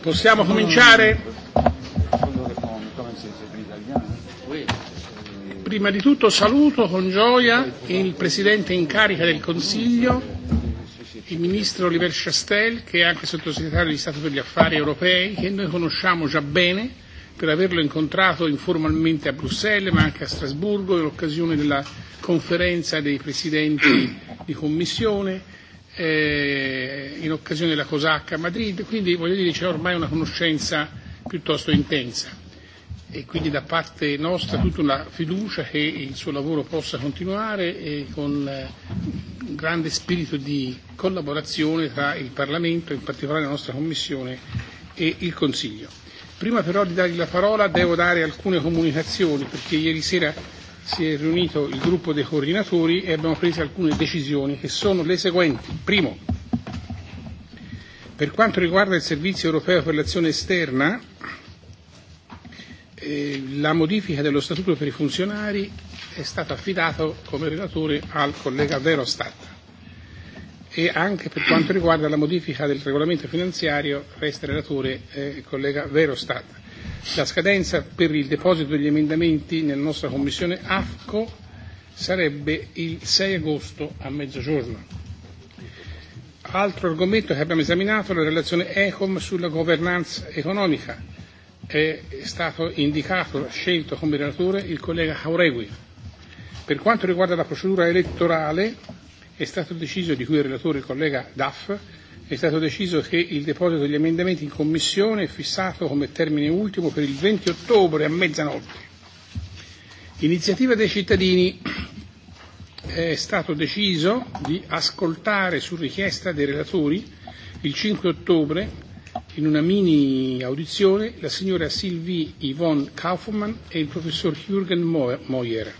Possiamo cominciare? Prima di tutto saluto con gioia il Presidente in carica del Consiglio, il Ministro Oliver Chastel, che è anche Sottosegretario di Stato per gli Affari Europei, che noi conosciamo già bene per averlo incontrato informalmente a Bruxelles, ma anche a Strasburgo, in occasione della conferenza dei Presidenti di Commissione eh, in occasione della COSAC a Madrid, quindi voglio dire c'è ormai una conoscenza piuttosto intensa e quindi da parte nostra tutta una fiducia che il suo lavoro possa continuare e con eh, un grande spirito di collaborazione tra il Parlamento, in particolare la nostra Commissione e il Consiglio. Prima però di dargli la parola devo dare alcune comunicazioni perché ieri sera si è riunito il gruppo dei coordinatori e abbiamo preso alcune decisioni che sono le seguenti. Primo, per quanto riguarda il Servizio europeo per l'azione esterna, eh, la modifica dello Statuto per i funzionari è stata affidata come relatore al collega Verostat e anche per quanto riguarda la modifica del regolamento finanziario resta relatore eh, il collega Verostat. La scadenza per il deposito degli emendamenti nella nostra commissione AFCO sarebbe il 6 agosto a mezzogiorno. Altro argomento che abbiamo esaminato è la relazione ECOM sulla governance economica. È stato indicato, scelto come relatore il collega Jauregui. Per quanto riguarda la procedura elettorale, è stato deciso, di cui è relatore il collega Duff, è stato deciso che il deposito degli emendamenti in Commissione è fissato come termine ultimo per il 20 ottobre a mezzanotte. Iniziativa dei cittadini è stato deciso di ascoltare su richiesta dei relatori il 5 ottobre in una mini audizione la signora Sylvie Yvonne Kaufmann e il professor Jürgen Moyer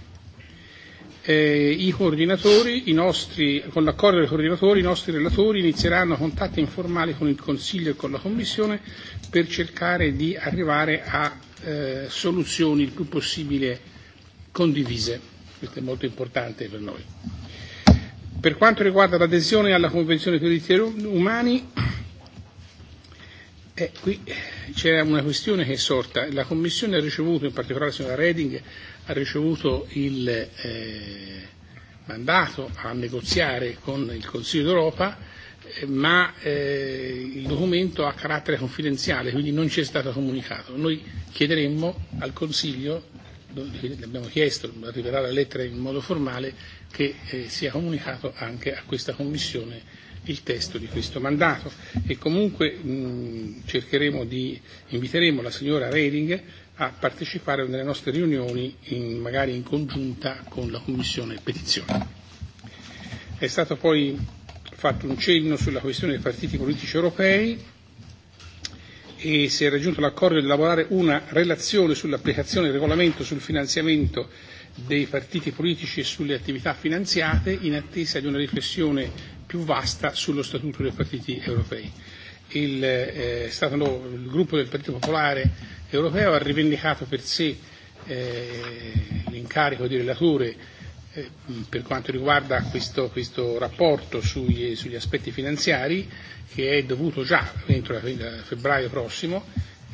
eh, i coordinatori, i nostri, con l'accordo dei coordinatori, i nostri relatori inizieranno contatti informali con il Consiglio e con la Commissione per cercare di arrivare a eh, soluzioni il più possibile condivise. Questo è molto importante per noi. Per quanto riguarda l'adesione alla Convenzione per i diritti umani, eh, qui c'è una questione che è sorta. La Commissione ha ricevuto, in particolare la signora Reding, ha ricevuto il eh, mandato a negoziare con il Consiglio d'Europa, eh, ma eh, il documento ha carattere confidenziale, quindi non ci è stato comunicato. Noi chiederemmo al Consiglio, l'abbiamo chiesto, arriverà la lettera in modo formale, che eh, sia comunicato anche a questa Commissione il testo di questo mandato e comunque mh, cercheremo di, inviteremo la signora Reding a partecipare nelle nostre riunioni, in, magari in congiunta con la Commissione Petizioni. È stato poi fatto un cenno sulla questione dei partiti politici europei e si è raggiunto l'accordo di lavorare una relazione sull'applicazione del regolamento sul finanziamento dei partiti politici e sulle attività finanziate in attesa di una riflessione più vasta sullo statuto dei partiti europei il, eh, stato, no, il gruppo del Partito Popolare Europeo ha rivendicato per sé eh, l'incarico di relatore eh, per quanto riguarda questo, questo rapporto sugli, sugli aspetti finanziari che è dovuto già entro la, febbraio prossimo,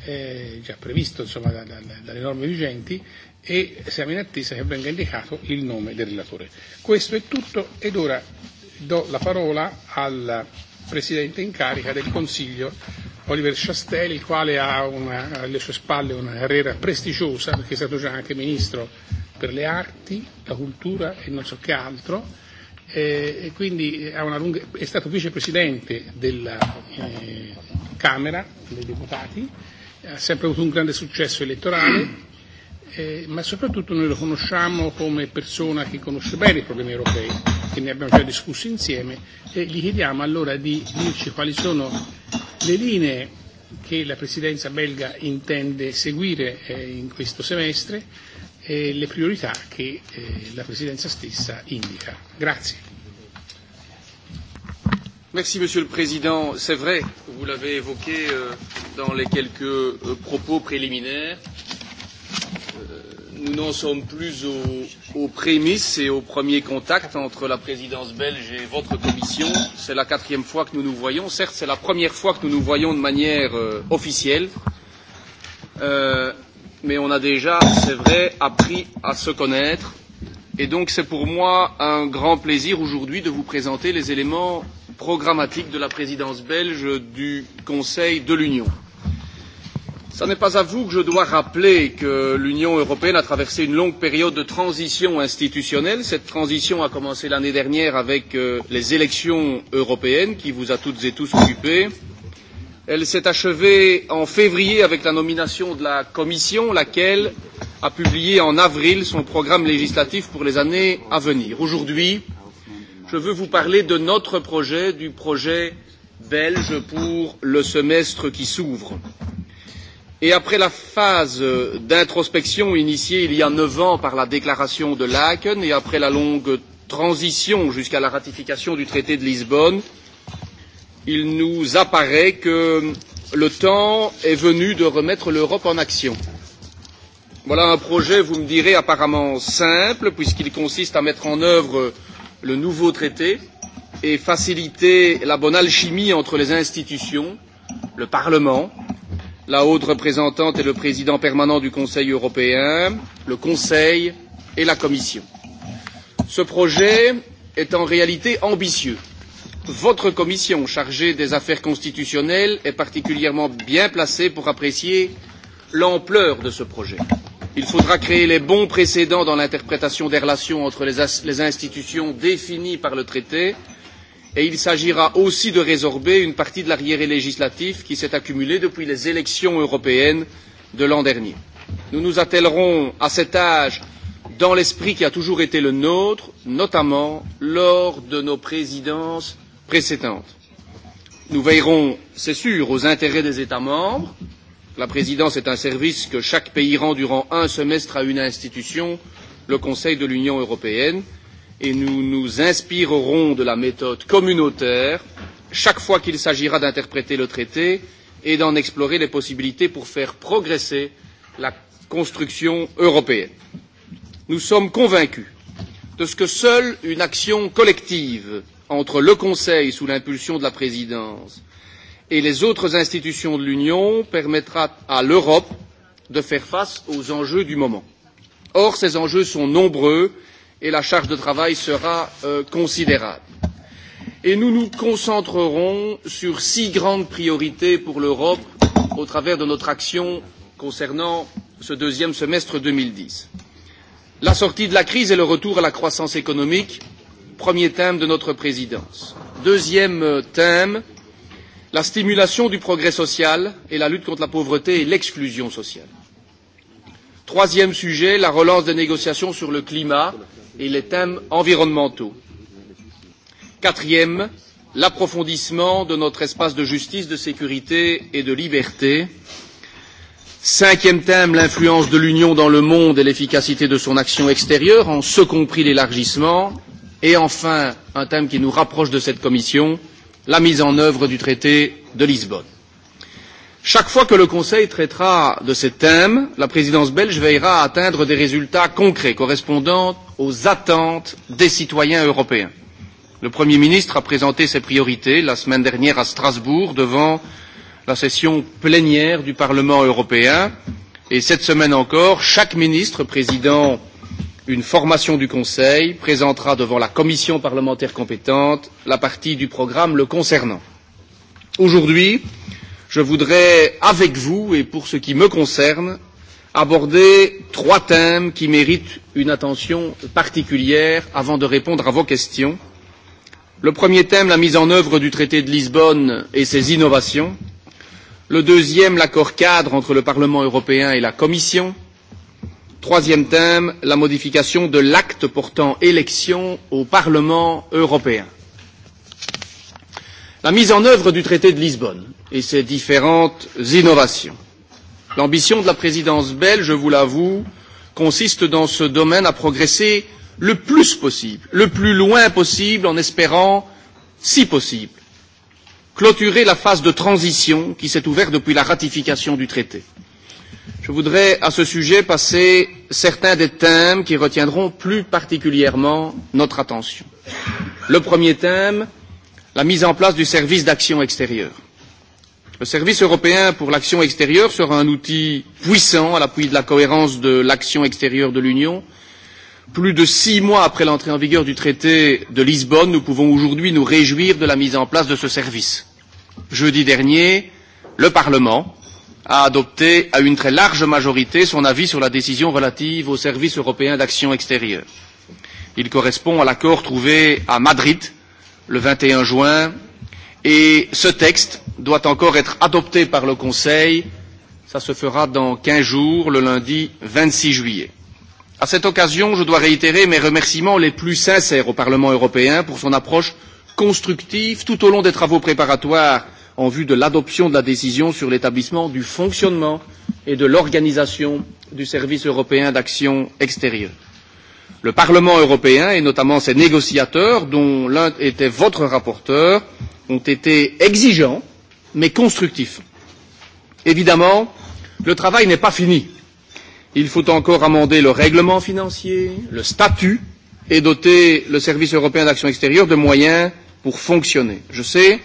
eh, già previsto insomma, da, da, dalle norme vigenti e siamo in attesa che venga indicato il nome del relatore. Questo è tutto ed ora do la parola al presidente in carica del Consiglio Oliver Chastelli, il quale ha una, alle sue spalle una carriera prestigiosa, perché è stato già anche ministro per le arti, la cultura e non so che altro, eh, e quindi ha una lunga, è stato vicepresidente della eh, Camera dei Deputati, ha sempre avuto un grande successo elettorale, eh, ma soprattutto noi lo conosciamo come persona che conosce bene i problemi europei che ne abbiamo già discussi insieme e gli chiediamo allora di dirci quali sono le linee che la Presidenza belga intende seguire eh, in questo semestre e le priorità che eh, la Presidenza stessa indica. Grazie. Merci, Monsieur le Président. C'est vrai, vous l'avez évoqué euh, dans les quelques euh, propos préliminaires. Euh, nous n'en sommes plus aux, aux prémices et aux premiers contacts entre la présidence belge et votre commission. C'est la quatrième fois que nous nous voyons. Certes, c'est la première fois que nous nous voyons de manière euh, officielle, euh, mais on a déjà, c'est vrai, appris à se connaître. Et donc, c'est pour moi un grand plaisir aujourd'hui de vous présenter les éléments programmatiques de la présidence belge du Conseil de l'Union. Euh, Ce n'est pas à vous que je dois rappeler que l'Union européenne a traversé une longue période de transition institutionnelle. Cette transition a commencé l'année dernière avec euh, les élections européennes qui vous a toutes et tous occupés. Elle s'est achevée en février avec la nomination de la Commission, laquelle a publié en avril son programme législatif pour les années à venir. Aujourd'hui, je veux vous parler de notre projet, du projet belge pour le semestre qui s'ouvre. Euh, et après la phase euh, d'introspection initiée il y a neuf ans par la déclaration de Laeken et après la longue transition jusqu'à la ratification du traité de Lisbonne, il nous apparaît que le temps est venu de remettre l'Europe en action. Voilà un projet, vous me direz, apparemment simple, puisqu'il consiste à mettre en œuvre le nouveau traité et faciliter la bonne alchimie entre les institutions, le Parlement, la haute représentante et le président permanent du Conseil européen, le Conseil et la Commission. Ce projet est en réalité ambitieux. Votre commission chargée des affaires constitutionnelles est particulièrement bien placée pour apprécier l'ampleur de ce projet. Il faudra créer les bons précédents dans l'interprétation des relations entre les, les institutions définies par le traité et il s'agira aussi de résorber une partie de l'arriéré législatif qui s'est accumulée depuis les élections européennes de l'an dernier. Nous nous attellerons à cet âge dans l'esprit qui a toujours été le nôtre, notamment lors de nos présidences précédentes. Nous veillerons, c'est sûr, aux intérêts des États membres. La présidence est un service que chaque pays rend durant un semestre à une institution, le Conseil de l'Union européenne, et nous nous inspirerons de la méthode communautaire chaque fois qu'il s'agira d'interpréter le traité et d'en explorer les possibilités pour faire progresser la construction européenne. Nous sommes convaincus de ce que seule une action collective entre le Conseil sous l'impulsion de la présidence et les autres institutions de l'Union permettra à l'Europe de faire face aux enjeux du moment. Or, ces enjeux sont nombreux et la charge de travail sera euh, considérable. Et nous nous concentrerons sur six grandes priorités pour l'Europe au travers de notre action concernant ce deuxième semestre 2010. La sortie de la crise et le retour à la croissance économique, premier thème de notre présidence. Deuxième euh, thème, la stimulation du progrès social et la lutte contre la pauvreté et l'exclusion sociale. Troisième sujet, la relance des négociations sur le climat et les thèmes environnementaux. Quatrième, l'approfondissement de notre espace de justice, de sécurité et de liberté. Cinquième thème, l'influence de l'Union dans le monde et l'efficacité de son action extérieure, en ce compris l'élargissement. Et enfin, un thème qui nous rapproche de cette commission, la mise en œuvre du traité de Lisbonne. Chaque fois que le Conseil traitera de ces thèmes, la présidence belge veillera à atteindre des résultats concrets correspondant aux attentes des citoyens européens. Le Premier ministre a présenté ses priorités la semaine dernière à Strasbourg devant la session plénière du Parlement européen et cette semaine encore, chaque ministre président une formation du Conseil présentera devant la commission parlementaire compétente la partie du programme le concernant. Aujourd'hui, je voudrais, avec vous et pour ce qui me concerne, aborder trois thèmes qui méritent une attention particulière avant de répondre à vos questions. Le premier thème, la mise en œuvre du traité de Lisbonne et ses innovations. Le deuxième, l'accord cadre entre le Parlement européen et la Commission. Troisième thème, la modification de l'acte portant élection au Parlement européen la mise en œuvre du traité de Lisbonne et ses différentes innovations. L'ambition de la présidence belge, je vous l'avoue, consiste dans ce domaine à progresser le plus possible, le plus loin possible, en espérant, si possible, clôturer la phase de transition qui s'est ouverte depuis la ratification du traité. Je voudrais, à ce sujet, passer certains des thèmes qui retiendront plus particulièrement notre attention. Le premier thème la mise en place du service d'action extérieure. Le service européen pour l'action extérieure sera un outil puissant à l'appui de la cohérence de l'action extérieure de l'Union. Plus de six mois après l'entrée en vigueur du traité de Lisbonne, nous pouvons aujourd'hui nous réjouir de la mise en place de ce service. Jeudi dernier, le Parlement a adopté à une très large majorité son avis sur la décision relative au service européen d'action extérieure. Il correspond à l'accord trouvé à Madrid le 21 juin et ce texte doit encore être adopté par le Conseil. Ça se fera dans 15 jours, le lundi 26 juillet. À cette occasion, je dois réitérer mes remerciements les plus sincères au Parlement européen pour son approche constructive tout au long des travaux préparatoires en vue de l'adoption de la décision sur l'établissement du fonctionnement et de l'organisation du service européen d'action extérieure. Le Parlement européen et notamment ses négociateurs, dont l'un était votre rapporteur, ont été exigeants mais constructifs. Évidemment, le travail n'est pas fini. Il faut encore amender le règlement financier, le statut et doter le service européen d'action extérieure de moyens pour fonctionner. Je sais,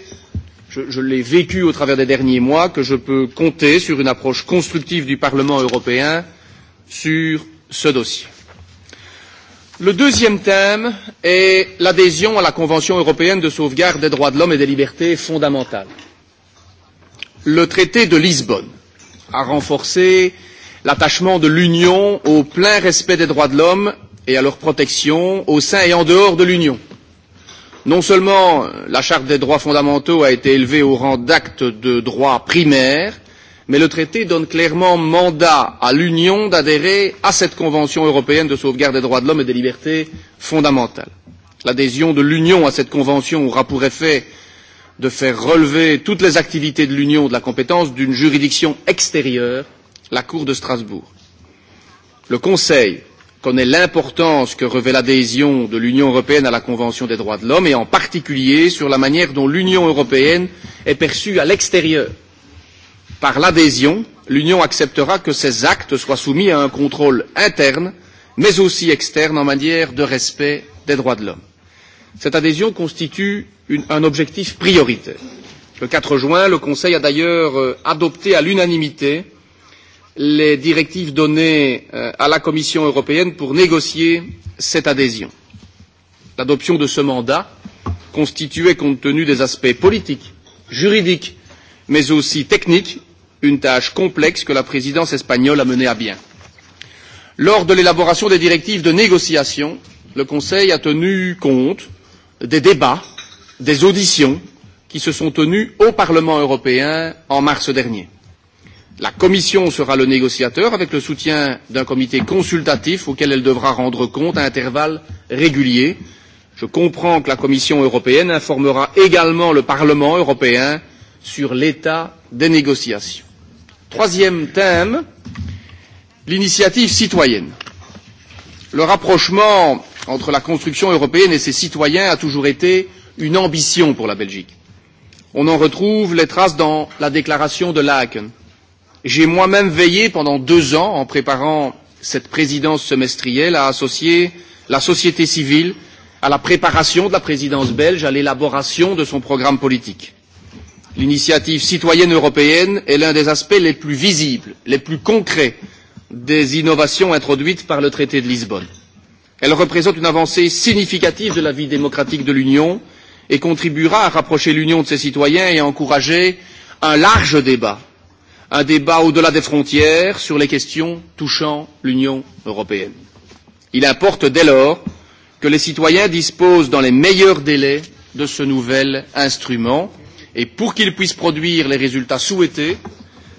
je, je l'ai vécu au travers des derniers mois, que je peux compter sur une approche constructive du Parlement européen sur ce dossier. Le deuxième thème est l'adhésion à la Convention européenne de sauvegarde des droits de l'homme et des libertés fondamentales. Le traité de Lisbonne a renforcé l'attachement de l'Union au plein respect des droits de l'homme et à leur protection au sein et en dehors de l'Union. Non seulement la Charte des droits fondamentaux a été élevée au rang d'acte de droit primaire, mais le traité donne clairement mandat à l'Union d'adhérer à cette Convention européenne de sauvegarde des droits de l'homme et des libertés fondamentales. L'adhésion de l'Union à cette Convention aura pour effet de faire relever toutes les activités de l'Union de la compétence d'une juridiction extérieure, la Cour de Strasbourg. Le Conseil connaît l'importance que revêt l'adhésion de l'Union européenne à la Convention des droits de l'homme et en particulier sur la manière dont l'Union européenne est perçue à l'extérieur. Par l'adhésion, l'Union acceptera que ces actes soient soumis à un contrôle interne, mais aussi externe en matière de respect des droits de l'homme. Cette adhésion constitue une, un objectif prioritaire. Le 4 juin, le Conseil a d'ailleurs euh, adopté à l'unanimité les directives données euh, à la Commission européenne pour négocier cette adhésion. L'adoption de ce mandat constituait, compte tenu des aspects politiques, juridiques, mais aussi techniques, une tâche complexe que la présidence espagnole a menée à bien. Lors de l'élaboration des directives de négociation, le Conseil a tenu compte des débats, des auditions qui se sont tenues au Parlement européen en mars dernier. La Commission sera le négociateur avec le soutien d'un comité consultatif auquel elle devra rendre compte à intervalles réguliers. Je comprends que la Commission européenne informera également le Parlement européen sur l'état des négociations. Troisième thème, l'initiative citoyenne. Le rapprochement entre la construction européenne et ses citoyens a toujours été une ambition pour la Belgique. On en retrouve les traces dans la déclaration de Laken. J'ai moi-même veillé pendant deux ans, en préparant cette présidence semestrielle, à associer la société civile à la préparation de la présidence belge, à l'élaboration de son programme politique. L'initiative citoyenne européenne est l'un des aspects les plus visibles, les plus concrets des innovations introduites par le traité de Lisbonne. Elle représente une avancée significative de la vie démocratique de l'Union et contribuera à rapprocher l'Union de ses citoyens et à encourager un large débat, un débat au-delà des frontières sur les questions touchant l'Union européenne. Il importe dès lors que les citoyens disposent dans les meilleurs délais de ce nouvel instrument et pour qu'il puisse produire les résultats souhaités,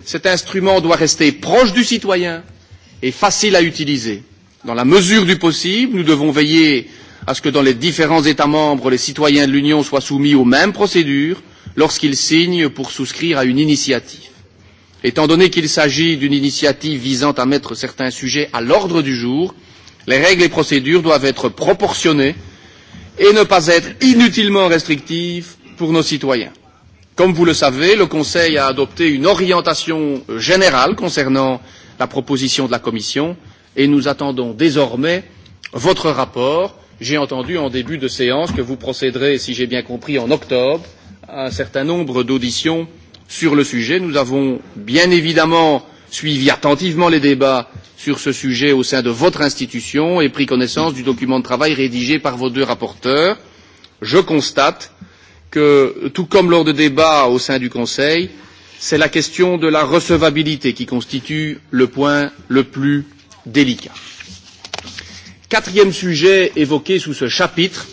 cet instrument doit rester proche du citoyen et facile à utiliser. Dans la mesure du possible, nous devons veiller à ce que dans les différents États membres, les citoyens de l'Union soient soumis aux mêmes procédures lorsqu'ils signent pour souscrire à une initiative. Étant donné qu'il s'agit d'une initiative visant à mettre certains sujets à l'ordre du jour, les règles et procédures doivent être proportionnées et ne pas être inutilement restrictives pour nos citoyens. Comme vous le savez, le Conseil a adopté une orientation euh, générale concernant la proposition de la Commission et nous attendons désormais votre rapport. J'ai entendu en début de séance que vous procéderez, si j'ai bien compris, en octobre à un certain nombre d'auditions sur le sujet. Nous avons bien évidemment suivi attentivement les débats sur ce sujet au sein de votre institution et pris connaissance du document de travail rédigé par vos deux rapporteurs. Je constate que, tout comme lors de débats au sein du Conseil, c'est la question de la recevabilité qui constitue le point le plus délicat. Quatrième sujet évoqué sous ce chapitre,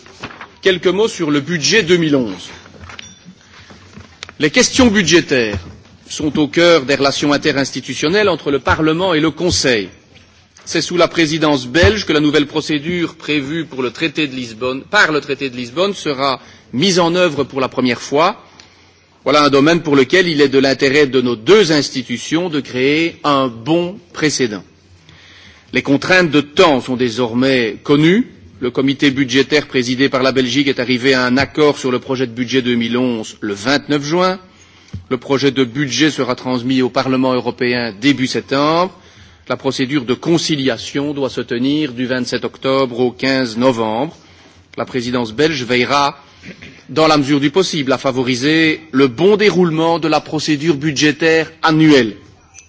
quelques mots sur le budget 2011. Les questions budgétaires sont au cœur des relations interinstitutionnelles entre le Parlement et le Conseil. C'est sous la présidence belge que la nouvelle procédure prévue pour le traité de Lisbonne, par le traité de Lisbonne sera mise en œuvre pour la première fois, voilà un domaine pour lequel il est de l'intérêt de nos deux institutions de créer un bon précédent. Les contraintes de temps sont désormais connues. Le comité budgétaire présidé par la Belgique est arrivé à un accord sur le projet de budget 2011 le 29 juin. Le projet de budget sera transmis au Parlement européen début septembre. La procédure de conciliation doit se tenir du 27 octobre au 15 novembre. La présidence belge veillera dans la mesure du possible, à favoriser le bon déroulement de la procédure budgétaire annuelle,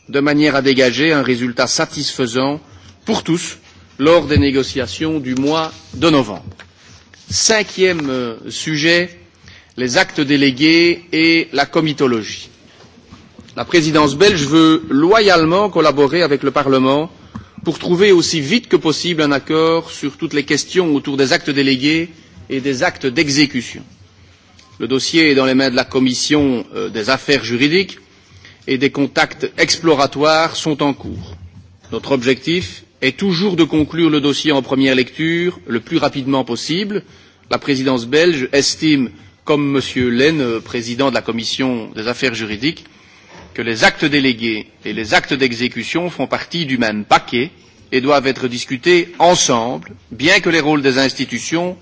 de manière à dégager un résultat satisfaisant pour tous lors des négociations du mois de novembre. Cinquième euh, sujet, les actes délégués et la comitologie. La présidence belge veut loyalement collaborer avec le Parlement pour trouver aussi vite que possible un accord sur toutes les questions autour des actes délégués et des actes d'exécution. Le dossier est dans les mains de la Commission euh, des affaires juridiques et des contacts exploratoires sont en cours. Notre objectif est toujours de conclure le dossier en première lecture le plus rapidement possible. La présidence belge estime, comme M. Lehne, euh, président de la Commission des affaires juridiques, que les actes délégués et les actes d'exécution font partie du même paquet et doivent être discutés ensemble, bien que les rôles des institutions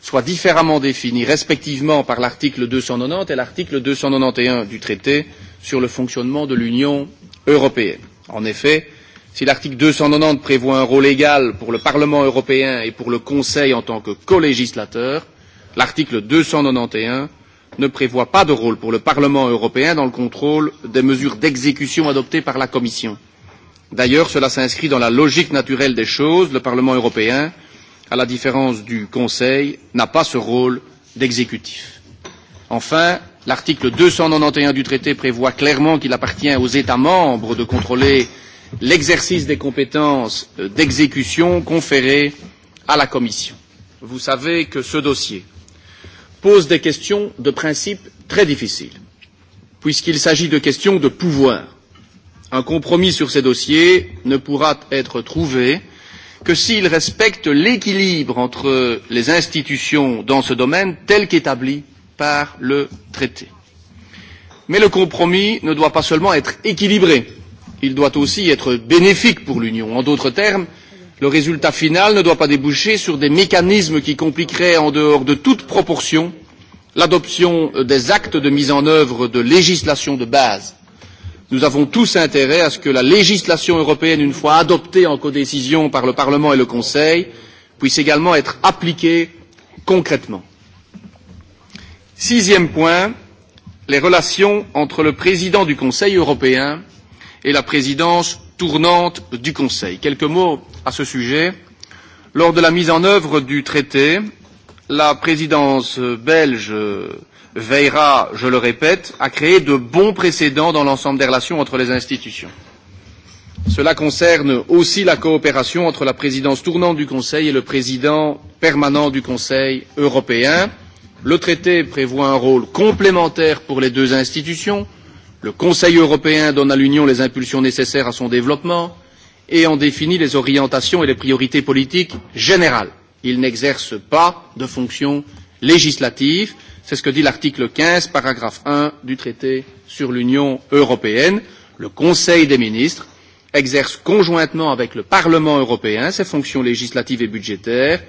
soient différemment définies respectivement par l'article 290 et l'article 291 du traité sur le fonctionnement de l'Union européenne. En effet, si l'article 290 prévoit un rôle égal pour le Parlement européen et pour le Conseil en tant que colégislateur, l'article 291 ne prévoit pas de rôle pour le Parlement européen dans le contrôle des mesures d'exécution adoptées par la Commission. D'ailleurs, cela s'inscrit dans la logique naturelle des choses. Le Parlement européen à la différence du Conseil, n'a pas ce rôle d'exécutif. Enfin, l'article 291 du traité prévoit clairement qu'il appartient aux États membres de contrôler l'exercice des compétences d'exécution conférées à la Commission. Vous savez que ce dossier pose des questions de principe très difficiles, puisqu'il s'agit de questions de pouvoir. Un compromis sur ces dossiers ne pourra être trouvé que s'il respecte l'équilibre entre les institutions dans ce domaine tel qu'établi par le traité. Mais le compromis ne doit pas seulement être équilibré, il doit aussi être bénéfique pour l'Union. En d'autres termes, le résultat final ne doit pas déboucher sur des mécanismes qui compliqueraient en dehors de toute proportion l'adoption des actes de mise en œuvre de législation de base nous avons tous intérêt à ce que la législation européenne, une fois adoptée en codécision par le Parlement et le Conseil, puisse également être appliquée concrètement. Sixième point, les relations entre le président du Conseil européen et la présidence tournante du Conseil. Quelques mots à ce sujet. Lors de la mise en œuvre du traité, la présidence belge veillera, je le répète, à créer de bons précédents dans l'ensemble des relations entre les institutions. Cela concerne aussi la coopération entre la présidence tournante du Conseil et le président permanent du Conseil européen. Le traité prévoit un rôle complémentaire pour les deux institutions. Le Conseil européen donne à l'Union les impulsions nécessaires à son développement et en définit les orientations et les priorités politiques générales. Il n'exerce pas de fonction législative. C'est ce que dit l'article 15, paragraphe 1 du traité sur l'Union européenne. Le Conseil des ministres exerce conjointement avec le Parlement européen ses fonctions législatives et budgétaires.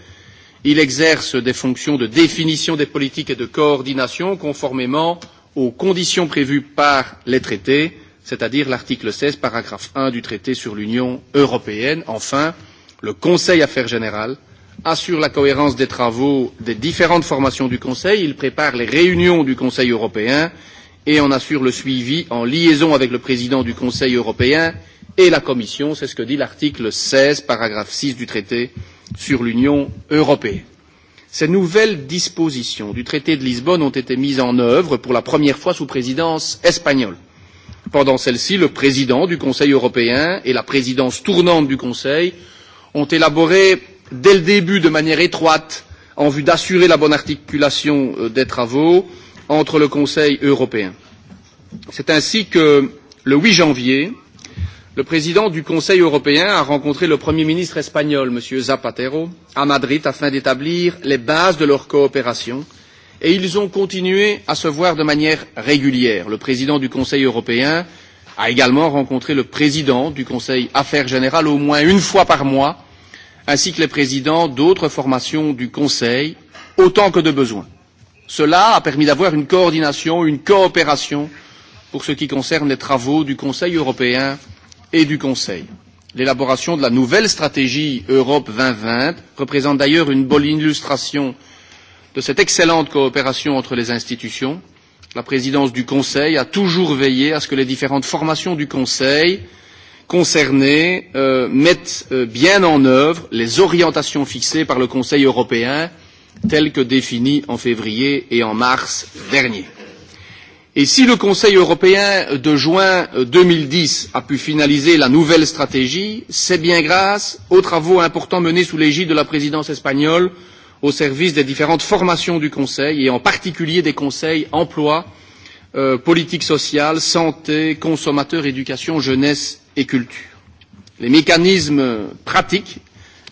Il exerce des fonctions de définition des politiques et de coordination conformément aux conditions prévues par les traités, c'est-à-dire l'article 16, paragraphe 1 du traité sur l'Union européenne. Enfin, le Conseil Affaires générales assure la cohérence des travaux des différentes formations du Conseil, il prépare les réunions du Conseil européen et en assure le suivi en liaison avec le président du Conseil européen et la Commission, c'est ce que dit l'article 16, paragraphe 6 du traité sur l'Union européenne. Ces nouvelles dispositions du traité de Lisbonne ont été mises en œuvre pour la première fois sous présidence espagnole. Pendant celle-ci, le président du Conseil européen et la présidence tournante du Conseil ont élaboré dès le début de manière étroite en vue d'assurer la bonne articulation euh, des travaux entre le Conseil européen. C'est ainsi que, le 8 janvier, le président du Conseil européen a rencontré le Premier ministre espagnol, M. Zapatero, à Madrid afin d'établir les bases de leur coopération et ils ont continué à se voir de manière régulière. Le président du Conseil européen a également rencontré le président du Conseil Affaires générales au moins une fois par mois ainsi que les présidents d'autres formations du Conseil, autant que de besoin. Cela a permis d'avoir une coordination, une coopération pour ce qui concerne les travaux du Conseil européen et du Conseil. L'élaboration de la nouvelle stratégie Europe 2020 représente d'ailleurs une bonne illustration de cette excellente coopération entre les institutions. La présidence du Conseil a toujours veillé à ce que les différentes formations du Conseil concernés euh, mettent euh, bien en œuvre les orientations fixées par le Conseil européen telles que définies en février et en mars dernier. Et si le Conseil européen de juin 2010 euh, a pu finaliser la nouvelle stratégie, c'est bien grâce aux travaux importants menés sous l'égide de la présidence espagnole au service des différentes formations du Conseil et en particulier des conseils emploi, euh, politique sociale, santé, consommateurs, éducation, jeunesse et culture. Les mécanismes pratiques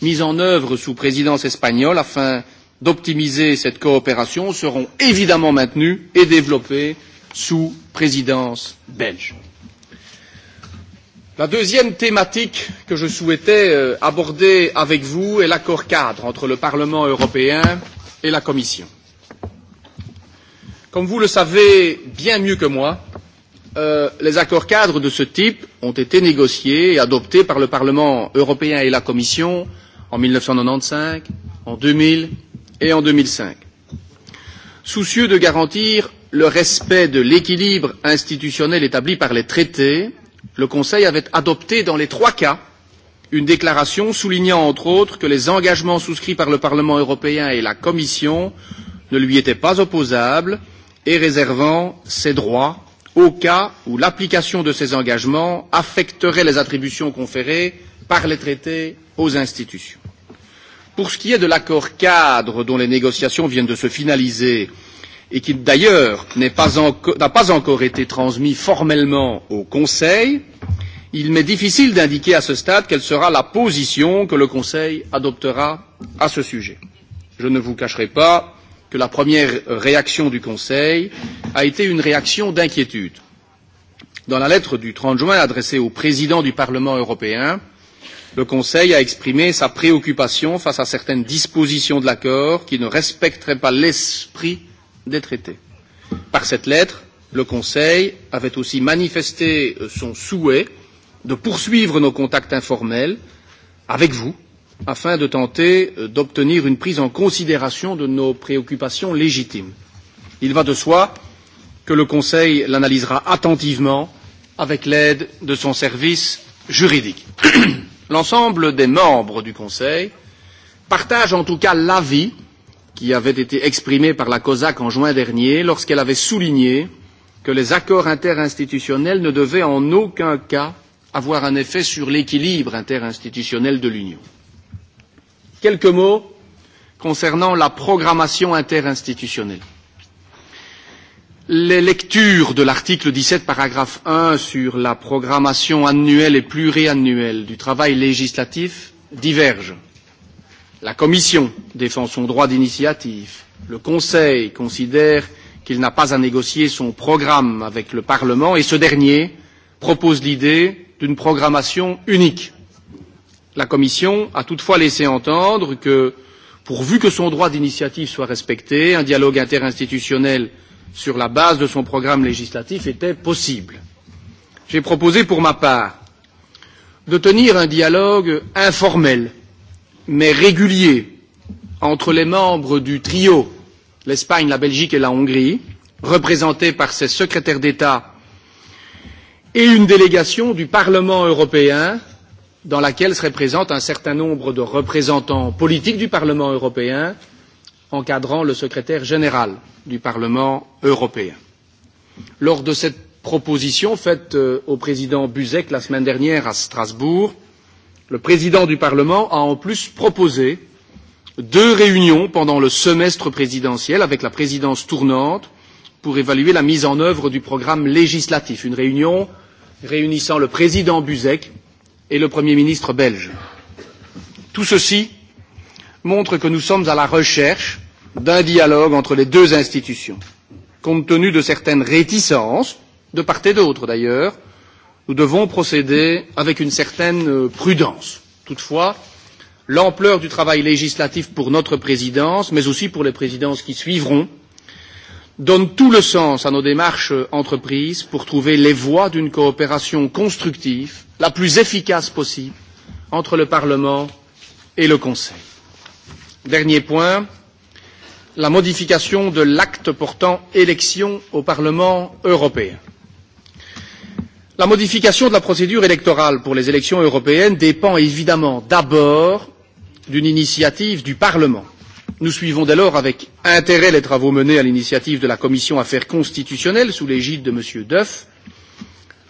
mis en œuvre sous présidence espagnole afin d'optimiser cette coopération seront évidemment maintenus et développés sous présidence belge. La deuxième thématique que je souhaitais euh, aborder avec vous est l'accord cadre entre le Parlement européen et la Commission. Comme vous le savez bien mieux que moi, euh, les accords cadres de ce type ont été négociés et adoptés par le Parlement européen et la Commission en 1995, en 2000 et en 2005. Soucieux de garantir le respect de l'équilibre institutionnel établi par les traités, le Conseil avait adopté dans les trois cas une déclaration soulignant entre autres que les engagements souscrits par le Parlement européen et la Commission ne lui étaient pas opposables et réservant ses droits au cas où l'application de ces engagements affecterait les attributions conférées par les traités aux institutions. Pour ce qui est de l'accord cadre dont les négociations viennent de se finaliser et qui d'ailleurs n'a pas, enco pas encore été transmis formellement au Conseil, il m'est difficile d'indiquer à ce stade quelle sera la position que le Conseil adoptera à ce sujet. Je ne vous cacherai pas que la première réaction du Conseil a été une réaction d'inquiétude. Dans la lettre du 30 juin adressée au président du Parlement européen, le Conseil a exprimé sa préoccupation face à certaines dispositions de l'accord qui ne respecteraient pas l'esprit des traités. Par cette lettre, le Conseil avait aussi manifesté son souhait de poursuivre nos contacts informels avec vous afin de tenter euh, d'obtenir une prise en considération de nos préoccupations légitimes. Il va de soi que le Conseil l'analysera attentivement avec l'aide de son service juridique. L'ensemble des membres du Conseil partagent en tout cas l'avis qui avait été exprimé par la COSAC en juin dernier lorsqu'elle avait souligné que les accords interinstitutionnels ne devaient en aucun cas avoir un effet sur l'équilibre interinstitutionnel de l'Union. Quelques mots concernant la programmation interinstitutionnelle. Les lectures de l'article 17, paragraphe 1 sur la programmation annuelle et pluriannuelle du travail législatif divergent. La Commission défend son droit d'initiative. Le Conseil considère qu'il n'a pas à négocier son programme avec le Parlement et ce dernier propose l'idée d'une programmation unique. La Commission a toutefois laissé entendre que, pourvu que son droit d'initiative soit respecté, un dialogue interinstitutionnel sur la base de son programme législatif était possible. J'ai proposé pour ma part de tenir un dialogue informel mais régulier entre les membres du trio l'Espagne, la Belgique et la Hongrie, représentés par ses secrétaires d'État et une délégation du Parlement européen dans laquelle se représentent un certain nombre de représentants politiques du Parlement européen, encadrant le secrétaire général du Parlement européen. Lors de cette proposition faite euh, au président Buzek la semaine dernière à Strasbourg, le président du Parlement a en plus proposé deux réunions pendant le semestre présidentiel avec la présidence tournante pour évaluer la mise en œuvre du programme législatif, une réunion réunissant le président Buzek et le Premier ministre belge. Tout ceci montre que nous sommes à la recherche d'un dialogue entre les deux institutions. Compte tenu de certaines réticences, de part et d'autre d'ailleurs, nous devons procéder avec une certaine euh, prudence. Toutefois, l'ampleur du travail législatif pour notre présidence, mais aussi pour les présidences qui suivront, donne tout le sens à nos démarches euh, entreprises pour trouver les voies d'une coopération constructive la plus efficace possible entre le Parlement et le Conseil. Dernier point, la modification de l'acte portant élection au Parlement européen. La modification de la procédure électorale pour les élections européennes dépend évidemment d'abord d'une initiative du Parlement. Nous suivons dès lors avec intérêt les travaux menés à l'initiative de la Commission Affaires constitutionnelles sous l'égide de M. Duff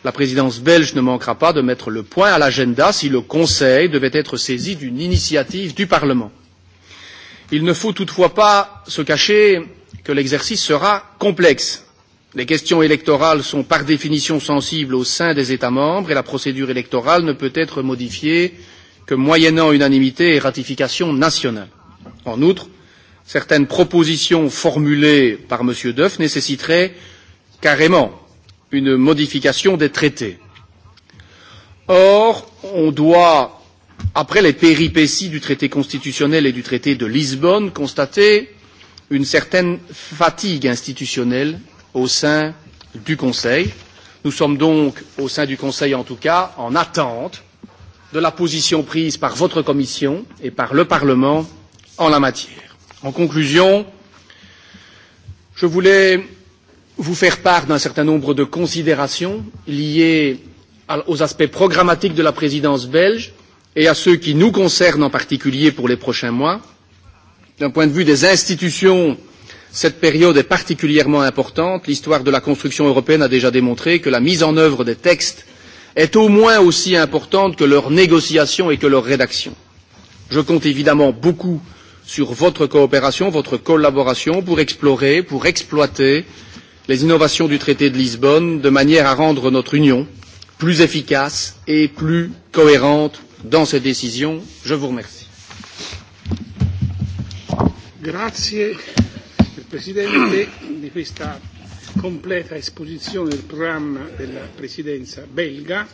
la présidence belge ne manquera pas de mettre le point à l'agenda si le Conseil devait être saisi d'une initiative du Parlement. Il ne faut toutefois pas se cacher que l'exercice sera complexe. Les questions électorales sont par définition sensibles au sein des États membres et la procédure électorale ne peut être modifiée que moyennant unanimité et ratification nationale. En outre, certaines propositions formulées par M. Duff nécessiteraient carrément une modification des traités. Or, on doit, après les péripéties du traité constitutionnel et du traité de Lisbonne, constater une certaine fatigue institutionnelle au sein du Conseil. Nous sommes donc, au sein du Conseil en tout cas, en attente de la position prise par votre Commission et par le Parlement en la matière. En conclusion, je voulais vous faire part d'un certain nombre de considérations liées aux aspects programmatiques de la présidence belge et à ceux qui nous concernent en particulier pour les prochains mois. D'un point de vue des institutions, cette période est particulièrement importante. L'histoire de la construction européenne a déjà démontré que la mise en œuvre des textes est au moins aussi importante que leur négociation et que leur rédaction. Je compte évidemment beaucoup sur votre coopération, votre collaboration pour explorer, pour exploiter euh, les innovations du traité de Lisbonne de manière à rendre notre Union plus efficace et plus cohérente dans ses décisions. Je vous remercie. Grazie Presidente di questa completa esposizione del programma della Presidenza belga.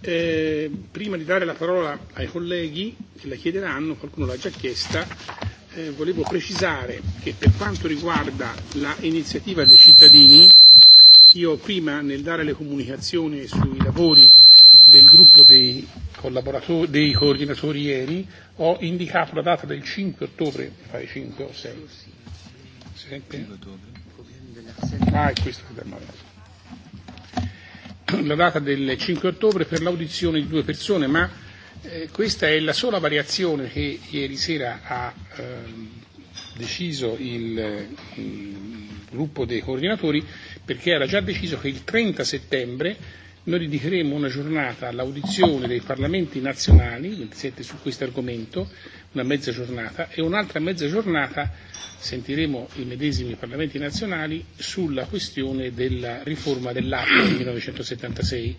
Eh, prima di dare la parola ai colleghi che la chiederanno, qualcuno l'ha già chiesta, eh, volevo precisare che per quanto riguarda l'iniziativa dei cittadini, io prima nel dare le comunicazioni sui lavori del gruppo dei, collaboratori, dei coordinatori ieri ho indicato la data del 5 ottobre, fai 5 o 6? 7? Ah, è questo che abbiamo la data del 5 ottobre per l'audizione di due persone, ma Eh, questa è la sola variazione che ieri sera ha ehm, deciso il, il gruppo dei coordinatori perché era già deciso che il 30 settembre noi dedicheremo una giornata all'audizione dei parlamenti nazionali, 27 su questo argomento, una mezza giornata, e un'altra mezza giornata sentiremo i medesimi parlamenti nazionali sulla questione della riforma dell'App del 1976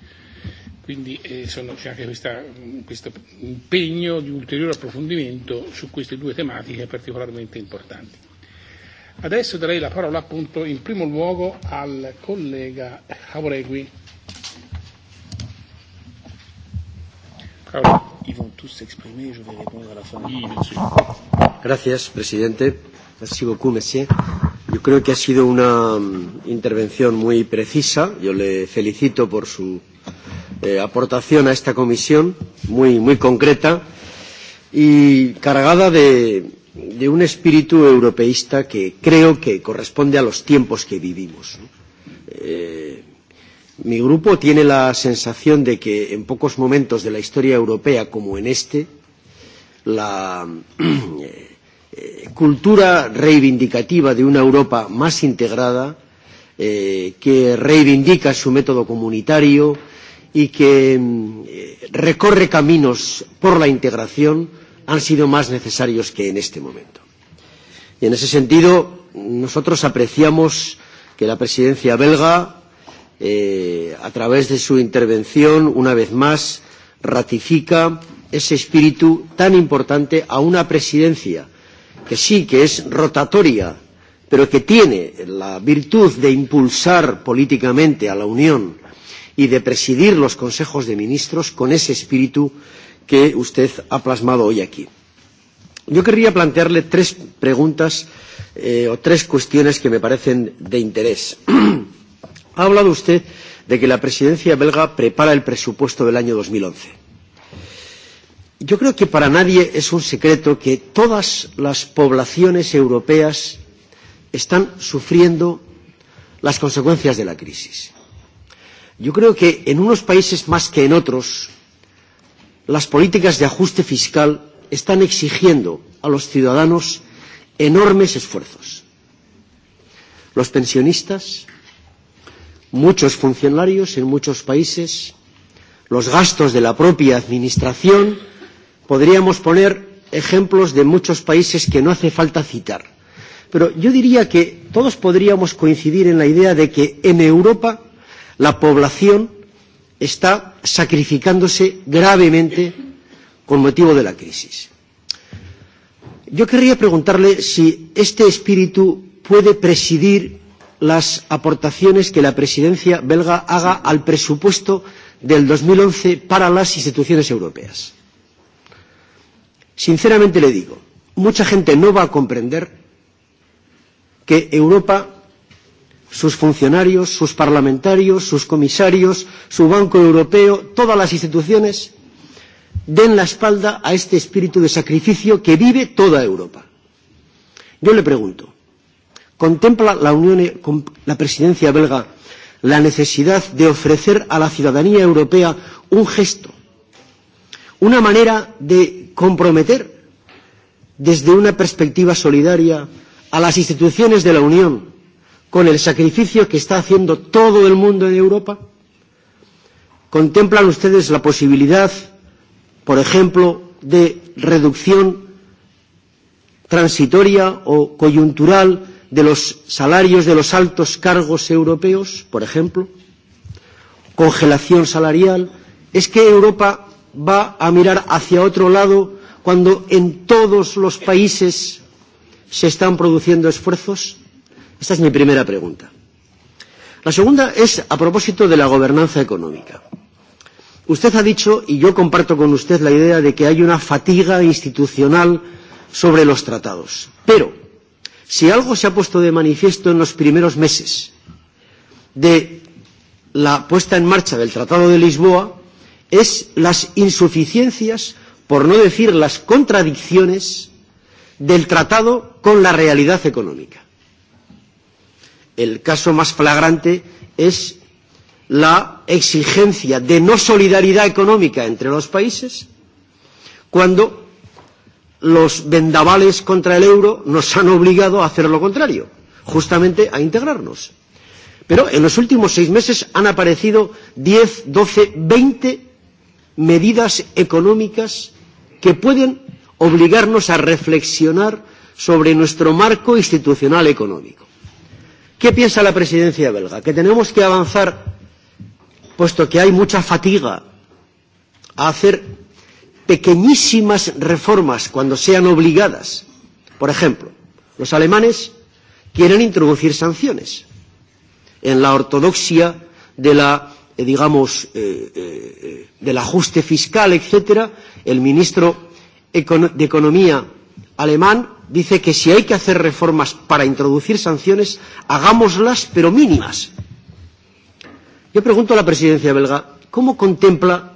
Quindi eh, sono, c'è anche questa, questo impegno di ulteriore approfondimento su queste due tematiche particolarmente importanti. Adesso darei la parola appunto in primo luogo al collega Auregui. Auregui. Ils vont tous s'exprimer, je vais répondre à la fin. Oui, monsieur. Gracias, presidente. Merci beaucoup, monsieur. Yo creo que ha sido una intervención muy precisa. Yo le felicito por su eh, aportación a esta comisión, muy, muy concreta y cargada de, de un espíritu europeísta que creo que corresponde a los tiempos que vivimos. ¿no? Eh, mi grupo tiene la sensación de que en pocos momentos de la historia europea, como en este, la eh, cultura reivindicativa de una Europa más integrada, eh, que reivindica su método comunitario, eh, y que mm, recorre caminos por la integración han sido más necesarios que en este momento. Y en ese sentido, nosotros apreciamos que la presidencia belga, eh, a través de su intervención, una vez más, ratifica ese espíritu tan importante a una presidencia que sí que es rotatoria, pero que tiene la virtud de impulsar políticamente a la Unión y de presidir los consejos de ministros con ese espíritu que usted ha plasmado hoy aquí. Yo querría plantearle tres preguntas eh, o tres cuestiones que me parecen de interés. ha hablado usted de que la presidencia belga prepara el presupuesto del año 2011. Yo creo que para nadie es un secreto que todas las poblaciones europeas están sufriendo las consecuencias de la crisis. Yo creo que en unos países más que en otros, las políticas de ajuste fiscal están exigiendo a los ciudadanos enormes esfuerzos. Los pensionistas, muchos funcionarios en muchos países, los gastos de la propia Administración, podríamos poner ejemplos de muchos países que no hace falta citar. Pero yo diría que todos podríamos coincidir en la idea de que en Europa La población está sacrificándose gravemente con motivo de la crisis. Yo querría preguntarle si este espíritu puede presidir las aportaciones que la presidencia belga haga al presupuesto del 2011 para las instituciones europeas. Sinceramente le digo, mucha gente no va a comprender que Europa sus funcionarios, sus parlamentarios, sus comisarios, su Banco Europeo, todas las instituciones den la espalda a este espíritu de sacrificio que vive toda Europa. Yo le pregunto, ¿contempla la, Unión, la presidencia belga la necesidad de ofrecer a la ciudadanía europea un gesto, una manera de comprometer desde una perspectiva solidaria a las instituciones de la Unión con el sacrificio que está haciendo todo el mundo en Europa? ¿Contemplan ustedes la posibilidad, por ejemplo, de reducción transitoria o coyuntural de los salarios de los altos cargos europeos, por ejemplo? ¿Congelación salarial? ¿Es que Europa va a mirar hacia otro lado cuando en todos los países se están produciendo esfuerzos? Esta es mi primera pregunta. La segunda es a propósito de la gobernanza económica. Usted ha dicho, y yo comparto con usted la idea de que hay una fatiga institucional sobre los tratados. Pero, si algo se ha puesto de manifiesto en los primeros meses de la puesta en marcha del Tratado de Lisboa, es las insuficiencias, por no decir las contradicciones, del tratado con la realidad económica el caso más flagrante es la exigencia de no solidaridad económica entre los países cuando los vendavales contra el euro nos han obligado a hacer lo contrario, justamente a integrarnos. Pero en los últimos seis meses han aparecido 10, 12, 20 medidas económicas que pueden obligarnos a reflexionar sobre nuestro marco institucional económico. ¿Qué piensa la presidencia belga? Que tenemos que avanzar, puesto que hay mucha fatiga, a hacer pequeñísimas reformas cuando sean obligadas. Por ejemplo, los alemanes quieren introducir sanciones en la ortodoxia de la eh, digamos eh, eh, eh, del ajuste fiscal, etcétera, el ministro de Economía alemán dice que si hay que hacer reformas para introducir sanciones, hagámoslas, pero mínimas. Yo pregunto a la presidencia belga, ¿cómo contempla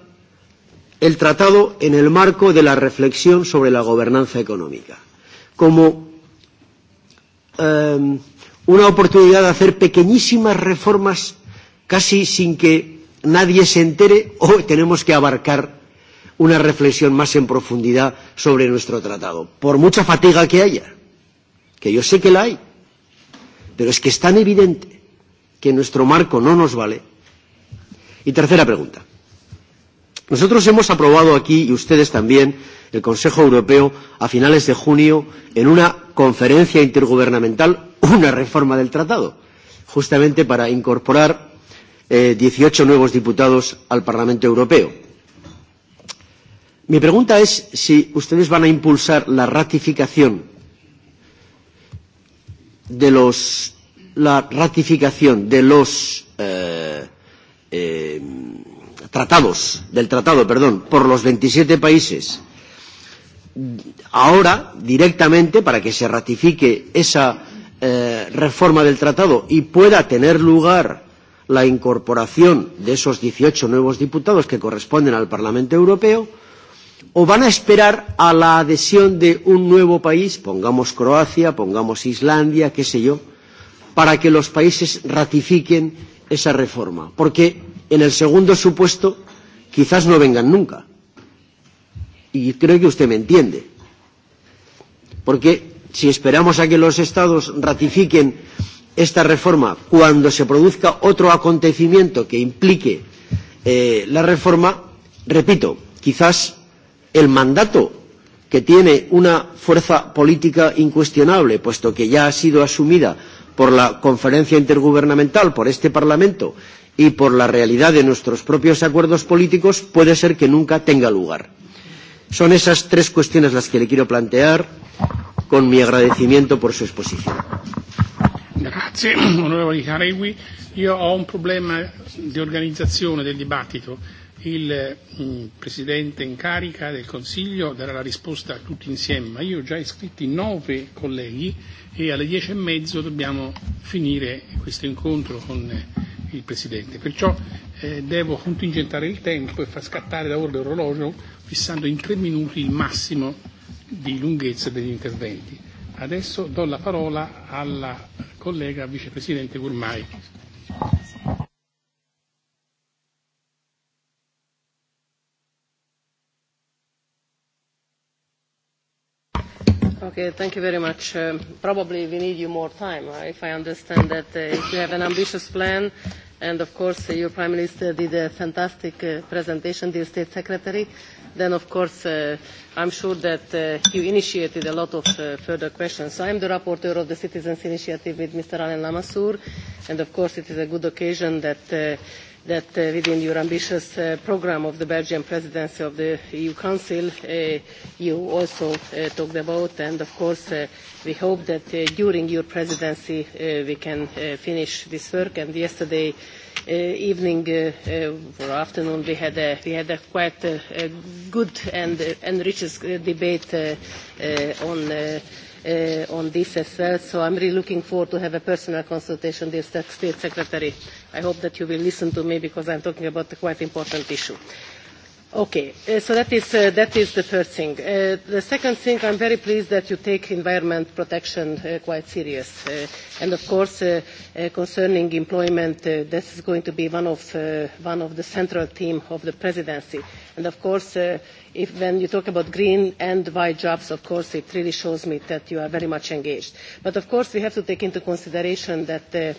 el tratado en el marco de la reflexión sobre la gobernanza económica? Como eh, una oportunidad de hacer pequeñísimas reformas casi sin que nadie se entere o tenemos que abarcar una reflexión más en profundidad sobre nuestro tratado. Por mucha fatiga que haya, que yo sé que la hay, pero es que es tan evidente que nuestro marco no nos vale. Y tercera pregunta. Nosotros hemos aprobado aquí, y ustedes también, el Consejo Europeo, a finales de junio, en una conferencia intergubernamental, una reforma del tratado, justamente para incorporar eh, 18 nuevos diputados al Parlamento Europeo Mi pregunta es si ustedes van a impulsar la ratificación de los la ratificación de los eh, eh, tratados del tratado, perdón, por los 27 países ahora directamente para que se ratifique esa eh, reforma del tratado y pueda tener lugar la incorporación de esos 18 nuevos diputados que corresponden al Parlamento Europeo o van a esperar a la adhesión de un nuevo país, pongamos Croacia, pongamos Islandia, qué sé yo, para que los países ratifiquen esa reforma. Porque en el segundo supuesto quizás no vengan nunca. Y creo que usted me entiende. Porque si esperamos a que los Estados ratifiquen esta reforma cuando se produzca otro acontecimiento que implique eh, la reforma, repito, quizás el mandato que tiene una fuerza política incuestionable, puesto que ya ha sido asumida por la conferencia intergubernamental, por este Parlamento y por la realidad de nuestros propios acuerdos políticos, puede ser que nunca tenga lugar. Son esas tres cuestiones las que le quiero plantear con mi agradecimiento por su exposición. Grazie, onorevole Jaregui. Io ho un problema di organizzazione del dibattito il mh, mm, Presidente in carica del Consiglio darà la risposta a tutti insieme, ma io ho già iscritti nove colleghi e alle dieci e mezzo dobbiamo finire questo incontro con eh, il Presidente. Perciò eh, devo contingentare il tempo e far scattare da ora l'orologio fissando in tre minuti il massimo di lunghezza degli interventi. Adesso do la parola alla collega Vicepresidente Gurmai. Okay, thank you very much. Um, probably we need you more time, uh, if I understand that uh, if you have an ambitious plan, and of course uh, your Prime Minister did a fantastic uh, presentation, dear State Secretary, then of course uh, I'm sure that uh, you initiated a lot of uh, further questions. So I'm the rapporteur of the Citizens Initiative with Mr. Alain Lamassoure, and of course it is a good occasion that uh, that uh, within your ambitious uh, program of the Belgian presidency of the EU Council, uh, you also uh, talked about, and of course uh, we hope that uh, during your presidency uh, we can uh, finish this work. And yesterday uh, evening uh, uh, or afternoon we had a, we had a quite a, uh, a good and uh, enriched uh, debate uh, uh, on. Uh, uh, on this as well. So I'm really looking forward to have a personal consultation with the State Secretary. I hope that you will listen to me because I'm talking about a quite important issue. Okay, uh, so that is, uh, that is the first thing. Uh, the second thing, I'm very pleased that you take environment protection uh, quite serious. Uh, and of course, uh, uh, concerning employment, uh, this is going to be one of, uh, one of the central theme of the presidency. And of course, uh, if when you talk about green and white jobs, of course, it really shows me that you are very much engaged. But of course, we have to take into consideration that uh,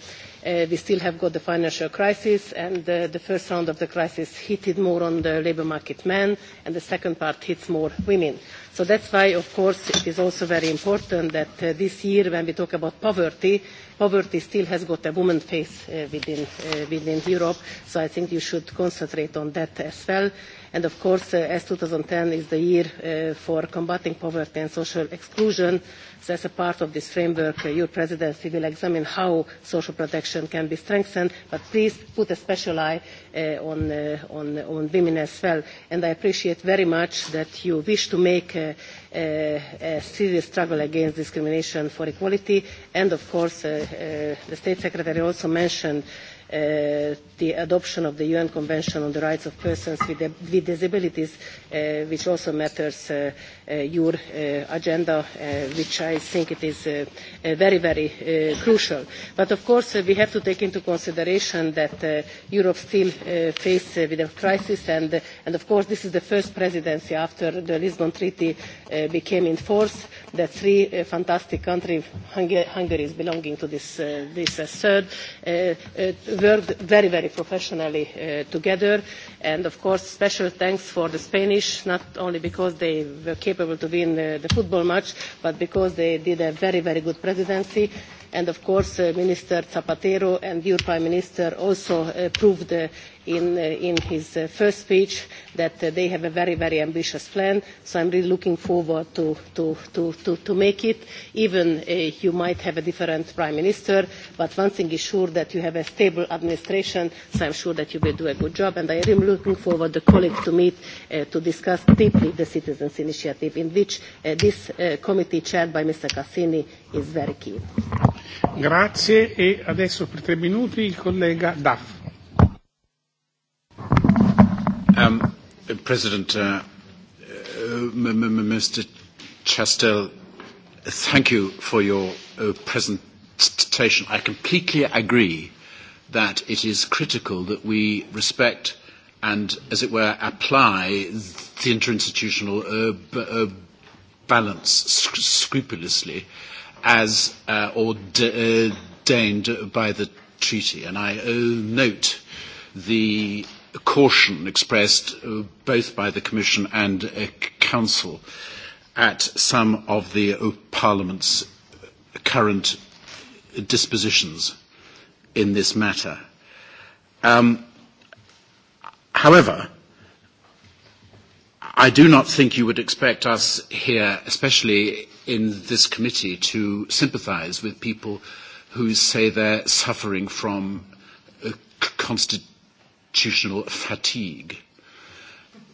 uh, we still have got the financial crisis, and uh, the first round of the crisis hit more on the labour market men, and the second part hits more women. So that's why, of course, it is also very important that uh, this year, when we talk about poverty, poverty still has got a woman face uh, within, uh, within Europe. So I think you should concentrate on that as well And of course, uh, as 2010 is the year uh, for combating poverty and social exclusion, so as a part of this framework, uh, your presidency will examine how social protection can be strengthened, but please put a special eye uh, on, uh, on, on women as well. And I appreciate very much that you wish to make uh, uh, a serious struggle against discrimination for equality. And of course, uh, uh, the State Secretary also mentioned uh, uh, the adoption of the UN Convention on the Rights of Persons with, with Disabilities, uh, which also matters uh, uh, your uh, agenda, uh, which I think it is uh, uh, very, very uh, crucial. But of course, uh, we have to take into consideration that uh, Europe still uh, faces uh, with a crisis, and, uh, and of course, this is the first presidency after the Lisbon Treaty uh, became in force. That three uh, fantastic countries, Hungary, Hungary is belonging to this, uh, this uh, third. Uh, uh, worked very, very professionally uh, together. And of course, special thanks for the Spanish, not only because they were capable to win uh, the football match, but because they did a very, very good presidency. And of course, uh, Minister Zapatero and your Prime Minister also uh, proved uh, in, uh, in his uh, first speech that uh, they have a very, very ambitious plan. So I'm really looking forward to, to, to, to, to make it. Even uh, you might have a different prime minister, but one thing is sure that you have a stable administration. So I'm sure that you will do a good job. And I am looking forward the colleagues to meet uh, to discuss deeply the Citizens Initiative, in which uh, this uh, committee chaired by Mr. Cassini is very keen. Grazie e adesso per tre minuti il collega Daff. Um, President, uh, uh, Mr. Chastel, thank you for your uh, presentation. I completely agree that it is critical that we respect and, as it were, apply the interinstitutional uh, b- uh, balance sc- scrupulously as uh, ordained by the treaty. And I uh, note the caution expressed uh, both by the Commission and uh, Council at some of the uh, Parliament's current dispositions in this matter. Um, however, I do not think you would expect us here, especially in this committee, to sympathise with people who say they're suffering from uh, constitutional institutional fatigue.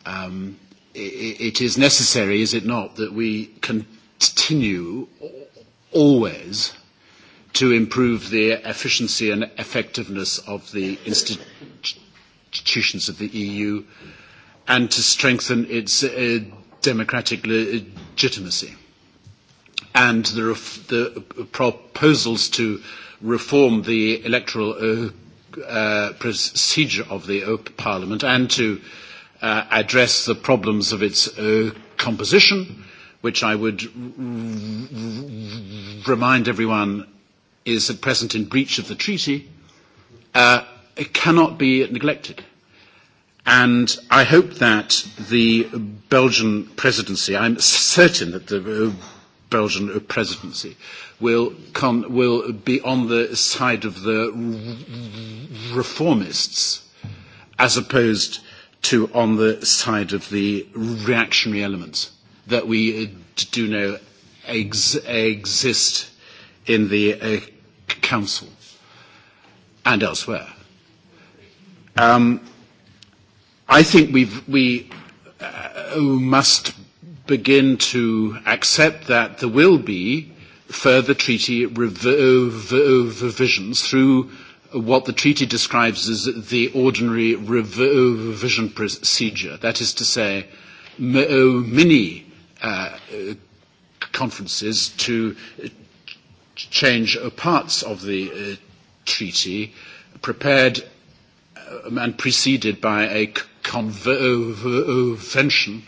Um, it, it is necessary, is it not, that we continue always to improve the efficiency and effectiveness of the institutions of the EU and to strengthen its uh, democratic legitimacy. And the, ref- the proposals to reform the electoral uh, uh, procedure of the uh, Parliament and to uh, address the problems of its uh, composition, which I would r- r- remind everyone is at present in breach of the treaty, uh, it cannot be neglected. And I hope that the Belgian presidency, I'm certain that the uh, Belgian presidency will, con, will be on the side of the reformists as opposed to on the side of the reactionary elements that we do know ex- exist in the uh, Council and elsewhere. Um, I think we've, we uh, must begin to accept that there will be further treaty uh, uh, revisions through what the treaty describes as the ordinary uh, revision procedure. That is to say, mini uh, conferences to change parts of the uh, treaty prepared um, and preceded by a convention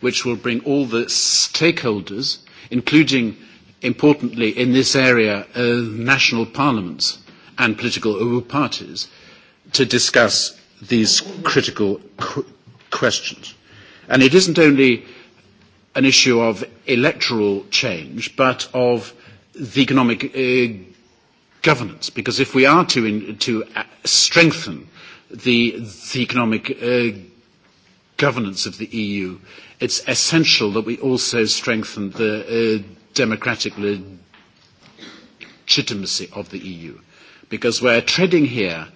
which will bring all the stakeholders, including, importantly, in this area, uh, national parliaments and political parties, to discuss these critical qu- questions. And it isn't only an issue of electoral change, but of the economic uh, governance, because if we are to, in, to uh, strengthen the, the economic uh, governance of the EU, it's essential that we also strengthen the uh, democratic legitimacy of the EU, because we're treading here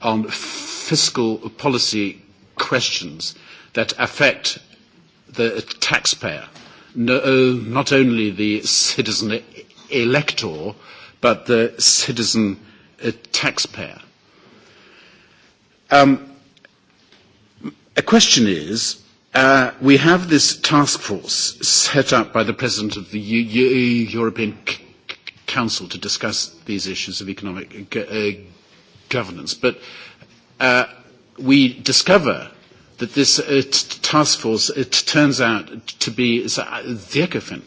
on fiscal policy questions that affect the taxpayer, no, uh, not only the citizen e-, elector, but the citizen uh, taxpayer. Um, A question is, uh, we have this task force set up by the President of the U- U- European C- Council to discuss these issues of economic uh, go- uh, governance, but uh, we discover that this uh, t- task force, it uh, turns out to be uh, the ECOFIN,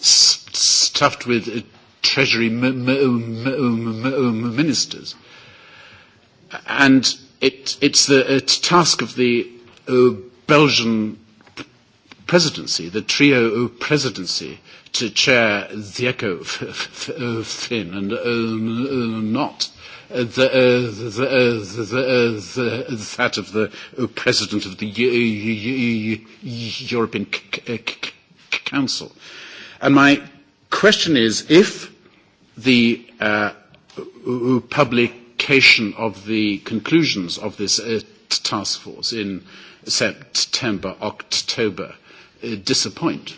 s- stuffed with uh, Treasury m- m- m- m- ministers. And it, it's the it's uh, task of the uh, Belgian presidency, the trio presidency, to chair the ECO fin and um, uh, not uh, the, uh, the, uh, the, uh, the, that of the uh, president of the European C- C- Council. And my question is, if the uh, uh public publication of the conclusions of this uh, task force in September, October uh, disappoint,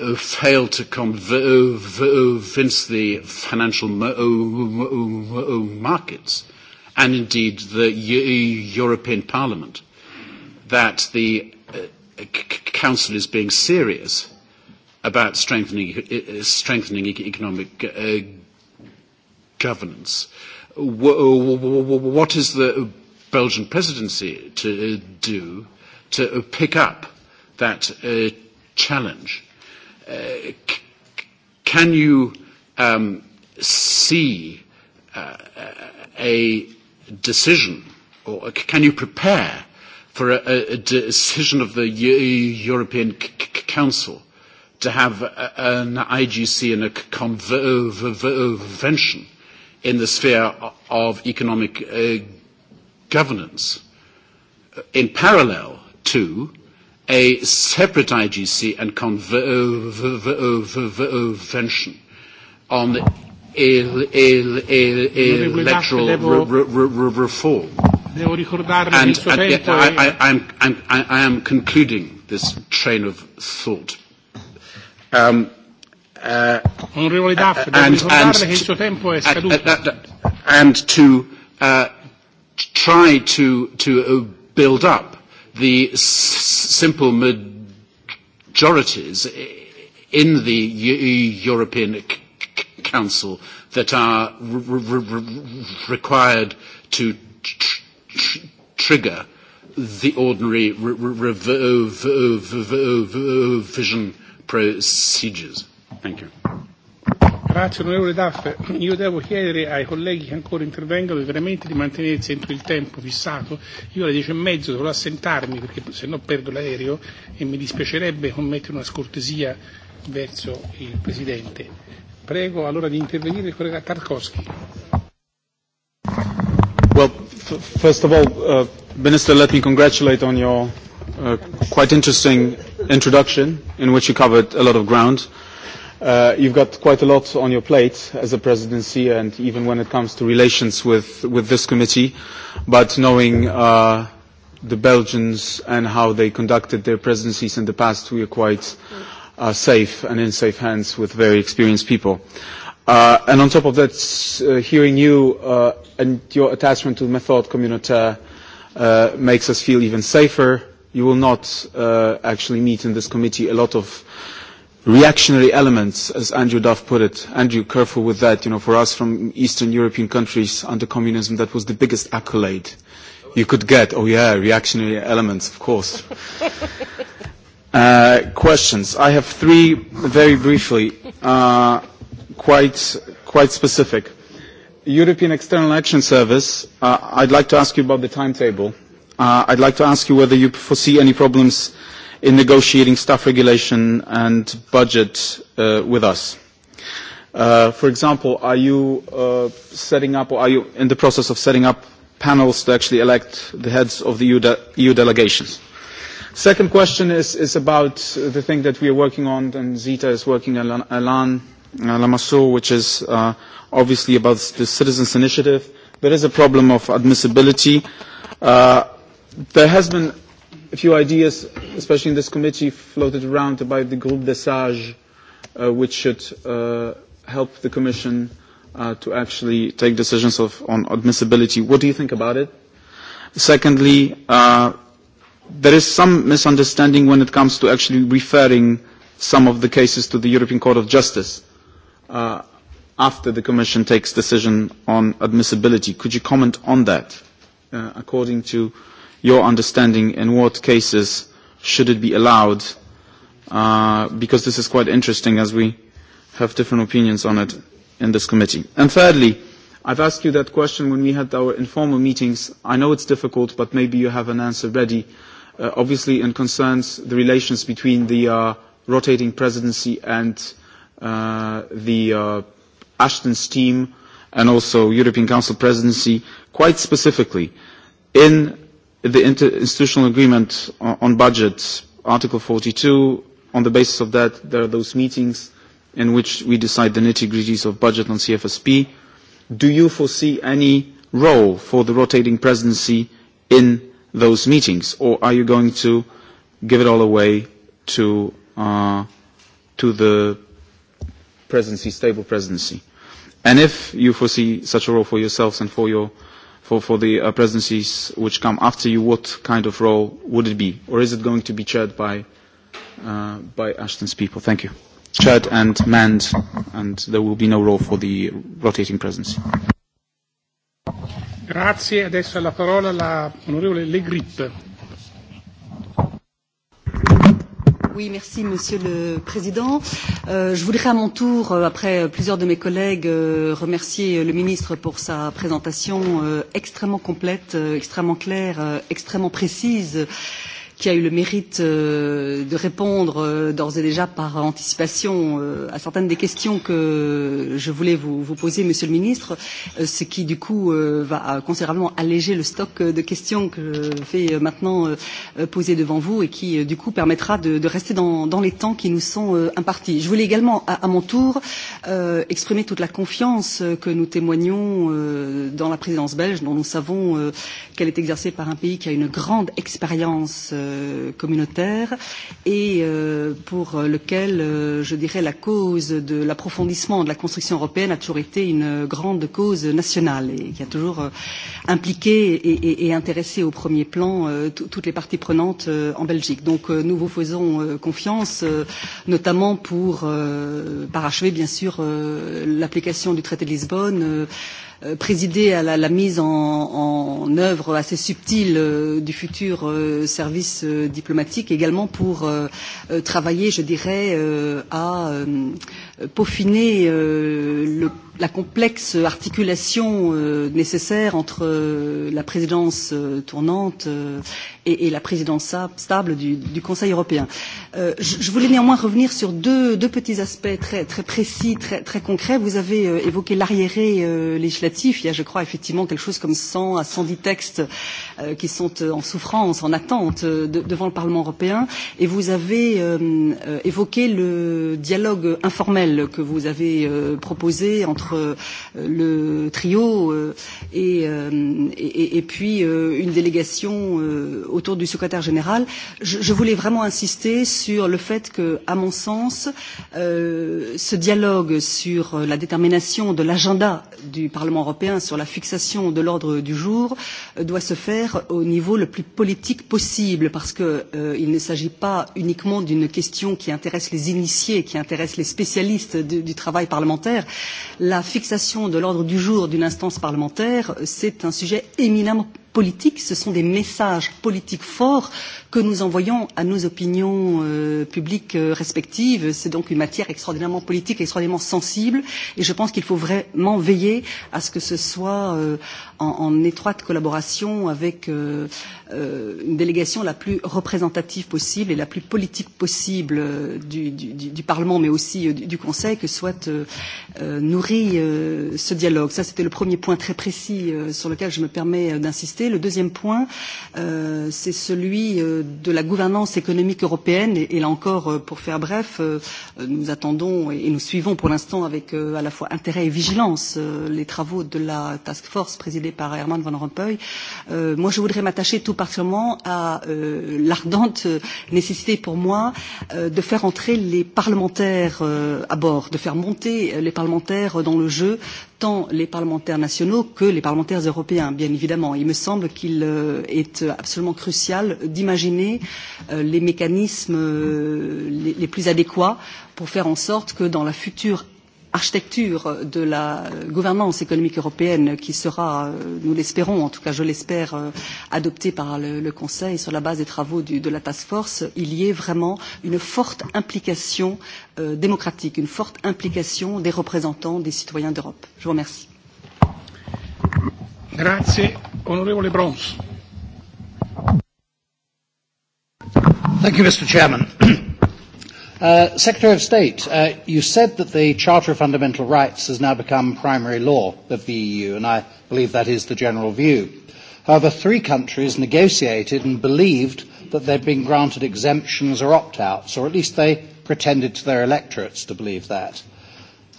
uh, fail to convince uh, uh, the financial uh, markets and indeed the European Parliament that the uh, Council is being serious about strengthening, uh, strengthening e-, economic uh, governance. Uh, what is the Belgian presidency to uh, do to pick up that uh, challenge? Uh, can you um, see uh, a decision, or can you prepare for a, a decision of the European C- Council to have an IGC and a convention? in the sphere of economic uh, governance in parallel to a separate IGC and convention on the electoral reform. Devo ricordarle and, il suo and, tempo. I, e I, I'm, I'm, I am concluding this train of thought. Um, Uh, Onorevole Daff, uh, uh and, and, che il suo tempo è uh, uh, scaduto. Uh, uh, uh, and to uh, try to, to build up the s- simple majorities in the European Council that are required to tr- tr- trigger the ordinary revision procedures. Thank you. Grazie onorevole Daff. Io devo chiedere ai colleghi che ancora intervengono veramente di mantenersi entro il tempo fissato. Io alle dieci e mezzo dovrò assentarmi perché se no perdo l'aereo e mi dispiacerebbe commettere una scortesia verso il Presidente. Prego allora di intervenire il collega Tarkovsky. Well, f- first of all, uh, Minister, let me congratulate on your uh, quite interesting introduction in which you covered a lot of ground. Uh, Uh, you've got quite a lot on your plate as a presidency and even when it comes to relations with, with this committee. But knowing uh, the Belgians and how they conducted their presidencies in the past, we are quite uh, safe and in safe hands with very experienced people. Uh, and on top of that, uh, hearing you uh, and your attachment to the method communautaire uh, makes us feel even safer. You will not uh, actually meet in this committee a lot of uh, reactionary elements, as Andrew Duff put it. Andrew, careful with that. You know, for us from Eastern European countries under communism, that was the biggest accolade you could get. Oh yeah, reactionary elements, of course. uh, questions. I have three, very briefly, uh, quite quite specific. European External Action Service. Uh, I'd like to ask you about the timetable. Uh, I'd like to ask you whether you foresee any problems uh, in negotiating staff regulation and budget uh, with us? Uh, for example, are you uh, setting up or are you in the process of setting up panels to actually elect the heads of the EU, de EU delegations? Second question is, is about the thing that we are working on and Zita is working on, Alan uh, uh, Lamassoure, which is uh, obviously about the citizens' initiative. There is a problem of admissibility. Uh, there has been a few ideas, especially in this committee, floated around about the Groupe des Sages, uh, which should uh, help the Commission uh, to actually take decisions of, on admissibility. What do you think about it? Secondly, uh, there is some misunderstanding when it comes to actually referring some of the cases to the European Court of Justice uh, after the Commission takes decision on admissibility. Could you comment on that? Uh, according to uh, your understanding in what cases should it be allowed, uh, because this is quite interesting as we have different opinions on it in this committee. And thirdly, I've asked you that question when we had our informal meetings. I know it's difficult, but maybe you have an answer ready. Uh, obviously, it concerns the relations between the uh, rotating presidency and uh, the uh, Ashton's team and also European Council presidency, quite specifically. In the interinstitutional agreement on budget, Article 42, on the basis of that, there are those meetings in which we decide the nitty-gritties of budget on CFSP. Do you foresee any role for the rotating presidency in those meetings, or are you going to give it all away to, uh, to the presidency, stable presidency? And if you foresee such a role for yourselves and for your uh, for, for the uh, presidencies which come after you, what kind of role would it be? Or is it going to be chaired by, uh, by Ashton's people? Thank you. Chaired and manned, and there will be no role for the rotating presidency. Grazie. Adesso la parola all'onorevole Le Grip. Oui, merci Monsieur le Président. Euh, je voudrais à mon tour, euh, après plusieurs de mes collègues, euh, remercier euh, le ministre pour sa présentation euh, extrêmement complète, euh, extrêmement claire, euh, extrêmement précise. Euh, qui a eu le mérite euh, de répondre euh, d'ores et déjà par anticipation euh, à certaines des questions que je voulais vous, vous poser, Monsieur le Ministre, euh, ce qui du coup euh, va considérablement alléger le stock euh, de questions que je vais euh, maintenant euh, euh, poser devant vous et qui euh, du coup permettra de, de rester dans, dans les temps qui nous sont euh, impartis. Je voulais également à, à mon tour euh, exprimer toute la confiance euh, que nous témoignons euh, dans la présidence belge, dont nous savons euh, qu'elle est exercée par un pays qui a une grande expérience euh, euh, communautaire et euh, pour lequel, euh, je dirais, la cause de l'approfondissement de la construction européenne a toujours été une grande cause nationale et qui a toujours euh, impliqué et, et, et intéressé au premier plan euh, toutes les parties prenantes euh, en Belgique. Donc euh, nous vous faisons euh, confiance, euh, notamment pour euh, parachever, bien sûr, euh, l'application du traité de Lisbonne. Euh, euh, présidé à la, la mise en, en œuvre assez subtile euh, du futur euh, service euh, diplomatique, également pour euh, euh, travailler, je dirais, euh, à euh, peaufiner euh, le, la complexe articulation euh, nécessaire entre euh, la présidence euh, tournante euh, et, et la présidence stable du, du Conseil européen. Euh, je, je voulais néanmoins revenir sur deux, deux petits aspects très, très précis, très, très concrets. Vous avez euh, évoqué l'arriéré euh, législatif. Il y a, je crois, effectivement quelque chose comme 100 à 110 textes euh, qui sont euh, en souffrance, en attente euh, de, devant le Parlement européen. Et vous avez euh, euh, évoqué le dialogue informel modèle que vous avez euh, proposé entre euh, le trio euh, et, euh, et, et puis euh, une délégation euh, autour du secrétaire général. Je, je voulais vraiment insister sur le fait que, à mon sens, euh, ce dialogue sur la détermination de l'agenda du Parlement européen, sur la fixation de l'ordre du jour, euh, doit se faire au niveau le plus politique possible, parce qu'il euh, ne s'agit pas uniquement d'une question qui intéresse les initiés, qui intéresse les spécialistes spécialiste du, du travail parlementaire, la fixation de l'ordre du jour d'une instance parlementaire, c'est un sujet éminemment politique, ce sont des messages politiques forts que nous envoyons à nos opinions euh, publiques euh, respectives. C'est donc une matière extraordinairement politique, extraordinairement sensible, et je pense qu'il faut vraiment veiller à ce que ce soit euh, en, en étroite collaboration avec euh, euh, une délégation la plus représentative possible et la plus politique possible euh, du, du, du Parlement, mais aussi euh, du, du Conseil, que soit euh, euh, nourri euh, ce dialogue. Ça, c'était le premier point très précis euh, sur lequel je me permets euh, d'insister exister. Le deuxième point, euh, c'est celui euh, de la gouvernance économique européenne. Et, et là encore, euh, pour faire bref, euh, nous attendons et, et nous suivons pour l'instant avec euh, à la fois intérêt et vigilance euh, les travaux de la task force présidée par Herman Van Rompuy. Euh, moi, je voudrais m'attacher tout particulièrement à euh, l'ardente euh, nécessité pour moi euh, de faire entrer les parlementaires euh, à bord, de faire monter euh, les parlementaires dans le jeu tant les parlementaires nationaux que les parlementaires européens, bien évidemment. Il me semble qu'il euh, est absolument crucial d'imaginer euh, les mécanismes euh, les, les plus adéquats pour faire en sorte que dans la future architecture de la gouvernance économique européenne qui sera, euh, nous l'espérons, en tout cas je l'espère, euh, adoptée par le, le Conseil sur la base des travaux du, de la task force, il y ait vraiment une forte implication euh, démocratique, une forte implication des représentants des citoyens d'Europe. Je vous remercie. Grazie, onorevole Brons. Thank you, Mr. Chairman. Uh, Secretary of State, uh, you said that the Charter of Fundamental Rights has now become primary law of the EU, and I believe that is the general view. However, three countries negotiated and believed that they'd been granted exemptions or opt-outs, or at least they pretended to their electorates to believe that.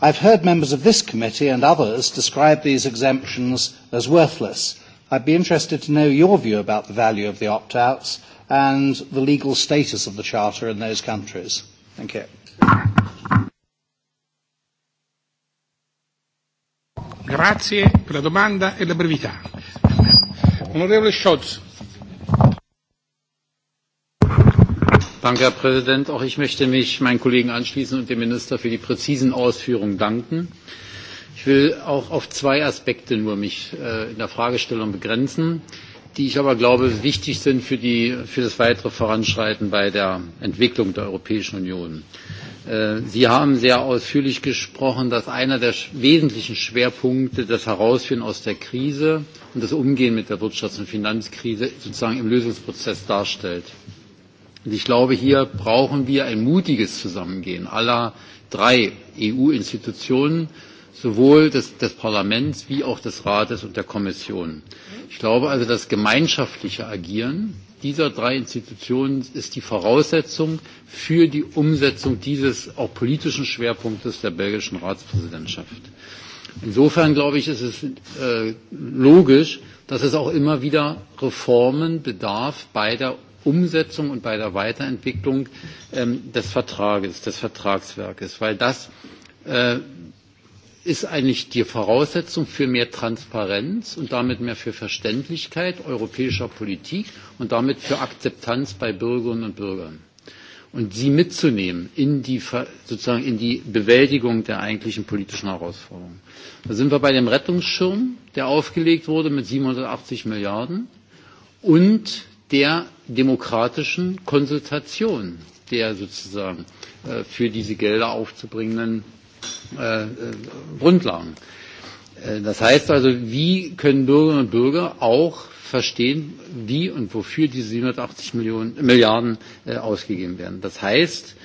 I've heard members of this committee and others describe these exemptions as worthless. I'd be interested to know your view about the value of the opt-outs and the legal status of the Charter in those countries. Thank you. Grazie per la domanda e la brevità. Onorevole Scholz. Danke, Herr Präsident. Auch ich möchte mich meinen Kollegen anschließen und dem Minister für die präzisen Ausführungen danken. Ich will auch auf zwei Aspekte nur mich äh, in der Fragestellung begrenzen. Äh, die ich aber glaube wichtig sind für, die, für das weitere Voranschreiten bei der Entwicklung der Europäischen Union. Äh, Sie haben sehr ausführlich gesprochen, dass einer der wesentlichen Schwerpunkte das Herausführen aus der Krise und das Umgehen mit der Wirtschafts- und Finanzkrise sozusagen im Lösungsprozess darstellt. Und ich glaube, hier brauchen wir ein mutiges Zusammengehen aller drei EU-Institutionen, sowohl des, des Parlaments wie auch des Rates und der Kommission. Ich glaube also, das gemeinschaftliche Agieren dieser drei Institutionen ist die Voraussetzung für die Umsetzung dieses auch politischen Schwerpunktes der belgischen Ratspräsidentschaft. Insofern glaube ich, ist es äh, logisch, dass es auch immer wieder Reformen bedarf bei der Umsetzung und bei der Weiterentwicklung ähm, des Vertrages, des Vertragswerkes, weil das äh, ist eigentlich die Voraussetzung für mehr Transparenz und damit mehr für Verständlichkeit europäischer Politik und damit für Akzeptanz bei Bürgerinnen und Bürgern. Und sie mitzunehmen in die, sozusagen in die Bewältigung der eigentlichen politischen Herausforderungen. Da sind wir bei dem Rettungsschirm, der aufgelegt wurde mit 780 Milliarden und der demokratischen Konsultation der sozusagen äh, für diese Gelder aufzubringenden Äh, äh, Grundlagen. Äh, das heißt also, wie können Bürgerinnen und Bürger auch verstehen, wie und wofür diese 780 Millionen, Milliarden äh, ausgegeben werden. Das heißt,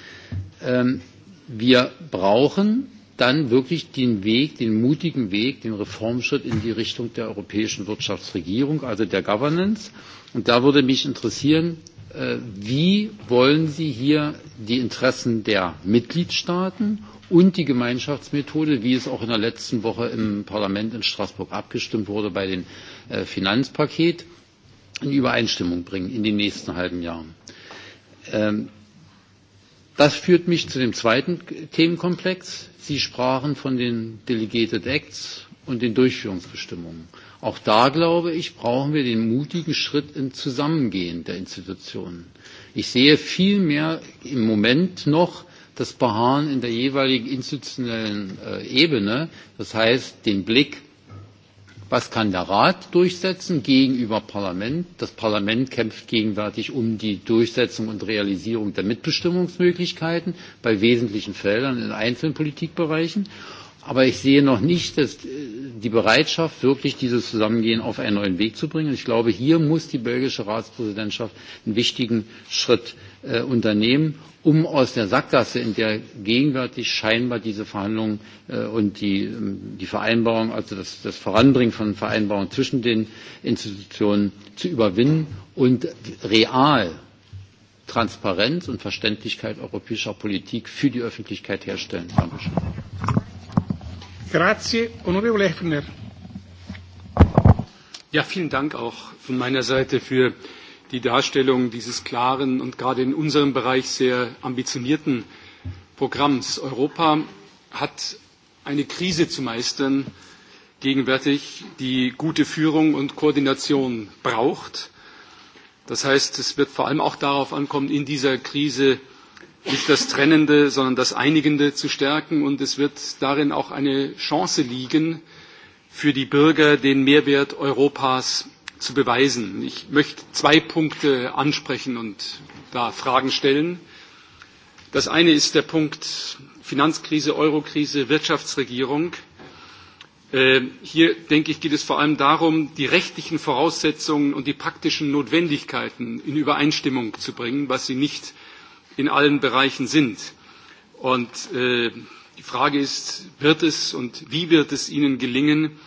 ähm, wir brauchen dann wirklich den Weg, den mutigen Weg, den Reformschritt in die Richtung der europäischen Wirtschaftsregierung, also der Governance. Und da würde mich interessieren, Äh, wie wollen Sie hier die Interessen der Mitgliedstaaten und die Gemeinschaftsmethode, wie es auch in der letzten Woche im Parlament in Straßburg abgestimmt wurde bei dem äh, Finanzpaket, in Übereinstimmung bringen in den nächsten halben Jahren. Ähm, das führt mich zu dem zweiten Themenkomplex. Sie sprachen von den Delegated Acts und den Durchführungsbestimmungen. Auch da, glaube ich, brauchen wir den mutigen Schritt im Zusammengehen der Institutionen. Ich sehe vielmehr im Moment noch das Beharren in der jeweiligen institutionellen äh, Ebene, das heißt den Blick, was kann der Rat durchsetzen gegenüber Parlament. Das Parlament kämpft gegenwärtig um die Durchsetzung und Realisierung der Mitbestimmungsmöglichkeiten bei wesentlichen Feldern in einzelnen Politikbereichen Aber ich sehe noch nicht dass äh, die Bereitschaft, wirklich dieses Zusammengehen auf einen neuen Weg zu bringen. Ich glaube, hier muss die belgische Ratspräsidentschaft einen wichtigen Schritt äh, unternehmen, um aus der Sackgasse, in der gegenwärtig scheinbar diese Verhandlungen äh, und die, ähm, die Vereinbarung, also das, das Voranbringen von Vereinbarungen zwischen den Institutionen zu überwinden und real Transparenz und Verständlichkeit europäischer Politik für die Öffentlichkeit herstellen. Dankeschön. Grazie, onorevole Hefner. Ja, vielen Dank auch von meiner Seite für die Darstellung dieses klaren und gerade in unserem Bereich sehr ambitionierten Programms. Europa hat eine Krise zu meistern, gegenwärtig, die gute Führung und Koordination braucht. Das heißt, es wird vor allem auch darauf ankommen, in dieser Krise nicht das Trennende, sondern das Einigende zu stärken. Und es wird darin auch eine Chance liegen, für die Bürger den Mehrwert Europas zu beweisen. Ich möchte zwei Punkte ansprechen und da Fragen stellen. Das eine ist der Punkt Finanzkrise, Eurokrise, Wirtschaftsregierung. Äh, hier, denke ich, geht es vor allem darum, die rechtlichen Voraussetzungen und die praktischen Notwendigkeiten in Übereinstimmung zu bringen, was sie nicht in allen Bereichen sind. Und äh, die Frage ist, wird es und wie wird es Ihnen gelingen,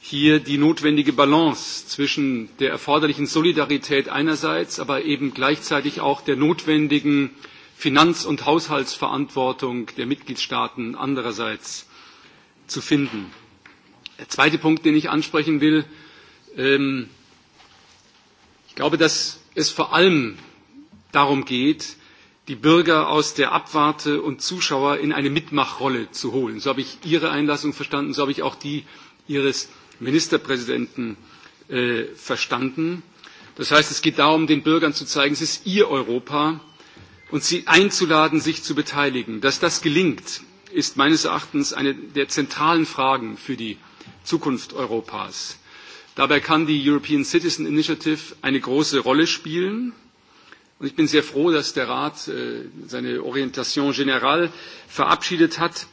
hier die notwendige Balance zwischen der erforderlichen Solidarität einerseits, aber eben gleichzeitig auch der notwendigen Finanz- und Haushaltsverantwortung der Mitgliedstaaten andererseits zu finden. Der zweite Punkt, den ich ansprechen will, ähm, ich glaube, dass es vor allem darum geht, die Bürger aus der Abwarte und Zuschauer in eine Mitmachrolle zu holen. So habe ich Ihre Einlassung verstanden, so habe ich auch die Ihres Ministerpräsidenten äh, verstanden. Das heißt, es geht darum, den Bürgern zu zeigen, es ist ihr Europa und sie einzuladen, sich zu beteiligen. Dass das gelingt, ist meines Erachtens eine der zentralen Fragen für die Zukunft Europas. Dabei kann die European Citizen Initiative eine große Rolle spielen. Und ich bin sehr froh, dass der Rat äh, seine Orientation General verabschiedet hat.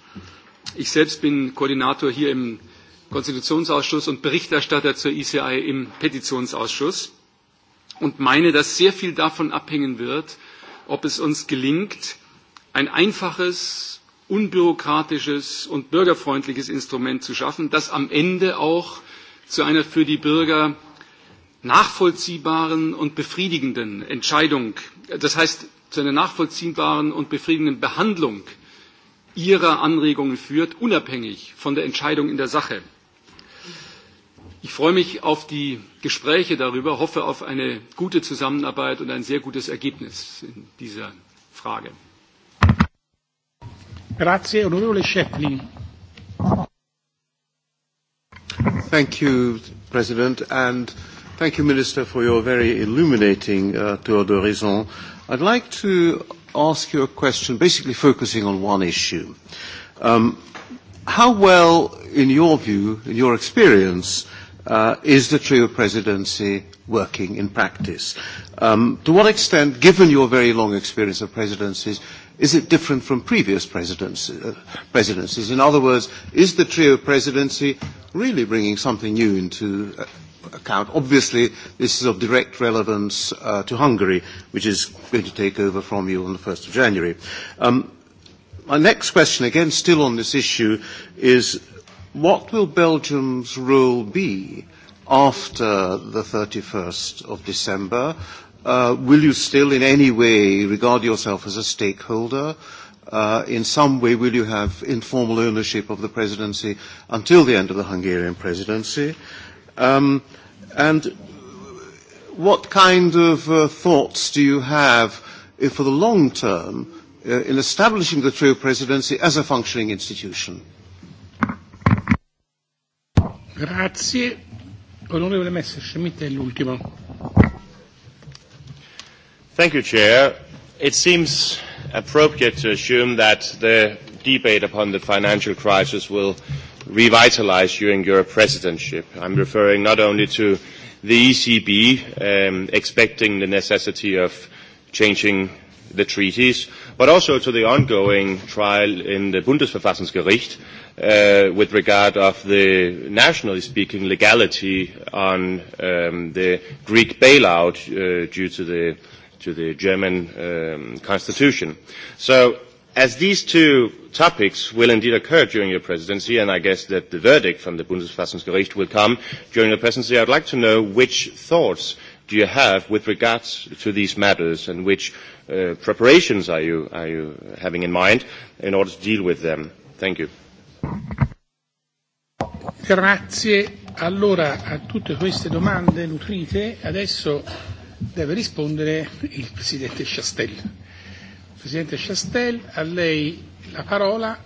Ich selbst bin Koordinator hier im Konstitutionsausschuss und Berichterstatter zur ICI im Petitionsausschuss und meine, dass sehr viel davon abhängen wird, ob es uns gelingt, ein einfaches, unbürokratisches und bürgerfreundliches Instrument zu schaffen, das am Ende auch zu einer für die Bürger nachvollziehbaren und befriedigenden Entscheidung, das heißt zu einer nachvollziehbaren und befriedigenden Behandlung ihrer Anregungen führt, unabhängig von der Entscheidung in der Sache. Ich freue mich auf die Gespräche darüber, hoffe auf eine gute Zusammenarbeit und ein sehr gutes Ergebnis in dieser Frage. Grazie, onorevole Schäfflin. Thank you, President. And Thank you, Minister, for your very illuminating uh, tour d'horizon. I'd like to ask you a question, basically focusing on one issue. Um, how well, in your view, in your experience, uh, is the trio presidency working in practice? Um, to what extent, given your very long experience of presidencies, is it different from previous presidency, uh, presidencies? In other words, is the trio presidency really bringing something new into uh, account. Obviously, this is of direct relevance uh, to Hungary, which is going to take over from you on the 1st of January. Um, my next question, again still on this issue, is what will Belgium's role be after the 31st of December? Uh, will you still in any way regard yourself as a stakeholder? Uh, in some way, will you have informal ownership of the presidency until the end of the Hungarian presidency? Uh, Um, and what kind of uh, thoughts do you have if uh, for the long term uh, in establishing the trio presidency as a functioning institution? Grazie. Onorevole Messerschmidt è l'ultimo. Thank you, Chair. It seems appropriate to assume that the debate upon the financial crisis will uh, revitalized during your presidency. I'm referring not only to the ECB um, expecting the necessity of changing the treaties, but also to the ongoing trial in the Bundesverfassungsgericht uh, with regard of the nationally speaking legality on um, the Greek bailout uh, due to the to the German um, constitution. So As these two topics will indeed occur during your presidency, and I guess that the verdict from the Bundesverfassungsgericht will come during your presidency, I'd like to know which thoughts do you have with regards to these matters and which uh, preparations are you, are you having in mind in order to deal with them? Thank you. Grazie. Allora a tutte queste domande nutrite adesso deve rispondere il Presidente Chastel Presidente Chastel, a lei la parola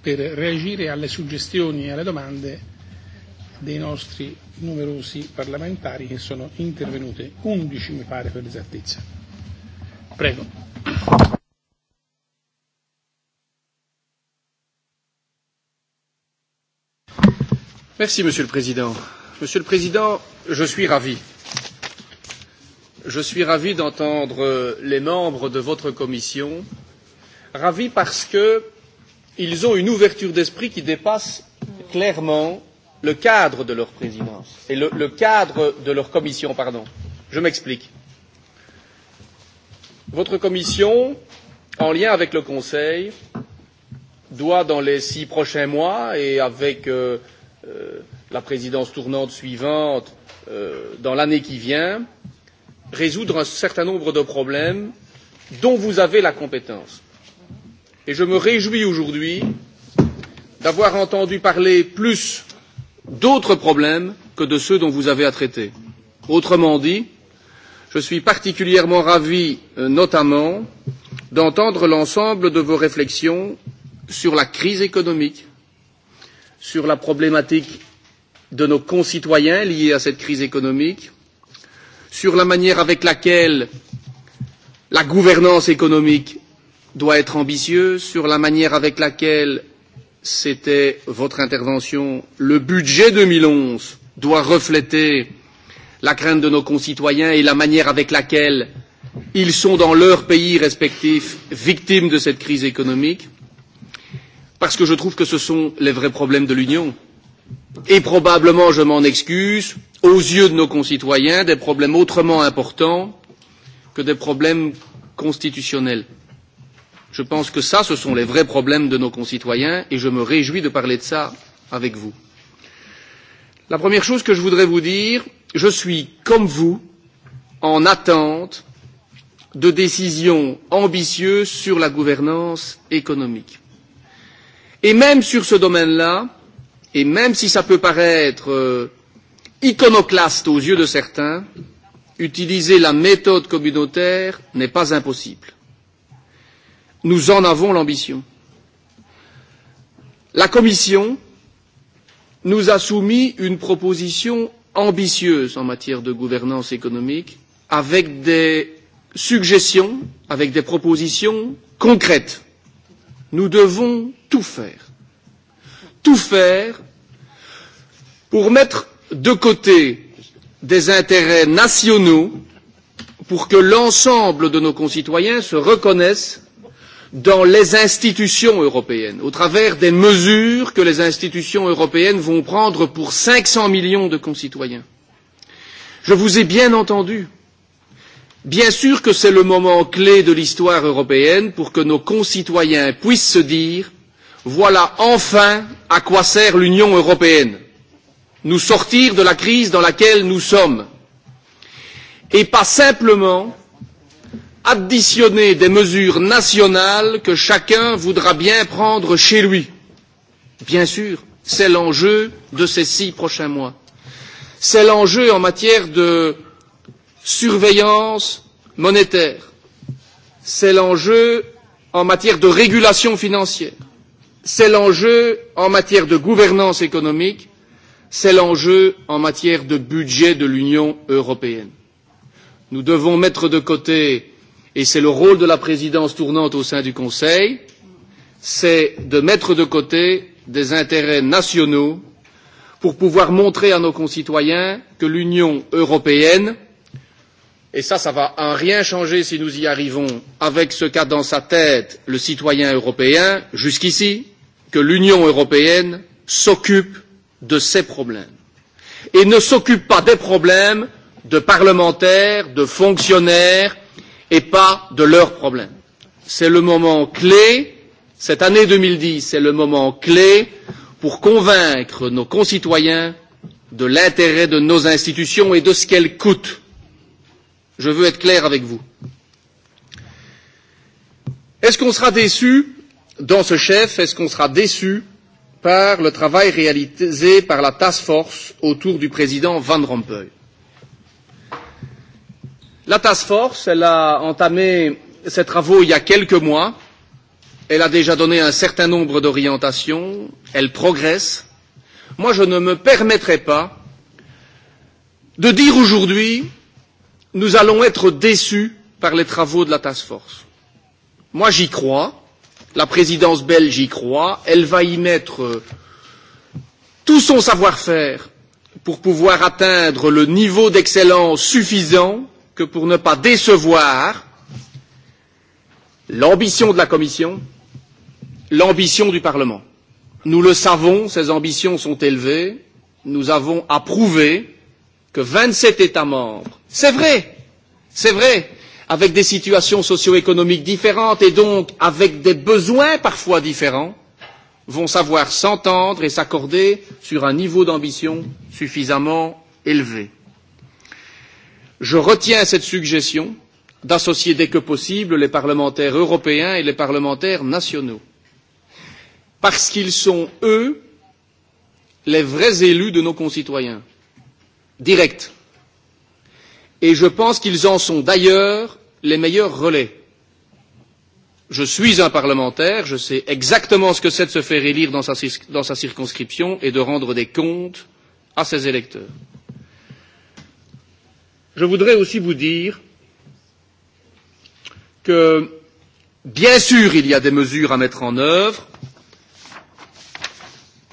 per reagire alle suggestioni e alle domande dei nostri numerosi parlamentari che sono intervenute, 11 mi pare per esattezza. Prego. Merci Monsieur le Président. Monsieur le Président, je suis ravi je suis ravi d'entendre les membres de votre commission, ravi parce qu'ils ont une ouverture d'esprit qui dépasse clairement le cadre de leur présidence et le, le cadre de leur commission, pardon. Je m'explique. Votre commission, en lien avec le Conseil, doit, dans les six prochains mois et avec euh, euh, la présidence tournante suivante euh, dans l'année qui vient, résoudre un certain nombre de problèmes dont vous avez la compétence. Et je me réjouis aujourd'hui d'avoir entendu parler plus d'autres problèmes que de ceux dont vous avez à traiter. Autrement dit, je suis particulièrement ravi, euh, notamment, d'entendre l'ensemble de vos réflexions sur la crise économique, sur la problématique de nos concitoyens liée à cette crise économique, sur la manière avec laquelle la gouvernance économique doit être ambitieuse, sur la manière avec laquelle c'était votre intervention, le budget 2011 doit refléter la crainte de nos concitoyens et la manière avec laquelle ils sont dans leurs pays respectifs victimes de cette crise économique, parce que je trouve que ce sont les vrais problèmes de l'Union et probablement je m'en excuse, aux yeux de nos concitoyens, des problèmes autrement importants que des problèmes constitutionnels. Je pense que ça, ce sont les vrais problèmes de nos concitoyens et je me réjouis de parler de ça avec vous. La première chose que je voudrais vous dire, je suis, comme vous, en attente de décisions ambitieuses sur la gouvernance économique. Et même sur ce domaine-là, et même si ça peut paraître euh, iconoclaste aux yeux de certains, utiliser la méthode communautaire n'est pas impossible. Nous en avons l'ambition. La Commission nous a soumis une proposition ambitieuse en matière de gouvernance économique, avec des suggestions, avec des propositions concrètes. Nous devons tout faire tout faire pour mettre de côté des intérêts nationaux pour que l'ensemble de nos concitoyens se reconnaissent dans les institutions européennes, au travers des mesures que les institutions européennes vont prendre pour 500 millions de concitoyens. Je vous ai bien entendu. Bien sûr que c'est le moment clé de l'histoire européenne pour que nos concitoyens puissent se dire Voilà enfin à quoi sert l'Union européenne nous sortir de la crise dans laquelle nous sommes et pas simplement additionner des mesures nationales que chacun voudra bien prendre chez lui. Bien sûr, c'est l'enjeu de ces six prochains mois. C'est l'enjeu en matière de surveillance monétaire. C'est l'enjeu en matière de régulation financière. C'est l'enjeu en matière de gouvernance économique, c'est l'enjeu en matière de budget de l'Union européenne. Nous devons mettre de côté, et c'est le rôle de la présidence tournante au sein du Conseil, c'est de mettre de côté des intérêts nationaux pour pouvoir montrer à nos concitoyens que l'Union européenne et ça, ça va en rien changer si nous y arrivons avec ce qu'a dans sa tête le citoyen européen jusqu'ici que l'Union européenne s'occupe de ces problèmes et ne s'occupe pas des problèmes de parlementaires, de fonctionnaires et pas de leurs problèmes. C'est le moment clé, cette année 2010, c'est le moment clé pour convaincre nos concitoyens de l'intérêt de nos institutions et de ce qu'elles coûtent. Je veux être clair avec vous. Est-ce qu'on sera déçu dans ce chef, est-ce qu'on sera déçu par le travail réalisé par la task force autour du président Van Rompuy La task force, elle a entamé ses travaux il y a quelques mois. Elle a déjà donné un certain nombre d'orientations. Elle progresse. Moi, je ne me permettrai pas de dire aujourd'hui nous allons être déçus par les travaux de la task force. Moi, j'y crois La présidence belge y croit. Elle va y mettre euh, tout son savoir-faire pour pouvoir atteindre le niveau d'excellence suffisant que pour ne pas décevoir l'ambition de la Commission, l'ambition du Parlement. Nous le savons, ces ambitions sont élevées. Nous avons approuvé que 27 États membres, c'est vrai, c'est vrai, avec des situations socio-économiques différentes et donc avec des besoins parfois différents, vont savoir s'entendre et s'accorder sur un niveau d'ambition suffisamment élevé. Je retiens cette suggestion d'associer dès que possible les parlementaires européens et les parlementaires nationaux, parce qu'ils sont, eux, les vrais élus de nos concitoyens, directs, et je pense qu'ils en sont d'ailleurs les meilleurs relais. Je suis un parlementaire, je sais exactement ce que c'est de se faire élire dans sa, dans sa circonscription et de rendre des comptes à ses électeurs. Je voudrais aussi vous dire que, bien sûr, il y a des mesures à mettre en œuvre.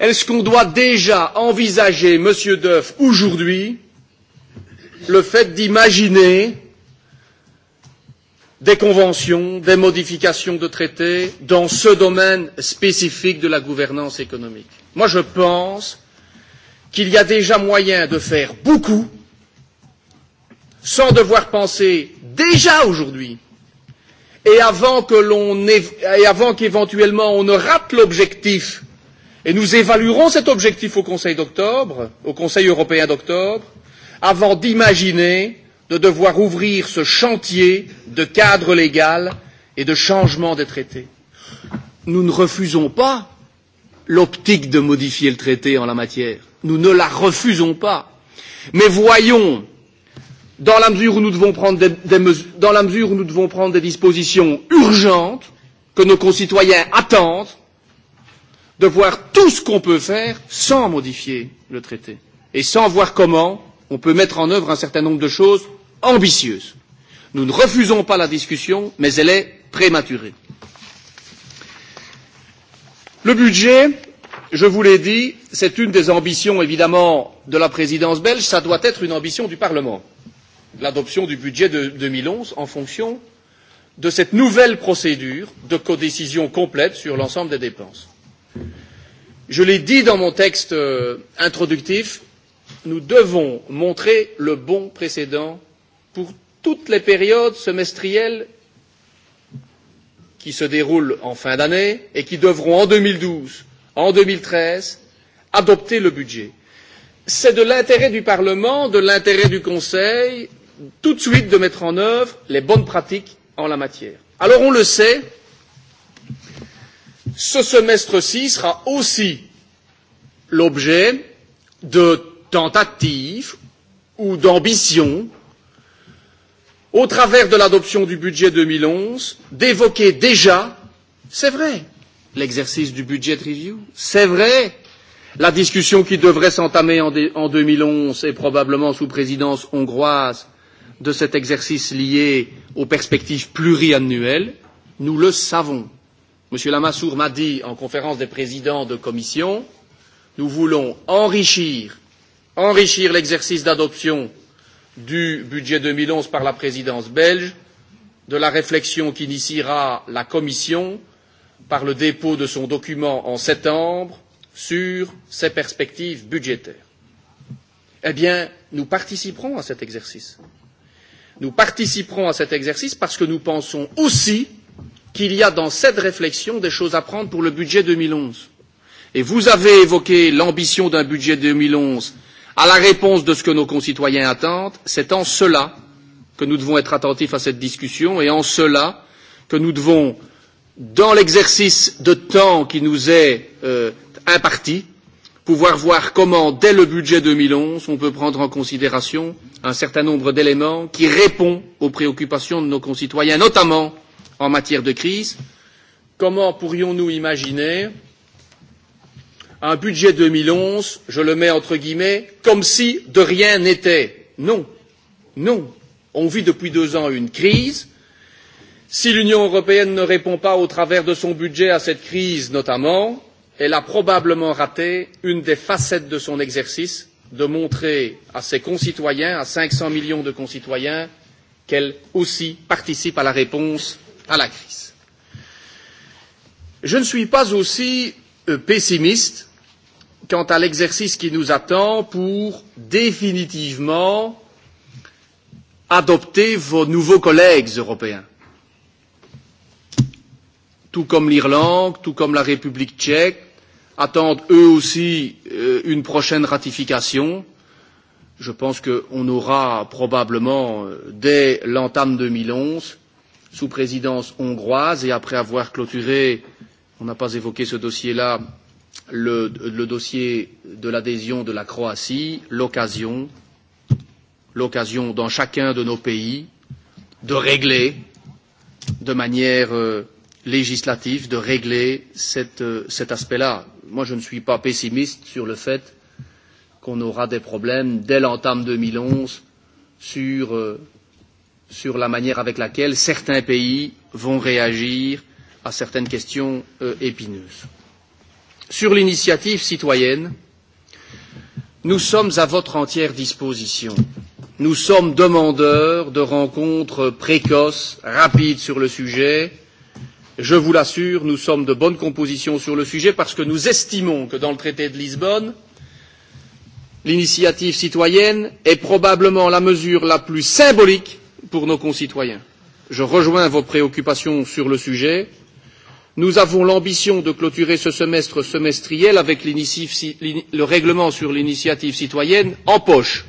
Est-ce qu'on doit déjà envisager, Monsieur Duff, aujourd'hui, le fait d'imaginer des conventions, des modifications de traités dans ce domaine spécifique de la gouvernance économique. Moi, je pense qu'il y a déjà moyen de faire beaucoup sans devoir penser déjà aujourd'hui et avant que l'on et avant qu'éventuellement on ne rate l'objectif et nous évaluerons cet objectif au Conseil d'octobre, au Conseil européen d'octobre, avant d'imaginer de devoir ouvrir ce chantier de cadre légal et de changement des traités. Nous ne refusons pas l'optique de modifier le traité en la matière. Nous ne la refusons pas. Mais voyons, dans la mesure où nous devons prendre des, des mesures, dans la mesure où nous devons prendre des dispositions urgentes que nos concitoyens attendent, de voir tout ce qu'on peut faire sans modifier le traité et sans voir comment on peut mettre en œuvre un certain nombre de choses ambitieuses. Nous ne refusons pas la discussion, mais elle est prématurée. Le budget, je vous l'ai dit, c'est une des ambitions évidemment de la présidence belge, ça doit être une ambition du Parlement, l'adoption du budget de 2011 en fonction de cette nouvelle procédure de codécision complète sur l'ensemble des dépenses. Je l'ai dit dans mon texte euh, introductif, nous devons montrer le bon précédent pour toutes les périodes semestrielles qui se déroulent en fin d'année et qui devront en deux mille douze en deux mille treize adopter le budget. c'est de l'intérêt du parlement de l'intérêt du conseil tout de suite de mettre en œuvre les bonnes pratiques en la matière. alors on le sait ce semestre ci sera aussi l'objet de tentative ou d'ambition, au travers de l'adoption du budget 2011, d'évoquer déjà, c'est vrai, l'exercice du budget review, c'est vrai, la discussion qui devrait s'entamer en, en 2011 et probablement sous présidence hongroise de cet exercice lié aux perspectives pluriannuelles, nous le savons. Monsieur Lamassoure m'a dit en conférence des présidents de commission, nous voulons enrichir enrichir l'exercice d'adoption du budget 2011 par la présidence belge de la réflexion qu'initiera la Commission par le dépôt de son document en septembre sur ses perspectives budgétaires. Eh bien, nous participerons à cet exercice. Nous participerons à cet exercice parce que nous pensons aussi qu'il y a dans cette réflexion des choses à prendre pour le budget 2011. Et vous avez évoqué l'ambition d'un budget 2011 à la réponse de ce que nos concitoyens attendent, c'est en cela que nous devons être attentifs à cette discussion et en cela que nous devons, dans l'exercice de temps qui nous est euh, imparti, pouvoir voir comment, dès le budget 2011, on peut prendre en considération un certain nombre d'éléments qui répondent aux préoccupations de nos concitoyens, notamment en matière de crise. Comment pourrions-nous imaginer euh, un budget 2011, je le mets entre guillemets, comme si de rien n'était. Non, non. On vit depuis deux ans une crise. Si l'Union européenne ne répond pas au travers de son budget à cette crise notamment, elle a probablement raté une des facettes de son exercice de montrer à ses concitoyens, à 500 millions de concitoyens, qu'elle aussi participe à la réponse à la crise. Je ne suis pas aussi euh, pessimiste quant à l'exercice qui nous attend pour définitivement adopter vos nouveaux collègues européens. Tout comme l'Irlande, tout comme la République tchèque, attendent eux aussi euh, une prochaine ratification. Je pense qu'on aura probablement, euh, dès l'entame 2011, sous présidence hongroise et après avoir clôturé, on n'a pas évoqué ce dossier-là, le, le dossier de l'adhésion de la Croatie l'occasion, l'occasion dans chacun de nos pays de régler de manière euh, législative, de régler cette, euh, cet aspect-là. Moi, je ne suis pas pessimiste sur le fait qu'on aura des problèmes dès l'entame 2011 sur, euh, sur la manière avec laquelle certains pays vont réagir à certaines questions euh, épineuses. Sur l'initiative citoyenne, nous sommes à votre entière disposition. Nous sommes demandeurs de rencontres précoces, rapides sur le sujet. Je vous l'assure, nous sommes de bonne composition sur le sujet parce que nous estimons que dans le traité de Lisbonne, l'initiative citoyenne est probablement la mesure la plus symbolique pour nos concitoyens. Je rejoins vos préoccupations sur le sujet. Nous avons l'ambition de clôturer ce semestre semestriel avec le règlement sur l'initiative citoyenne en poche,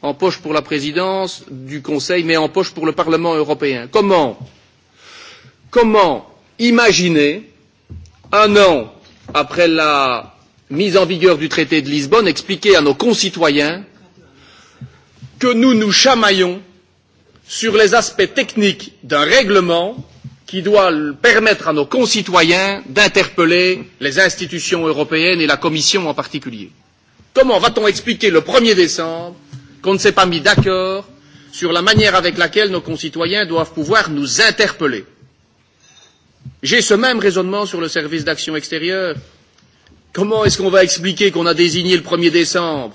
en poche pour la présidence du Conseil, mais en poche pour le Parlement européen. Comment Comment imaginer, un an après la mise en vigueur du traité de Lisbonne, expliquer à nos concitoyens que nous nous chamaillons sur les aspects techniques d'un règlement qui doit permettre à nos concitoyens d'interpeller les institutions européennes et la Commission en particulier. Comment va-t-on expliquer le 1er décembre qu'on ne s'est pas mis d'accord sur la manière avec laquelle nos concitoyens doivent pouvoir nous interpeller J'ai ce même raisonnement sur le service d'action extérieure. Comment est-ce qu'on va expliquer qu'on a désigné le 1er décembre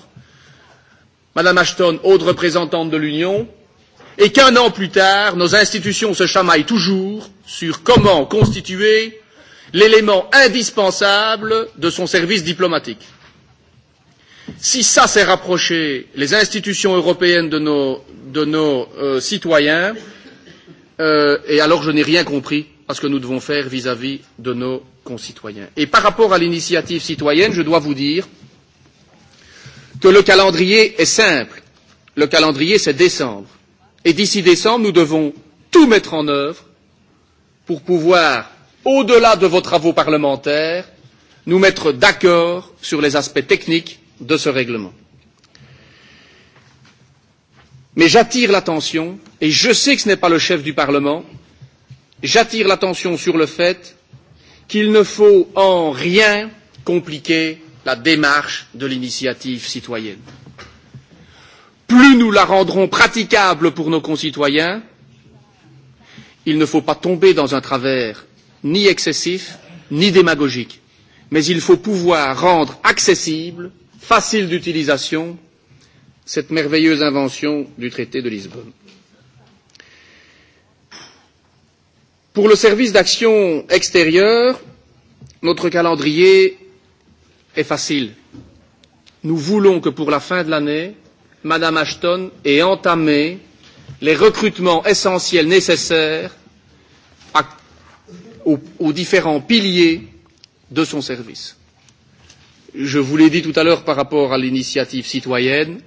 Madame Ashton, haute représentante de l'Union, et qu'un an plus tard, nos institutions se chamaillent toujours sur comment constituer l'élément indispensable de son service diplomatique. Si ça c'est rapprocher les institutions européennes de nos, de nos euh, citoyens, euh, et alors je n'ai rien compris à ce que nous devons faire vis-à-vis -vis de nos concitoyens. Et par rapport à l'initiative citoyenne, je dois vous dire que le calendrier est simple. Le calendrier, c'est décembre. Et d'ici décembre, nous devons tout mettre en œuvre pour pouvoir, au delà de vos travaux parlementaires, nous mettre d'accord sur les aspects techniques de ce règlement. Mais j'attire l'attention, et je sais que ce n'est pas le chef du Parlement, j'attire l'attention sur le fait qu'il ne faut en rien compliquer la démarche de l'initiative citoyenne plus nous la rendrons praticable pour nos concitoyens, il ne faut pas tomber dans un travers ni excessif ni démagogique, mais il faut pouvoir rendre accessible, facile d'utilisation, cette merveilleuse invention du traité de Lisbonne. Pour le service d'action extérieure, notre calendrier est facile. Nous voulons que pour la fin de l'année, Madame Ashton, et entamer les recrutements essentiels nécessaires à, aux, aux différents piliers de son service. Je vous l'ai dit tout à l'heure par rapport à l'initiative citoyenne,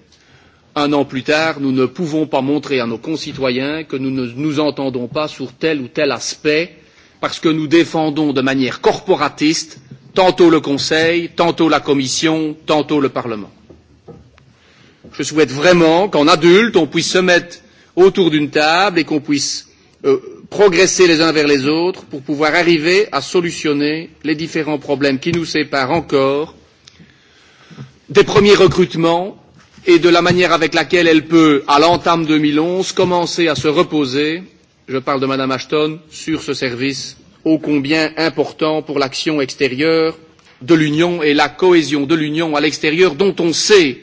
un an plus tard, nous ne pouvons pas montrer à nos concitoyens que nous ne nous entendons pas sur tel ou tel aspect parce que nous défendons de manière corporatiste tantôt le Conseil, tantôt la Commission, tantôt le Parlement je souhaite vraiment qu'en adulte, on puisse se mettre autour d'une table et qu'on puisse euh, progresser les uns vers les autres pour pouvoir arriver à solutionner les différents problèmes qui nous séparent encore des premiers recrutements et de la manière avec laquelle elle peut, à l'entame 2011, commencer à se reposer, je parle de Madame Ashton, sur ce service ô combien important pour l'action extérieure de l'Union et la cohésion de l'Union à l'extérieur, dont on sait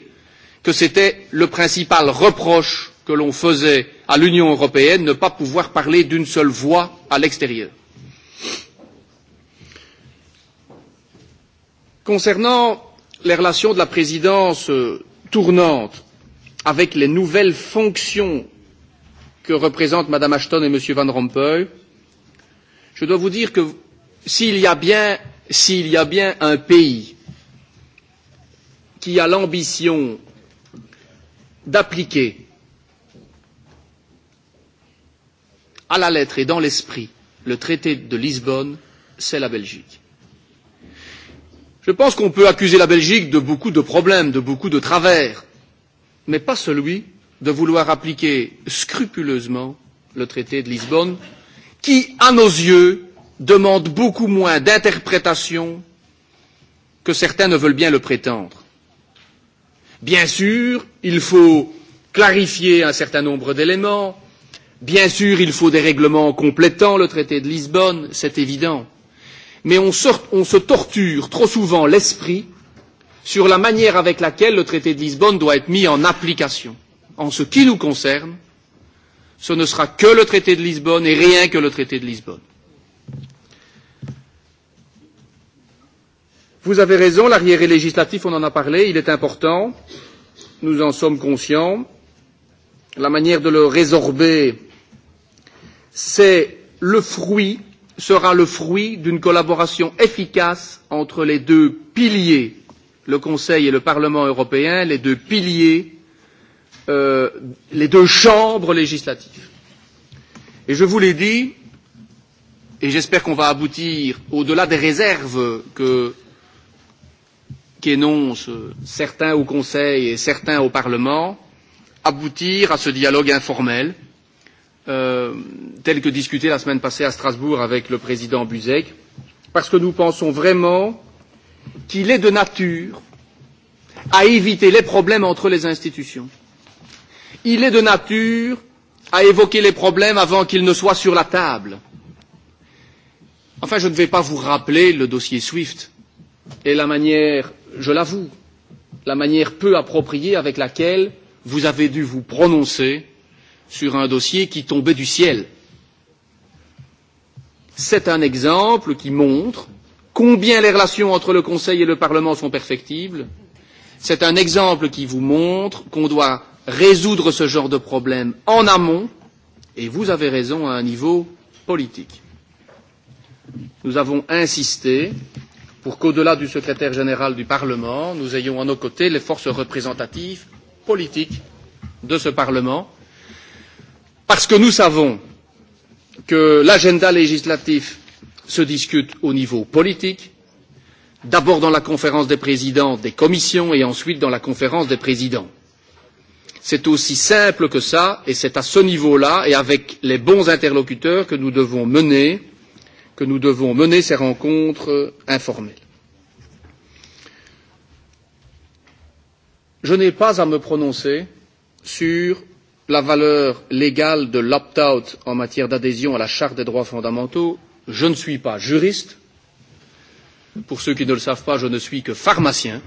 que c'était le principal reproche que l'on faisait à l'Union européenne, ne pas pouvoir parler d'une seule voix à l'extérieur. Concernant les relations de la présidence euh, tournante avec les nouvelles fonctions que représentent Mme Ashton et M. Van Rompuy, je dois vous dire que s'il y a bien, s'il y a bien un pays qui a l'ambition d'appliquer à la lettre et dans l'esprit le traité de Lisbonne, c'est la Belgique. Je pense qu'on peut accuser la Belgique de beaucoup de problèmes, de beaucoup de travers, mais pas celui de vouloir appliquer scrupuleusement le traité de Lisbonne, qui, à nos yeux, demande beaucoup moins d'interprétation que certains ne veulent bien le prétendre. Bien sûr, il faut clarifier un certain nombre d'éléments. Bien sûr, il faut des règlements complétant le traité de Lisbonne, c'est évident. Mais on, sort, on se torture trop souvent l'esprit sur la manière avec laquelle le traité de Lisbonne doit être mis en application. En ce qui nous concerne, ce ne sera que le traité de Lisbonne et rien que le traité de Lisbonne. Vous avez raison, l'arriéré législatif, on en a parlé, il est important, nous en sommes conscients. La manière de le résorber, c'est le fruit, sera le fruit d'une collaboration efficace entre les deux piliers, le Conseil et le Parlement européen, les deux piliers, euh, les deux chambres législatives. Et je vous l'ai dit, et j'espère qu'on va aboutir, au-delà des réserves que qu'énoncent certains au Conseil et certains au Parlement aboutir à ce dialogue informel euh, tel que discuté la semaine passée à Strasbourg avec le président Buzek, parce que nous pensons vraiment qu'il est de nature à éviter les problèmes entre les institutions. Il est de nature à évoquer les problèmes avant qu'ils ne soient sur la table. Enfin, je ne vais pas vous rappeler le dossier SWIFT et la manière je l'avoue, la manière peu appropriée avec laquelle vous avez dû vous prononcer sur un dossier qui tombait du ciel. C'est un exemple qui montre combien les relations entre le Conseil et le Parlement sont perfectibles. C'est un exemple qui vous montre qu'on doit résoudre ce genre de problème en amont, et vous avez raison à un niveau politique. Nous avons insisté pour qu'au-delà du secrétaire général du Parlement, nous ayons à nos côtés les forces représentatives politiques de ce Parlement, parce que nous savons que l'agenda législatif se discute au niveau politique, d'abord dans la conférence des présidents des commissions et ensuite dans la conférence des présidents. C'est aussi simple que ça et c'est à ce niveau-là et avec les bons interlocuteurs que nous devons mener que nous devons mener ces rencontres informelles. Je n'ai pas à me prononcer sur la valeur légale de l'opt out en matière d'adhésion à la charte des droits fondamentaux. Je ne suis pas juriste. Pour ceux qui ne le savent pas, je ne suis que pharmacien.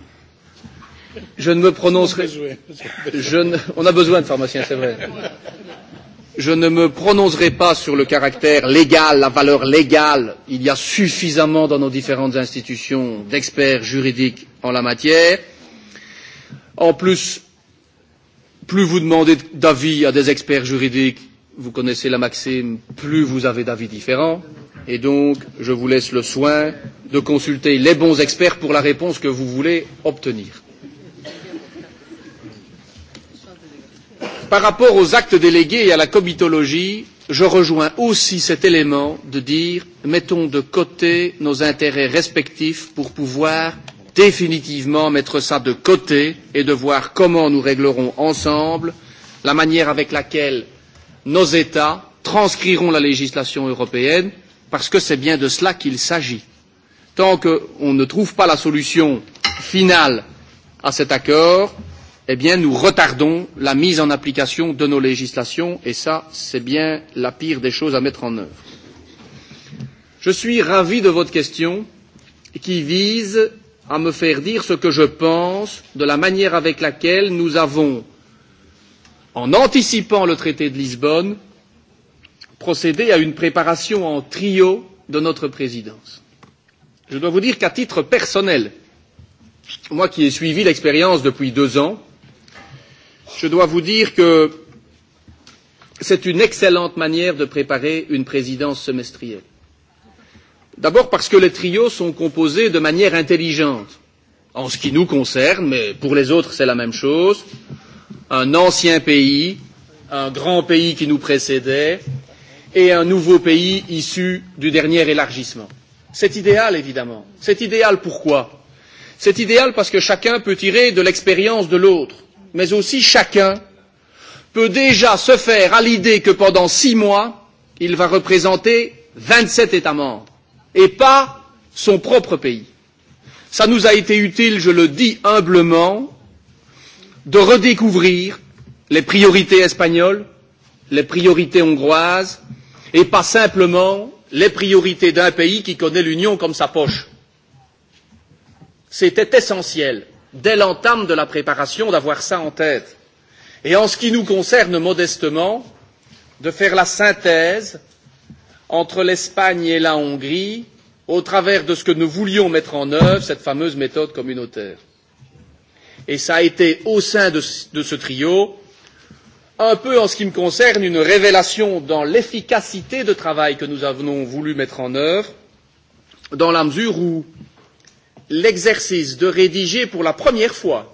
Je ne me prononcerai. Je ne... On a besoin de pharmaciens, c'est vrai. Je ne me prononcerai pas sur le caractère légal, la valeur légale. Il y a suffisamment dans nos différentes institutions d'experts juridiques en la matière. En plus, plus vous demandez d'avis à des experts juridiques, vous connaissez la maxime, plus vous avez d'avis différents. Et donc, je vous laisse le soin de consulter les bons experts pour la réponse que vous voulez obtenir. Par rapport aux actes délégués et à la comitologie, je rejoins aussi cet élément de dire mettons de côté nos intérêts respectifs pour pouvoir définitivement mettre ça de côté et de voir comment nous réglerons ensemble la manière avec laquelle nos États transcriront la législation européenne, parce que c'est bien de cela qu'il s'agit. Tant qu'on ne trouve pas la solution finale à cet accord, euh, eh bien, nous retardons la mise en application de nos législations, et ça, c'est bien la pire des choses à mettre en œuvre. Je suis ravi de votre question qui vise à me faire dire ce que je pense de la manière avec laquelle nous avons, en anticipant le traité de Lisbonne, procédé à une préparation en trio de notre présidence. Je dois vous dire qu'à titre personnel, moi qui ai suivi l'expérience depuis deux ans, je dois vous dire que c'est une excellente manière de préparer une présidence semestrielle. D'abord parce que les trios sont composés de manière intelligente, en ce qui nous concerne, mais pour les autres c'est la même chose, un ancien pays, un grand pays qui nous précédait et un nouveau pays issu du dernier élargissement. C'est idéal, évidemment. C'est idéal pourquoi C'est idéal parce que chacun peut tirer de l'expérience de l'autre mais aussi chacun, peut déjà se faire à l'idée que pendant six mois, il va représenter 27 États membres et pas son propre pays. Ça nous a été utile, je le dis humblement, de redécouvrir les priorités espagnoles, les priorités hongroises, et pas simplement les priorités d'un pays qui connaît l'Union comme sa poche. C'était essentiel dès l'entame de la préparation d'avoir ça en tête et en ce qui nous concerne modestement de faire la synthèse entre l'Espagne et la Hongrie au travers de ce que nous voulions mettre en œuvre, cette fameuse méthode communautaire. Et ça a été au sein de, de ce trio, un peu en ce qui me concerne, une révélation dans l'efficacité de travail que nous avons voulu mettre en œuvre, dans la mesure où euh, l'exercice de rédiger pour la première fois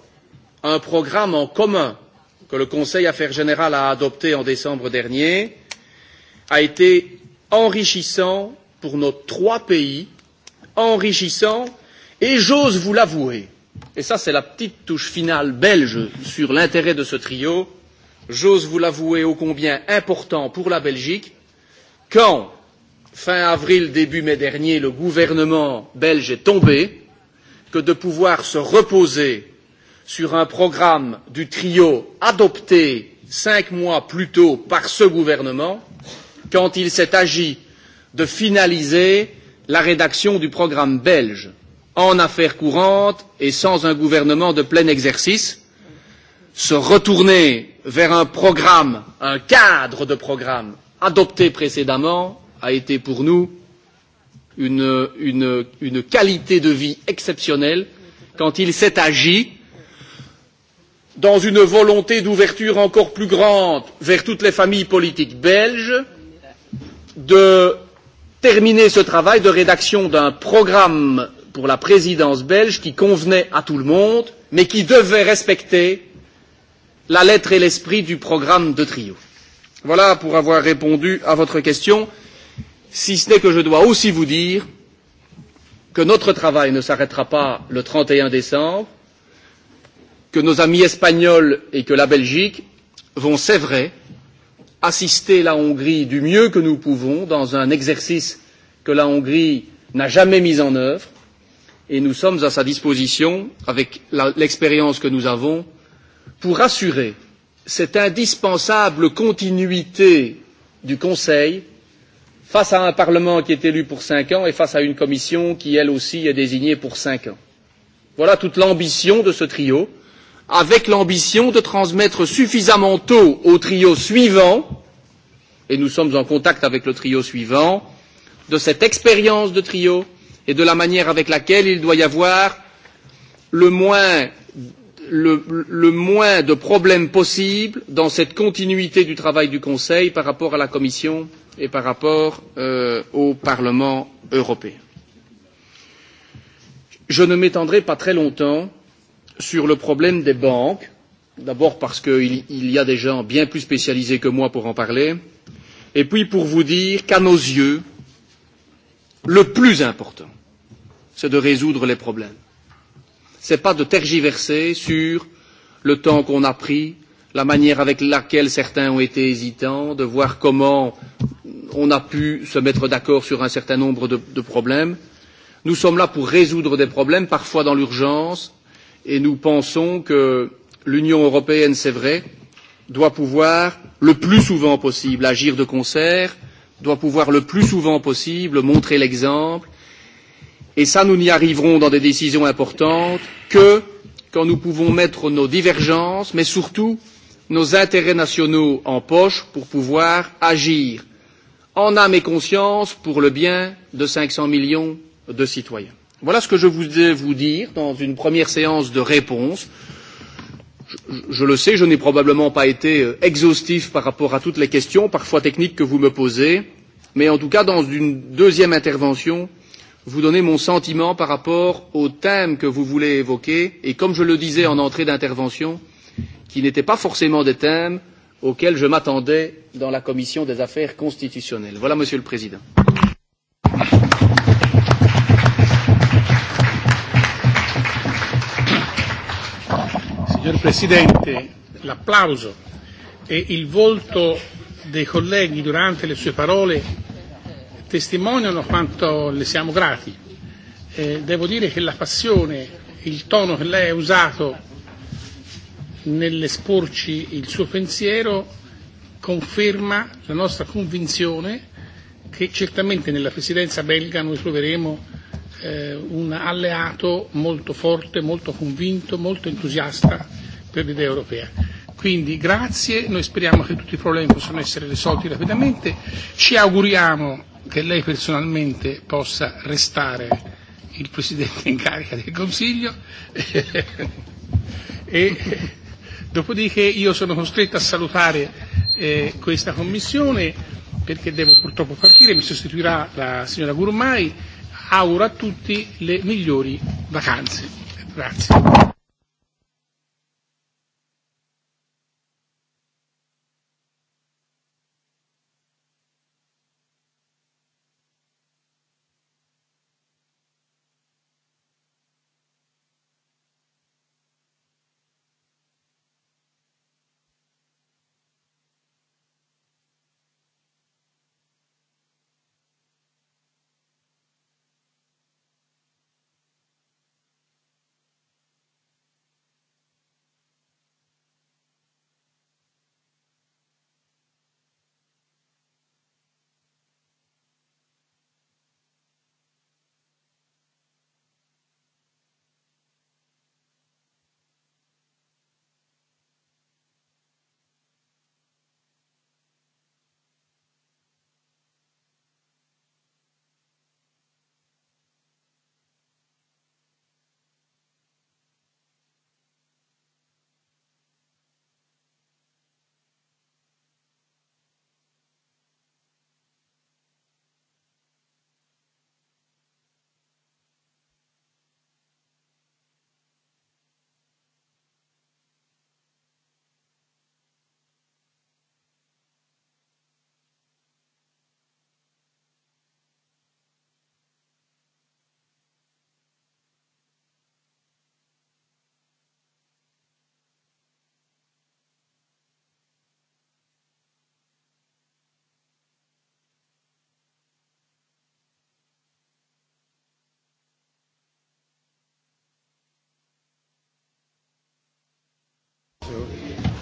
un programme en commun que le Conseil Affaires générales a adopté en décembre dernier a été enrichissant pour nos trois pays, enrichissant et j'ose vous l'avouer, et ça c'est la petite touche finale belge sur l'intérêt de ce trio, j'ose vous l'avouer ô combien important pour la Belgique, quand, fin avril, début mai dernier, le gouvernement belge est tombé, que de pouvoir se reposer sur un programme du trio adopté cinq mois plus tôt par ce gouvernement quand il s'est agi de finaliser la rédaction du programme belge en affaires courantes et sans un gouvernement de plein exercice, se retourner vers un programme, un cadre de programme adopté précédemment a été pour nous une, une, une qualité de vie exceptionnelle quand il s'est agi dans une volonté d'ouverture encore plus grande vers toutes les familles politiques belges de terminer ce travail de rédaction d'un programme pour la présidence belge qui convenait à tout le monde, mais qui devait respecter la lettre et l'esprit du programme de trio. Voilà pour avoir répondu à votre question si ce n'est que je dois aussi vous dire que notre travail ne s'arrêtera pas le 31 décembre, que nos amis espagnols et que la Belgique vont, c'est vrai, assister la Hongrie du mieux que nous pouvons dans un exercice que la Hongrie n'a jamais mis en œuvre et nous sommes à sa disposition, avec l'expérience que nous avons, pour assurer cette indispensable continuité du Conseil face à un Parlement qui est élu pour cinq ans et face à une Commission qui, elle aussi, est désignée pour cinq ans. Voilà toute l'ambition de ce trio, avec l'ambition de transmettre suffisamment tôt au trio suivant et nous sommes en contact avec le trio suivant de cette expérience de trio et de la manière avec laquelle il doit y avoir le moins le, le moins de problèmes possible dans cette continuité du travail du Conseil par rapport à la Commission et par rapport euh, au Parlement européen. Je ne m'étendrai pas très longtemps sur le problème des banques, d'abord parce qu'il y a des gens bien plus spécialisés que moi pour en parler, et puis pour vous dire qu'à nos yeux, le plus important, c'est de résoudre les problèmes. Ce n'est pas de tergiverser sur le temps qu'on a pris, la manière avec laquelle certains ont été hésitants, de voir comment on a pu se mettre d'accord sur un certain nombre de, de problèmes. Nous sommes là pour résoudre des problèmes, parfois dans l'urgence, et nous pensons que l'Union européenne, c'est vrai, doit pouvoir le plus souvent possible agir de concert, doit pouvoir le plus souvent possible montrer l'exemple, et ça nous n'y arriverons dans des décisions importantes que quand nous pouvons mettre nos divergences, mais surtout nos intérêts nationaux en poche pour pouvoir agir en âme et conscience pour le bien de 500 millions de citoyens. Voilà ce que je voulais vous dire dans une première séance de réponse. Je, je le sais, je n'ai probablement pas été euh, exhaustif par rapport à toutes les questions, parfois techniques, que vous me posez, mais en tout cas, dans une deuxième intervention, vous donner mon sentiment par rapport au thème que vous voulez évoquer, et comme je le disais en entrée d'intervention, qui n'étaient pas forcément des thèmes euh, auquel je m'attendais dans la commission des affaires constitutionnelles. Voilà, Monsieur le Président. Signor Presidente, l'applauso e il volto dei colleghi durante le sue parole testimoniano quanto le siamo grati. Eh, devo dire che la passione, il tono che lei ha usato nell'esporci il suo pensiero conferma la nostra convinzione che certamente nella presidenza belga noi troveremo eh, un alleato molto forte, molto convinto, molto entusiasta per l'idea europea. Quindi grazie, noi speriamo che tutti i problemi possano essere risolti rapidamente, ci auguriamo che lei personalmente possa restare il Presidente in carica del Consiglio e Dopodiché io sono costretto a salutare eh, questa commissione perché devo purtroppo partire, mi sostituirà la signora Gurmai. Auguro a tutti le migliori vacanze. Grazie.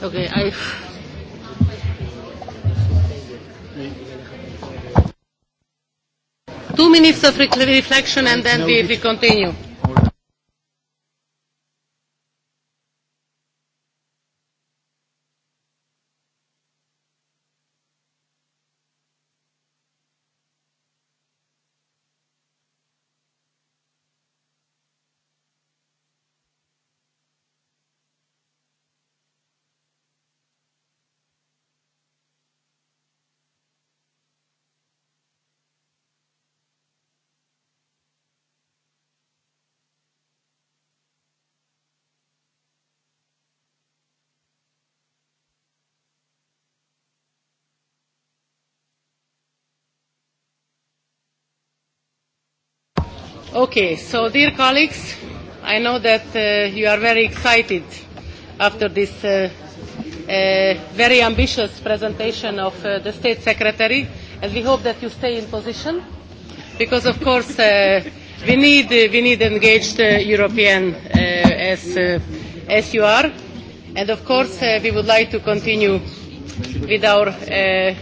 Okay, I. Two minutes of reflection and then we, we continue. Okay, so dear colleagues, I know that uh, you are very excited after this uh, uh, very ambitious presentation of uh, the State Secretary, and we hope that you stay in position, because of course uh, we need uh, we need engaged uh, European uh, as uh, as you are, and of course uh, we would like to continue with our uh,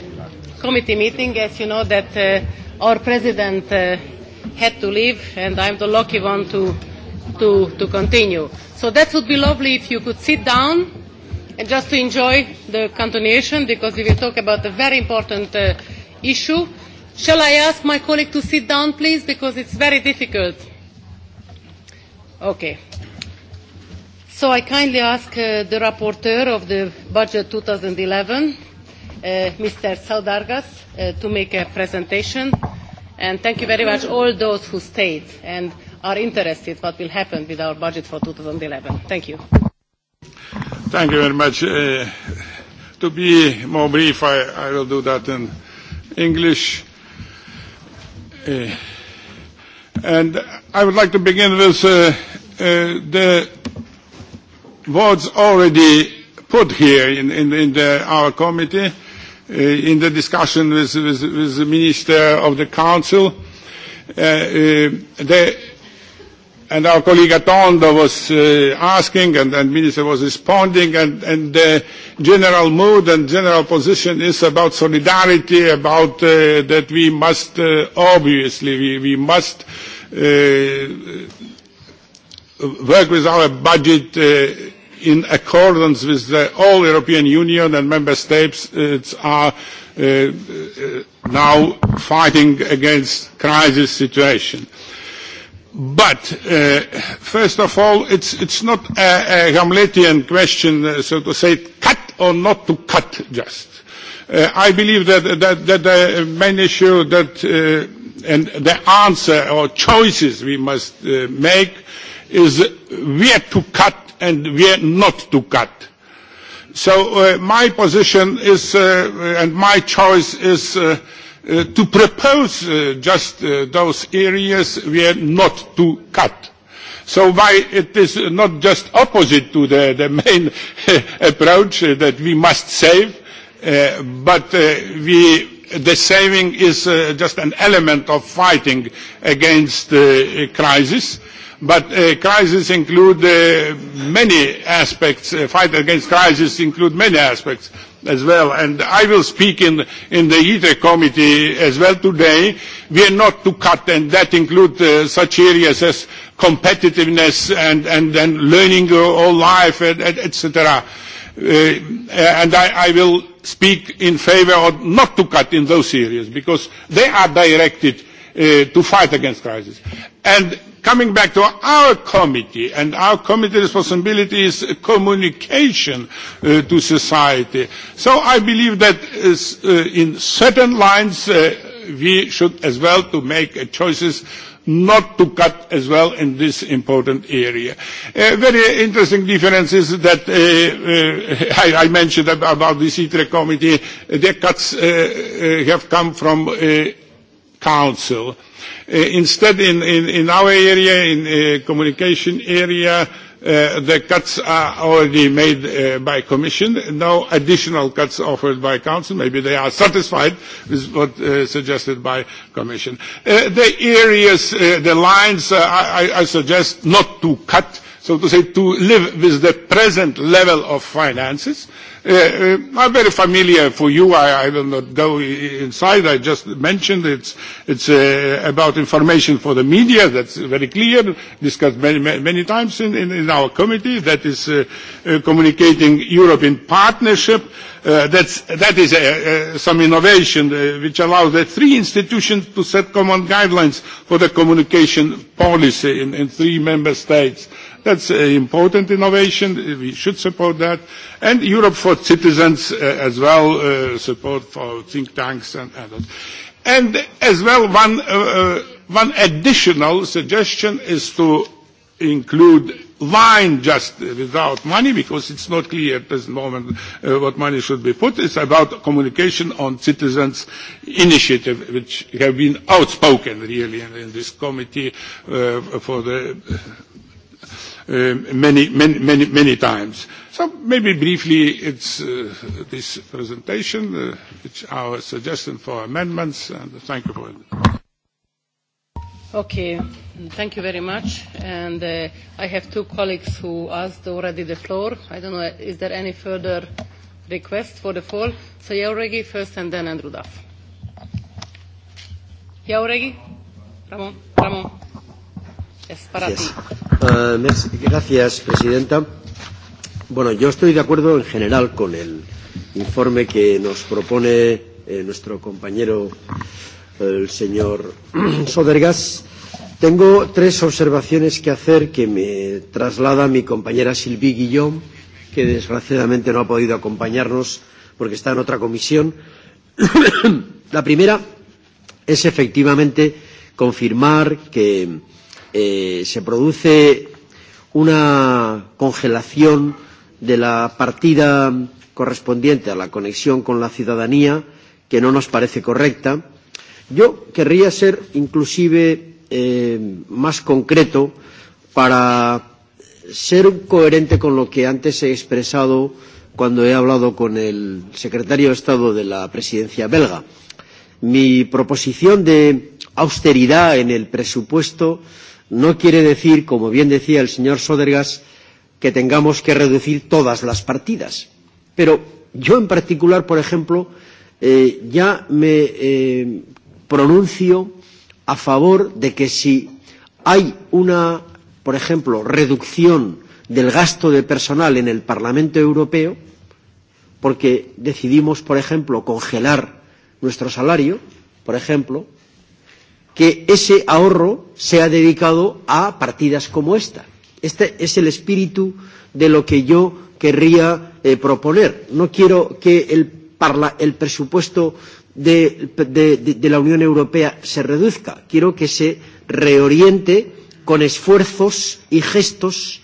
committee meeting, as you know that uh, our president. Uh, had to leave, and I'm the lucky one to, to, to continue. So that would be lovely if you could sit down and just to enjoy the continuation, because we will talk about a very important uh, issue. Shall I ask my colleague to sit down, please, because it's very difficult. Okay. So I kindly ask uh, the rapporteur of the budget 2011, uh, Mr. Saudargas, uh, to make a presentation. Uh, And thank you very much all those who stayed and are interested what will happen with our budget for 2011. Thank you. Thank you very much. Uh, to be more brief, I, I will do that in English. Uh, and I would like to begin with uh, uh, the words already put here in, in, in the, our committee Uh, in the discussion with, with, with the Minister of the Council. Uh, uh, the, and our colleague Atondo was uh, asking and the Minister was responding and, and the general mood and general position is about solidarity, about uh, that we must, uh, obviously, we, we must uh, work with our budget uh, in accordance with the, all European Union and member states are uh, uh, now fighting against crisis situation. But uh, first of all, it's, it's not a, a Hamletian question, uh, so to say, cut or not to cut just. Uh, I believe that, that, that the main issue that, uh, and the answer or choices we must uh, make is where to cut and where not to cut. So uh, my position is, uh, and my choice is uh, uh, to propose uh, just uh, those areas where not to cut. So why it is not just opposite to the, the main uh, approach uh, that we must save, uh, but uh, we the saving is uh, just an element of fighting against uh, crisis. Uh, But uh, crises include uh, many aspects. Uh, fight against crisis include many aspects as well. And I will speak in, in the ITRE e committee as well today. We are not to cut, and that includes uh, such areas as competitiveness and, and, and learning all life, and, and, etc. Uh, uh, and I, I will speak in favor of not to cut in those areas because they are directed uh, to fight against crisis. And coming back to our committee, and our committee responsibility is communication uh, to society. So I believe that is, uh, uh, in certain lines uh, we should as well to make uh, choices not to cut as well in this important area. A uh, very interesting difference is that uh, uh, I, I mentioned about, about the CITRE committee, the cuts uh, uh, have come from uh, council. Uh, Eh, instead, in, in, in our area, in uh, communication area, uh, the cuts are already made uh, by Commission. No additional cuts offered by Council. Maybe they are satisfied with what uh, suggested by Commission. Uh, the areas, uh, the lines, uh, I, I suggest not to cut so to say, to live with the present level of finances. Uh, uh, are very familiar for you. I, I will not go inside. I just mentioned it's, it's uh, about information for the media. That's very clear, discussed many, many times in, in, in our committee. That is uh, uh, communicating Europe in partnership. Uh, that's, that is uh, uh, some innovation uh, which allows the three institutions to set common guidelines for the communication policy in, in three member states. Uh, That's an important innovation. We should support that. And Europe for citizens uh, as well, uh, support for think tanks and others. And as well, one, uh, uh one additional suggestion is to include line just without money because it's not clear at this moment uh, what money should be put. It's about communication on citizens' initiative, which have been outspoken really in, in this committee uh, for the uh, many, many, many, many times. So maybe briefly, it's uh, this presentation, uh, it's our suggestion for amendments, and thank you for it. Okay, thank you very much. And uh, I have two colleagues who asked already the floor. I don't know, is there any further request for the floor? So Jauregui first and then Andrew Duff. Jauregui? Ramon? Ramon? Es para yes. ti. Uh, merci, gracias, presidenta. Bueno, yo estoy de acuerdo en general con el informe que nos propone eh, nuestro compañero el señor Sodergas. Tengo tres observaciones que hacer que me traslada mi compañera Silvi Guillón, que desgraciadamente no ha podido acompañarnos porque está en otra comisión. La primera es efectivamente confirmar que eh, se produce una congelación de la partida correspondiente a la conexión con la ciudadanía que no nos parece correcta. Yo querría ser inclusive eh, más concreto para ser coherente con lo que antes he expresado cuando he hablado con el secretario de Estado de la presidencia belga. Mi proposición de austeridad en el presupuesto eh, no quiere decir, como bien decía el señor Sodergas, que tengamos que reducir todas las partidas. Pero yo en particular, por ejemplo, eh, ya me eh, pronuncio a favor de que si hay una, por ejemplo, reducción del gasto de personal en el Parlamento Europeo, porque decidimos, por ejemplo, congelar nuestro salario, por ejemplo, que ese ahorro sea dedicado a partidas como esta. Este es el espíritu de lo que yo querría eh, proponer. No quiero que el, parla, el presupuesto de, de, de, de la Unión Europea se reduzca. Quiero que se reoriente con esfuerzos y gestos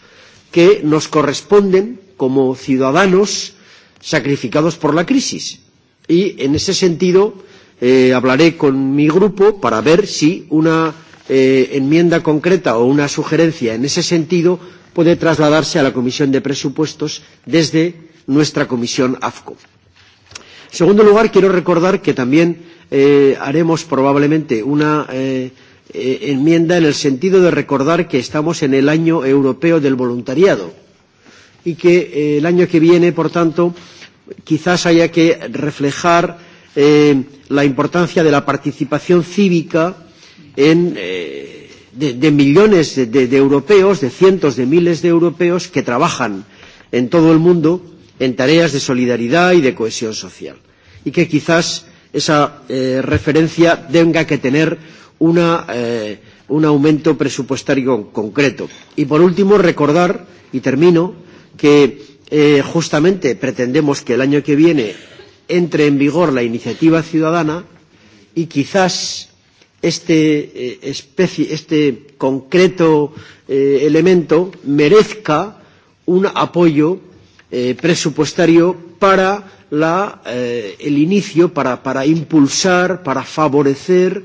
que nos corresponden como ciudadanos sacrificados por la crisis. Y en ese sentido, eh, eh, hablaré con mi grupo para ver si una eh, enmienda concreta o una sugerencia en ese sentido puede trasladarse a la Comisión de Presupuestos desde nuestra Comisión AFCO. En segundo lugar, quiero recordar que también eh, haremos probablemente una eh, eh, enmienda en el sentido de recordar que estamos en el año europeo del voluntariado y que eh, el año que viene, por tanto, quizás haya que reflejar eh, la importancia de la participación cívica en, eh, de, de millones de, de, de europeos, de cientos de miles de europeos que trabajan en todo el mundo en tareas de solidaridad y de cohesión social. Y que quizás esa eh, referencia tenga que tener una, eh, un aumento presupuestario concreto. Y por último, recordar, y termino, que eh, justamente pretendemos que el año que viene entre en vigor la iniciativa ciudadana y quizás este, eh, especie, este concreto eh, elemento merezca un apoyo eh, presupuestario para la, eh, el inicio, para, para impulsar, para favorecer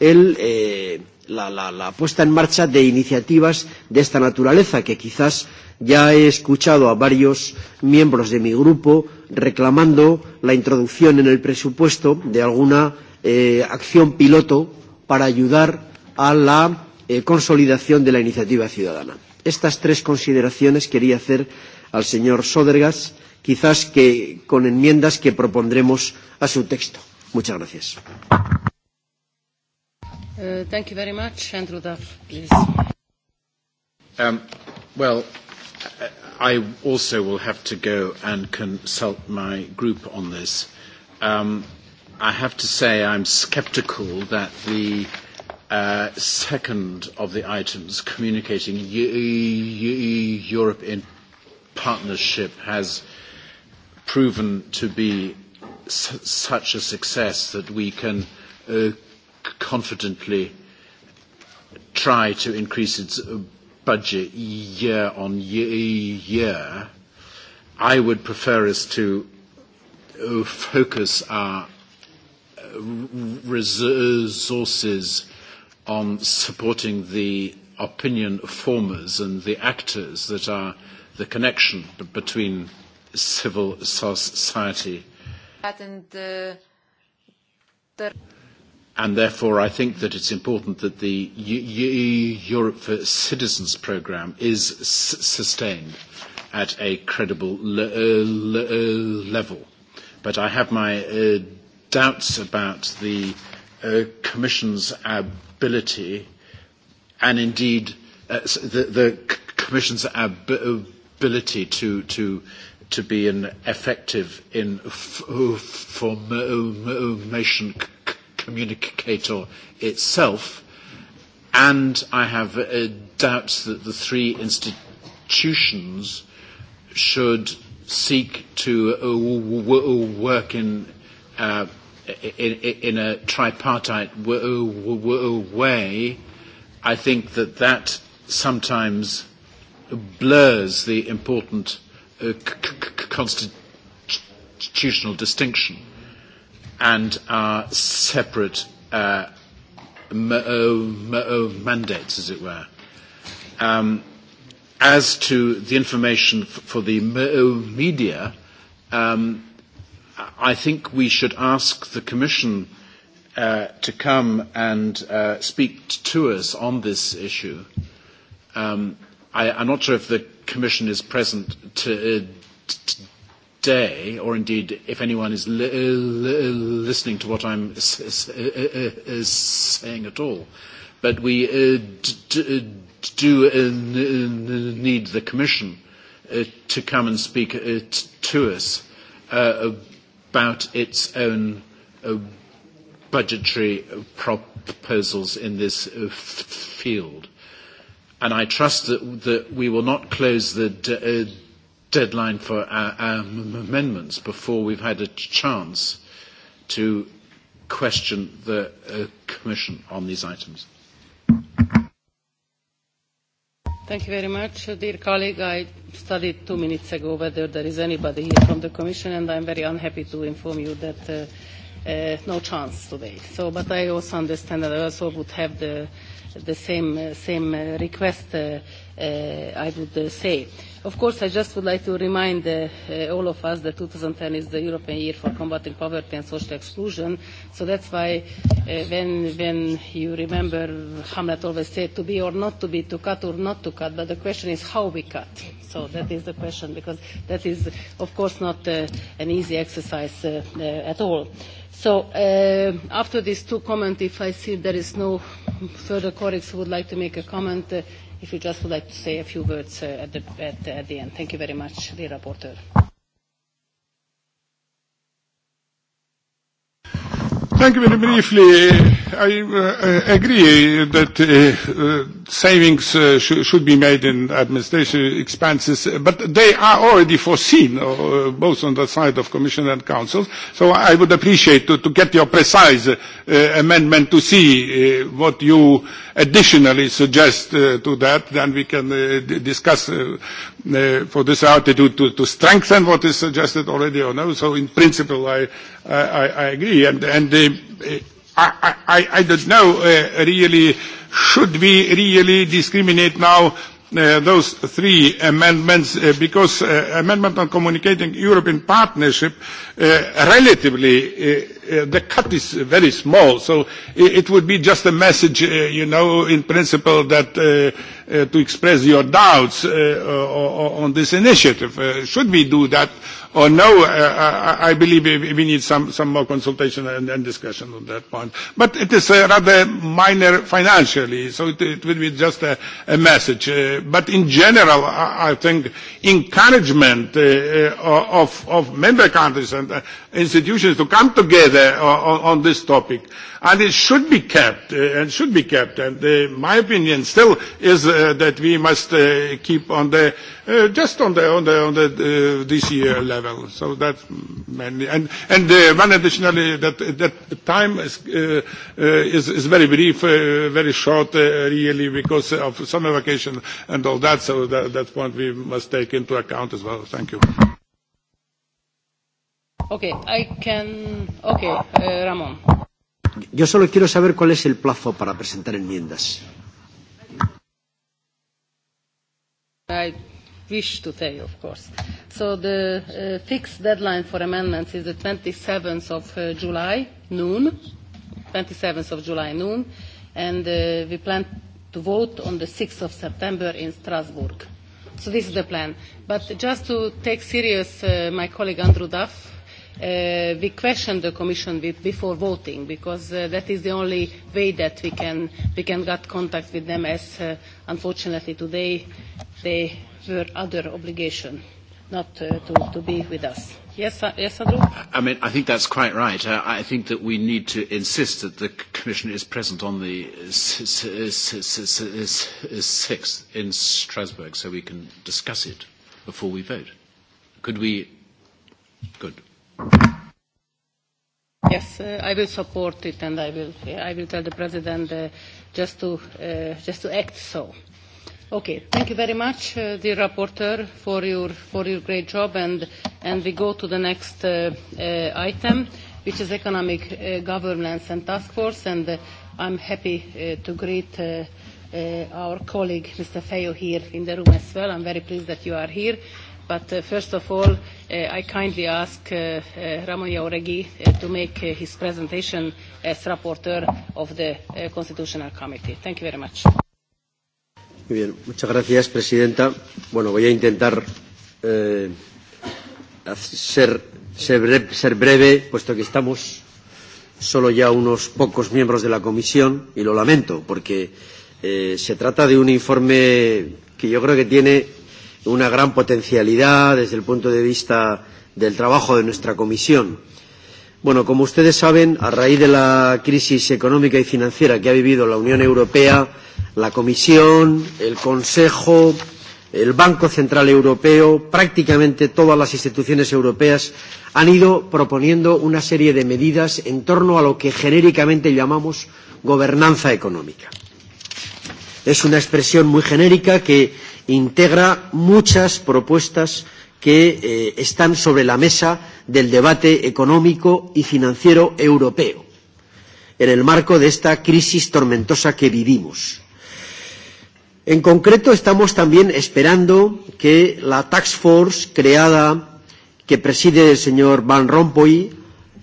el, eh, la, la, la puesta en marcha de iniciativas de esta naturaleza, que quizás eh, Ya he escuchado a varios miembros de mi grupo reclamando la introducción en el presupuesto de alguna eh, acción piloto para ayudar a la eh, consolidación de la iniciativa ciudadana. Estas tres consideraciones quería hacer al señor Sodergas, quizás que con enmiendas que propondremos a su texto. Muchas gracias. Uh, thank you very much. Andrew Duff, please. Um, well, I also will have to go and consult my group on this. Um, I have to say I'm sceptical that the uh, second of the items, communicating U- e, U- e, Europe in partnership, has proven to be s- such a success that we can uh, confidently try to increase its uh, budget year on year, I would prefer us to uh, focus our uh, resources on supporting the opinion formers and the actors that are the connection between civil society. Patent, uh, and therefore I think that it's important that the Europe for Citizens programme is sustained at a credible uh, uh, level. But I have my uh, doubts about the uh, Commission's ability and indeed uh, the, the Commission's ab- ability to, to, to be an effective information communicator itself, and I have uh, doubts that the three institutions should seek to uh, w- w- work in, uh, in, in a tripartite w- w- way. I think that that sometimes blurs the important uh, c- c- constitutional distinction and are separate uh, m- uh, m- uh, mandates, as it were. Um, as to the information f- for the m- uh, media, um, I think we should ask the Commission uh, to come and uh, speak to us on this issue. Um, I, I'm not sure if the Commission is present to, uh, t- day, or indeed if anyone is li- uh, li- uh, listening to what I'm s- s- uh, uh, uh, uh, saying at all. But we uh, d- d- do uh, n- n- need the Commission uh, to come and speak uh, t- to us uh, about its own uh, budgetary proposals in this uh, f- field. And I trust that, that we will not close the d- uh, deadline for our, our amendments before we've had a chance to question the uh, Commission on these items. Thank you very much. Dear colleague, I studied two minutes ago whether there is anybody here from the Commission, and I'm very unhappy to inform you that uh, uh, no chance today. So, but I also understand that I also would have the, the same, uh, same uh, request uh, uh, I would uh, say. Of course, I just would like to remind uh, uh, all of us that 2010 is the European Year for Combating Poverty and Social Exclusion. So that's why uh, when, when you remember Hamlet always said to be or not to be, to cut or not to cut, but the question is how we cut. So that is the question because that is, of course, not uh, an easy exercise uh, uh, at all. So uh, after these two comments, if I see there is no further colleagues who would like to make a comment, uh, if you just would like to say a few words uh, at, the, at, at the end. Thank you very much, dear rapporteur. Thank you very briefly. I uh, agree that uh, uh, savings uh, sh should be made in administration expenses, but they are already foreseen, uh, both on the side of Commission and Council. So I would appreciate to, to get your precise uh, amendment to see uh, what you additionally suggest uh, to that. Then we can uh, d discuss uh, uh, for this attitude to, to strengthen what is suggested already or no. So in principle, I, uh, I, I agree. And, and uh, I, I, I don't know uh, really, should we really discriminate now uh, those three amendments uh, because uh, amendment on communicating European partnership uh, relatively uh, uh, the cut is very small so it, it would be just a message uh, you know in principle that uh, uh, to express your doubts uh, uh, on this initiative uh, should we do that uh, or oh, no, uh, uh I believe we need some, some more consultation and, and discussion on that point. But it is uh, rather minor financially, so it, it will be just a, a message. Uh, but in general, I, I think encouragement uh, uh of, of member countries and uh, institutions to come together on, on this topic and it should be kept uh, and should be kept and uh, my opinion still is uh, that we must uh, keep on the uh, just on the on the on the uh, this year level so that's mainly and and uh, one additionally that that time is uh, uh, is, is very brief uh, very short uh, really because of summer vacation and all that so that, that point we must take into account as well thank you okay i can okay uh, ramon Yo solo quiero saber cuál es el plazo para presentar enmiendas. I wish to say, of course. So the uh, fixed deadline for amendments is the 27th of uh, July, noon, 27th of July, noon, and uh, we plan to vote on the 6th of September in Strasbourg. So this is the plan. But just to take serious uh, my colleague Andrew Duff, uh, we question the Commission with, before voting because uh, that is the only way that we can, we can get contact with them as uh, unfortunately today they were under obligation not uh, to, to be with us. Yes, uh, yes, Andrew? I mean, I think that's quite right. Uh, I think that we need to insist that the Commission is present on the 6th in Strasbourg so we can discuss it before we vote. Could we? Good. Yes, uh, I will support it, and I will, uh, I will tell the president uh, just to uh, just to act so. Okay, thank you very much, uh, dear rapporteur, for your for your great job, and and we go to the next uh, uh, item, which is economic uh, governance and task force, and uh, I'm happy uh, to greet. Uh, uh, our colleague, Mr. Feo, here in the room as well. I'm very pleased that you are here. Uh, But uh, first of all, uh, I kindly ask uh, uh, Ramon Jauregui uh, to make uh, his presentation as rapporteur of the uh, Constitutional Committee. Thank you very much. Muy bien, muchas gracias, Presidenta. Bueno, voy a intentar eh, ser, ser, breve, ser breve, puesto que estamos solo ya unos pocos miembros de la Comisión, y lo lamento, porque eh, se trata de un informe que yo creo que tiene una gran potencialidad desde el punto de vista del trabajo de nuestra comisión. Bueno, como ustedes saben, a raíz de la crisis económica y financiera que ha vivido la Unión Europea, la Comisión, el Consejo, el Banco Central Europeo, prácticamente todas las instituciones europeas han ido proponiendo una serie de medidas en torno a lo que genéricamente llamamos gobernanza económica. Es una expresión muy genérica que integra muchas propuestas que eh, están sobre la mesa del debate económico y financiero europeo en el marco de esta crisis tormentosa que vivimos. En concreto, estamos también esperando que la task force creada que preside el señor Van Rompuy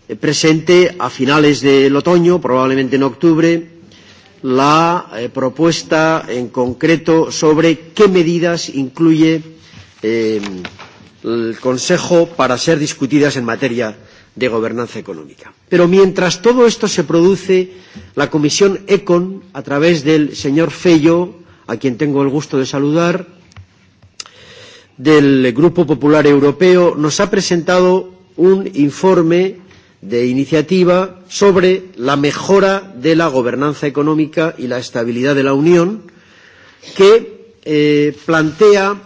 eh, presente a finales del otoño, probablemente en octubre, la eh, propuesta en concreto sobre qué medidas incluye eh, el Consejo para ser discutidas en materia de gobernanza económica. Pero mientras todo esto se produce, la Comisión ECON, a través del señor Feyo, a quien tengo el gusto de saludar, del Grupo Popular Europeo, nos ha presentado un informe de iniciativa sobre la mejora de la gobernanza económica y la estabilidad de la Unión, que eh, plantea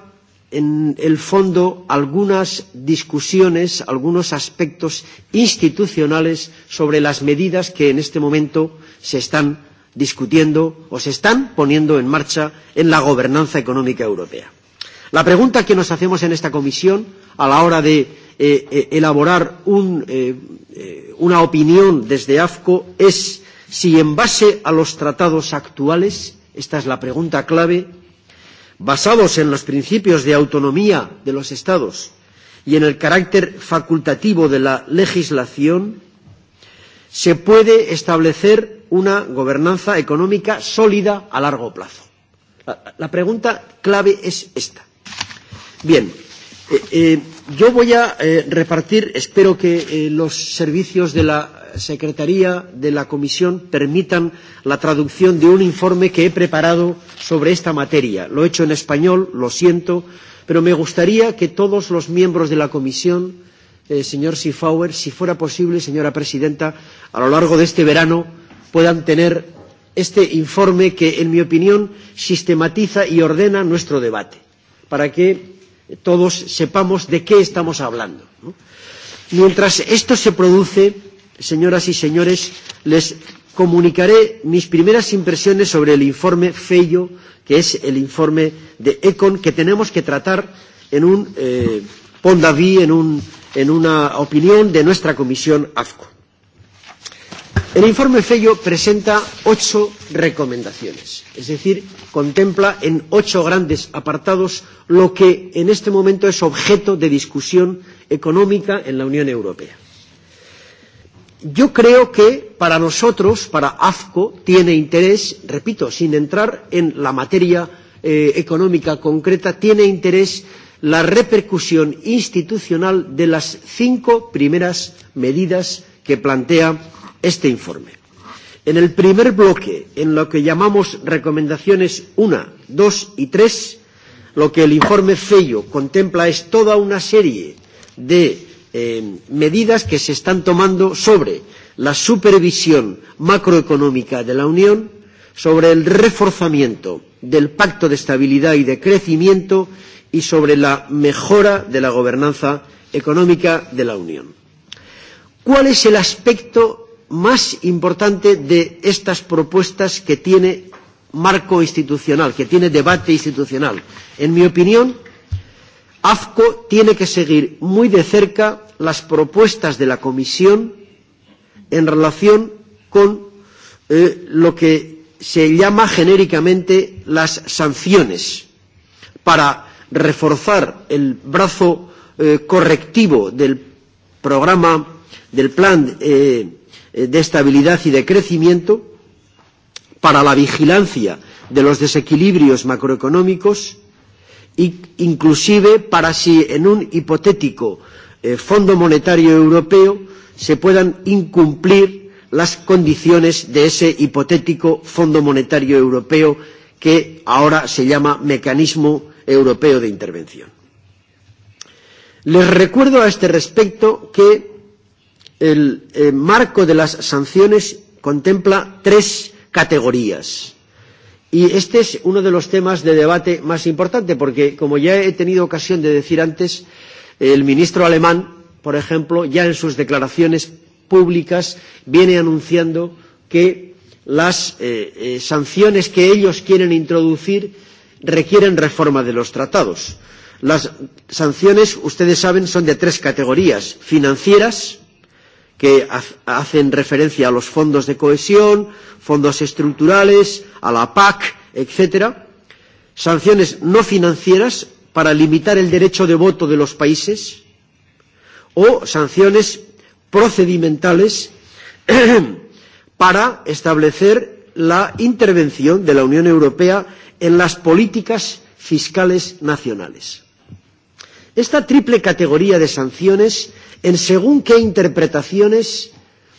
en el fondo algunas discusiones, algunos aspectos institucionales sobre las medidas que en este momento se están discutiendo o se están poniendo en marcha en la gobernanza económica europea. La pregunta que nos hacemos en esta comisión a la hora de eh, eh, elaborar un, eh, eh, una opinión desde AFCO es si en base a los tratados actuales, esta es la pregunta clave, basados en los principios de autonomía de los Estados y en el carácter facultativo de la legislación, se puede establecer una gobernanza económica sólida a largo plazo. La, la pregunta clave es esta. Bien, Eh, eh, yo voy a eh, repartir, espero que eh, los servicios de la Secretaría de la Comisión permitan la traducción de un informe que he preparado sobre esta materia. Lo he hecho en español, lo siento, pero me gustaría que todos los miembros de la Comisión, eh, señor Sifauer, si fuera posible, señora presidenta, a lo largo de este verano puedan tener este informe que, en mi opinión, sistematiza y ordena nuestro debate, para que todos sepamos de qué estamos hablando. ¿no? Mientras esto se produce, señoras y señores, les comunicaré mis primeras impresiones sobre el informe Feio, que es el informe de Econ, que tenemos que tratar en un eh, pondaví, en, un, en una opinión de nuestra comisión AFCO. El informe Fello presenta ocho recomendaciones, es decir, contempla en ocho grandes apartados lo que en este momento es objeto de discusión económica en la Unión Europea. Yo creo que para nosotros, para AFCO, tiene interés, repito, sin entrar en la materia eh, económica concreta, tiene interés la repercusión institucional de las cinco primeras medidas que plantea este informe. En el primer bloque, en lo que llamamos recomendaciones 1, 2 y 3, lo que el informe Fello contempla es toda una serie de eh, medidas que se están tomando sobre la supervisión macroeconómica de la Unión, sobre el reforzamiento del Pacto de Estabilidad y de Crecimiento y sobre la mejora de la gobernanza económica de la Unión. ¿Cuál es el aspecto más importante de estas propuestas que tiene marco institucional, que tiene debate institucional. En mi opinión, AFCO tiene que seguir muy de cerca las propuestas de la Comisión en relación con eh, lo que se llama genéricamente las sanciones para reforzar el brazo eh, correctivo del programa, del plan eh, Eh, de estabilidad y de crecimiento, para la vigilancia de los desequilibrios macroeconómicos, e inclusive para si en un hipotético eh, Fondo Monetario Europeo se puedan incumplir las condiciones de ese hipotético Fondo Monetario Europeo que ahora se llama Mecanismo Europeo de Intervención. Les recuerdo a este respecto que el eh, marco de las sanciones contempla tres categorías. Y este es uno de los temas de debate más importante, porque, como ya he tenido ocasión de decir antes, el ministro alemán, por ejemplo, ya en sus declaraciones públicas viene anunciando que las eh, eh, sanciones que ellos quieren introducir requieren reforma de los tratados. Las sanciones, ustedes saben, son de tres categorías financieras, que hacen referencia a los fondos de cohesión, fondos estructurales, a la PAC, etcétera. Sanciones no financieras para limitar el derecho de voto de los países o sanciones procedimentales para establecer la intervención de la Unión Europea en las políticas fiscales nacionales. Esta triple categoría de sanciones, en según qué interpretaciones,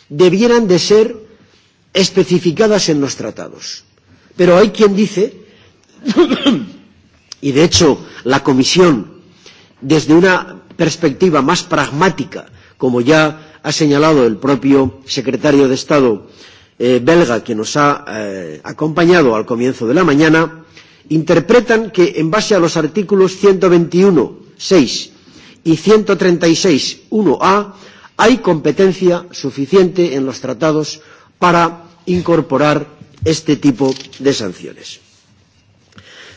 debieran de ser especificadas en los tratados. Pero hay quien dice, y de hecho la Comisión, desde una perspectiva más pragmática, como ya ha señalado el propio secretario de Estado eh, belga que nos ha eh, acompañado al comienzo de la mañana, interpretan que en base a los artículos 121 6 y 136, 1A, hay competencia suficiente en los tratados para incorporar este tipo de sanciones.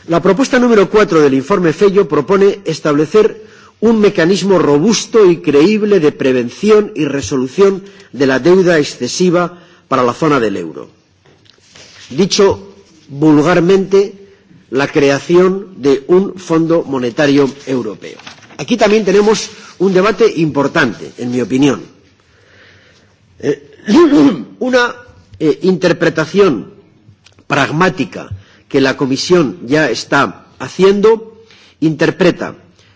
La propuesta número 4 del informe Fello propone establecer un mecanismo robusto y creíble de prevención y resolución de la deuda excesiva para la zona del euro. Dicho vulgarmente, la creación de un Fondo Monetario Europeo. Aquí también tenemos un debate importante, en mi opinión. Eh, una eh, interpretación pragmática que la Comisión ya está haciendo interpreta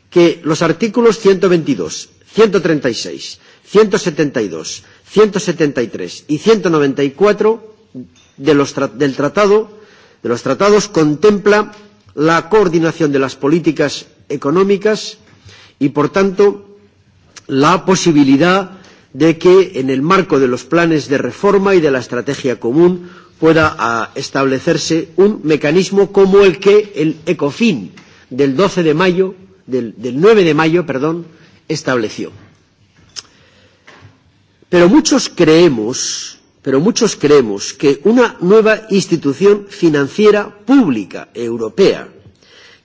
que los artículos 122, 136, 172, 173 y 194 de los, del Tratado de los tratados contempla la coordinación de las políticas económicas y, por tanto, la posibilidad de que, en el marco de los planes de reforma y de la estrategia común, pueda a, ah, establecerse un mecanismo como el que el ECOFIN del 12 de mayo, del, del 9 de mayo, perdón, estableció. Pero muchos creemos pero muchos creemos que una nueva institución financiera pública europea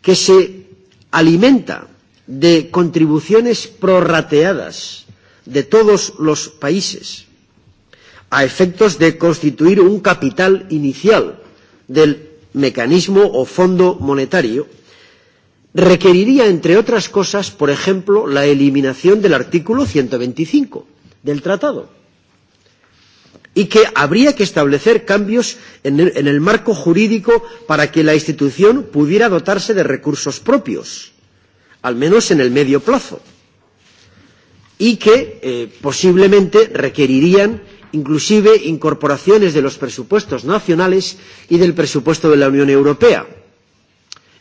que se alimenta de contribuciones prorrateadas de todos los países a efectos de constituir un capital inicial del mecanismo o fondo monetario requeriría, entre otras cosas, por ejemplo, la eliminación del artículo 125 del tratado y que habría que establecer cambios en el, en el marco jurídico para que la institución pudiera dotarse de recursos propios, al menos en el medio plazo, y que eh, posiblemente requerirían inclusive incorporaciones de los presupuestos nacionales y del presupuesto de la Unión Europea.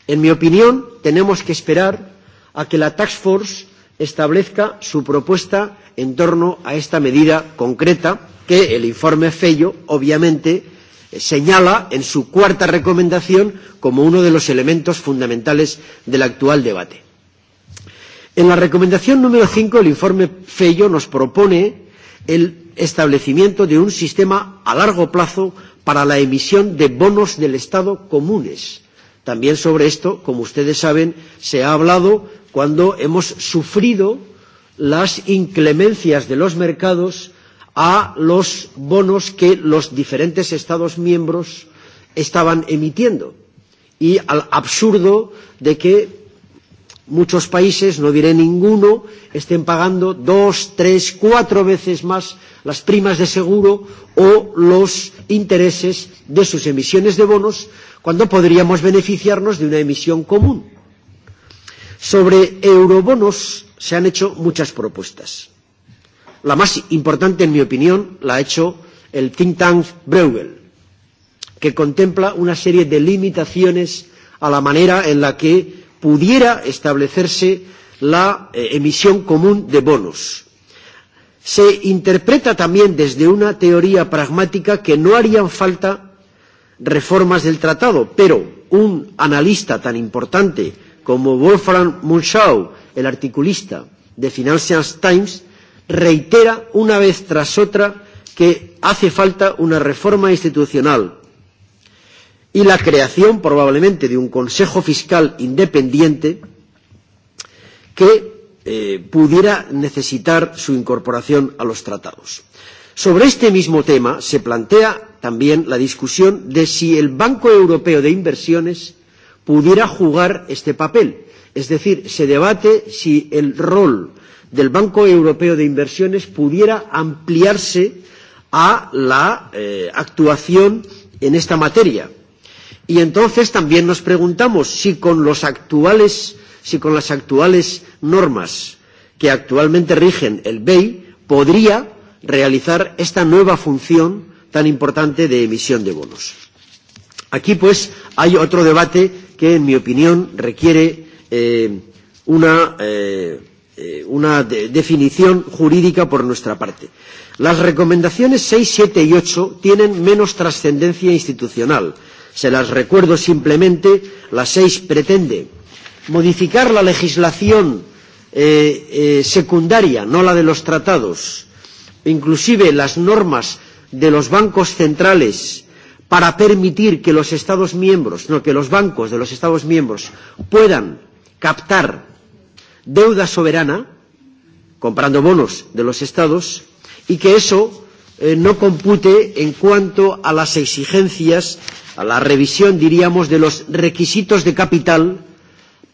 En mi opinión, tenemos que esperar a que la Task Force establezca su propuesta en torno a esta medida concreta que el informe Fello, obviamente, eh, señala en su cuarta recomendación como uno de los elementos fundamentales del actual debate. En la recomendación número 5, el informe Fello nos propone el establecimiento de un sistema a largo plazo para la emisión de bonos del Estado comunes. También sobre esto, como ustedes saben, se ha hablado cuando hemos sufrido las inclemencias de los mercados a los bonos que los diferentes Estados miembros estaban emitiendo y al absurdo de que muchos países, no diré ninguno, estén pagando dos, tres, cuatro veces más las primas de seguro o los intereses de sus emisiones de bonos cuando podríamos beneficiarnos de una emisión común. Sobre eurobonos se han hecho muchas propuestas. La más importante, en mi opinión, la ha hecho el think tank Bruegel, que contempla una serie de limitaciones a la manera en la que pudiera establecerse la eh, emisión común de bonos. Se interpreta también desde una teoría pragmática que no harían falta reformas del tratado, pero un analista tan importante como Wolfram Munschau, el articulista de Financial Times, reitera una vez tras otra que hace falta una reforma institucional y la creación probablemente de un Consejo Fiscal independiente que eh, pudiera necesitar su incorporación a los tratados. Sobre este mismo tema se plantea también la discusión de si el Banco Europeo de Inversiones pudiera jugar este papel. Es decir, se debate si el rol del Banco Europeo de Inversiones pudiera ampliarse a la eh, actuación en esta materia. Y entonces también nos preguntamos si con, los actuales, si con las actuales normas que actualmente rigen el BEI podría realizar esta nueva función tan importante de emisión de bonos. Aquí, pues, hay otro debate que, en mi opinión, requiere eh, una, eh, eh, una de definición jurídica por nuestra parte. Las recomendaciones 6, 7 y 8 tienen menos trascendencia institucional. Se las recuerdo simplemente. La 6 pretende modificar la legislación eh, eh, secundaria, no la de los tratados, inclusive las normas de los bancos centrales para permitir que los Estados miembros, no, que los bancos de los Estados miembros puedan captar deuda soberana, comprando bonos de los Estados, y que eso eh, no compute en cuanto a las exigencias, a la revisión, diríamos, de los requisitos de capital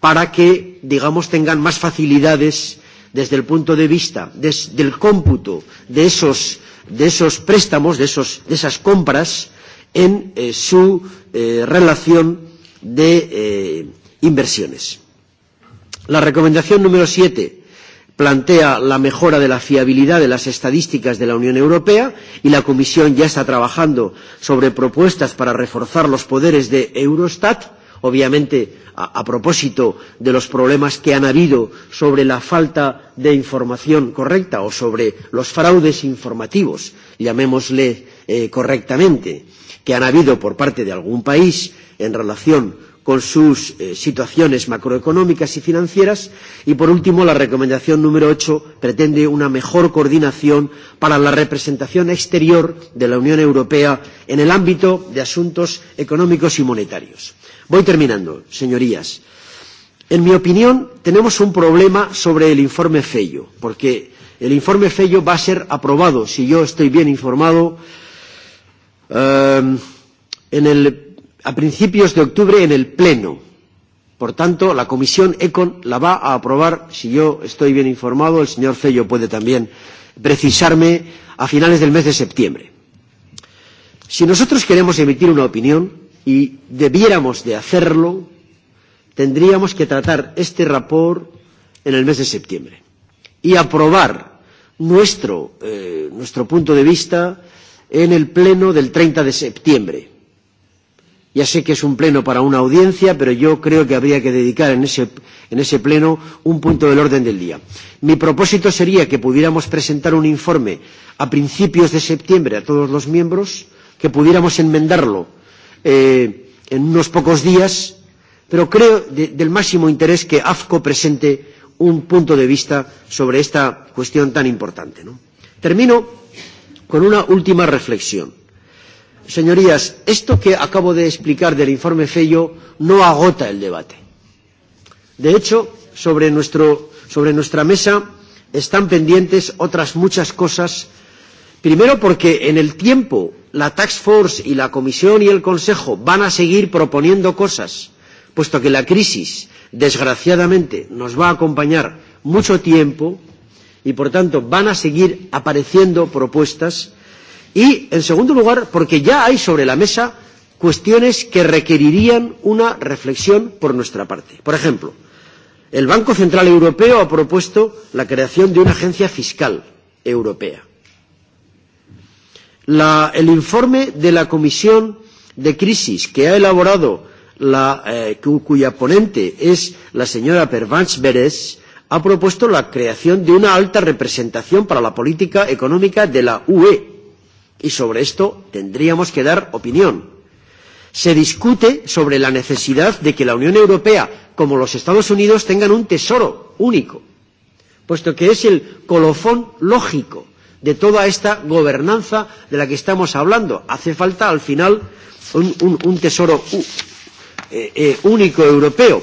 para que, digamos, tengan más facilidades desde el punto de vista des, del cómputo de esos, de esos préstamos, de, esos, de esas compras, en eh, su eh, relación de eh, inversiones. La recomendación número 7 plantea la mejora de la fiabilidad de las estadísticas de la Unión Europea y la Comisión ya está trabajando sobre propuestas para reforzar los poderes de Eurostat, obviamente a, a propósito de los problemas que han habido sobre la falta de información correcta o sobre los fraudes informativos, llamémosle eh, correctamente. Eh, que han habido por parte de algún país en relación con sus eh, situaciones macroeconómicas y financieras. Y, por último, la recomendación número 8 pretende una mejor coordinación para la representación exterior de la Unión Europea en el ámbito de asuntos económicos y monetarios. Voy terminando, señorías. En mi opinión, tenemos un problema sobre el informe Fello, porque el informe Fello va a ser aprobado, si yo estoy bien informado, eh, eh, en el, a principios de octubre en el Pleno. Por tanto, la comisión ECON la va a aprobar, si yo estoy bien informado, el señor Fello puede también precisarme, a finales del mes de septiembre. Si nosotros queremos emitir una opinión, y debiéramos de hacerlo, tendríamos que tratar este rapor en el mes de septiembre y aprobar nuestro, eh, nuestro punto de vista en el pleno del 30 de septiembre. Ya sé que es un pleno para una audiencia, pero yo creo que habría que dedicar en ese, en ese pleno un punto del orden del día. Mi propósito sería que pudiéramos presentar un informe a principios de septiembre a todos los miembros, que pudiéramos enmendarlo eh, en unos pocos días, pero creo de, del máximo interés que AFCO presente un punto de vista sobre esta cuestión tan importante. ¿no? Termino con una última reflexión. Señorías, esto que acabo de explicar del informe Fello no agota el debate. De hecho, sobre, nuestro, sobre nuestra mesa están pendientes otras muchas cosas. Primero, porque en el tiempo la Tax Force y la Comisión y el Consejo van a seguir proponiendo cosas, puesto que la crisis, desgraciadamente, nos va a acompañar mucho tiempo y por tanto van a seguir apareciendo propuestas y en segundo lugar porque ya hay sobre la mesa cuestiones que requerirían una reflexión por nuestra parte. Por ejemplo, el Banco Central Europeo ha propuesto la creación de una agencia fiscal europea. La, el informe de la Comisión de Crisis que ha elaborado la, eh, cu, cuya ponente es la señora Pervance Beres ha propuesto la creación de una alta representación para la política económica de la UE. Y sobre esto tendríamos que dar opinión. Se discute sobre la necesidad de que la Unión Europea, como los Estados Unidos, tengan un tesoro único, puesto que es el colofón lógico de toda esta gobernanza de la que estamos hablando. Hace falta, al final, un, un, un tesoro eh, eh, único europeo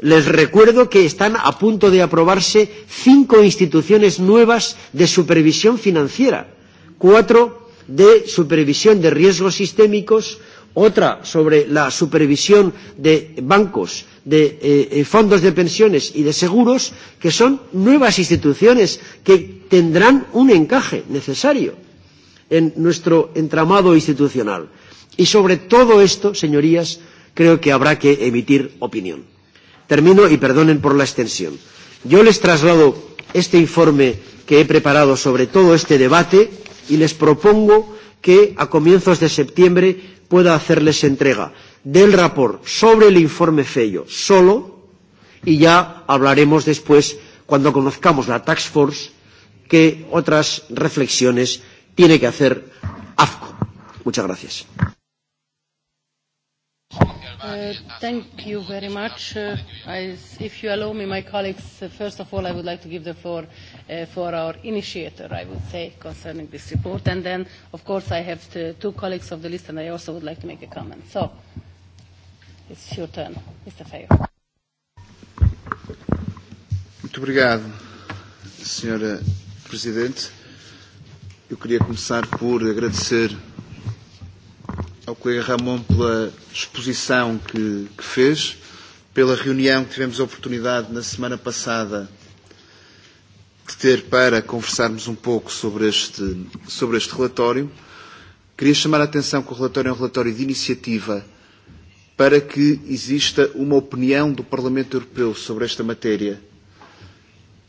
Les recuerdo que están a punto de aprobarse cinco instituciones nuevas de supervisión financiera, cuatro de supervisión de riesgos sistémicos, otra sobre la supervisión de bancos, de eh, eh, fondos de pensiones y de seguros, que son nuevas instituciones que tendrán un encaje necesario en nuestro entramado institucional. Y sobre todo esto, señorías, creo que habrá que emitir opinión. Termino y perdonen por la extensión. Yo les traslado este informe que he preparado sobre todo este debate y les propongo que a comienzos de septiembre pueda hacerles entrega del rapor sobre el informe Fello solo y ya hablaremos después cuando conozcamos la Tax Force que otras reflexiones tiene que hacer AFCO. Muchas gracias. Uh, thank you very much. Uh, I, if you allow me, my colleagues, uh, first of all, I would like to give the floor uh, for our initiator, I would say, concerning this report. And then, of course, I have to, two colleagues of the list, and I also would like to make a comment. So, it's your turn, Mr. Feio. Muito obrigado, Senhora Presidente. Eu queria começar por agradecer ao colega Ramon pela exposição que, que fez, pela reunião que tivemos a oportunidade na semana passada de ter para conversarmos um pouco sobre este, sobre este relatório. Queria chamar a atenção que o relatório é um relatório de iniciativa para que exista uma opinião do Parlamento Europeu sobre esta matéria,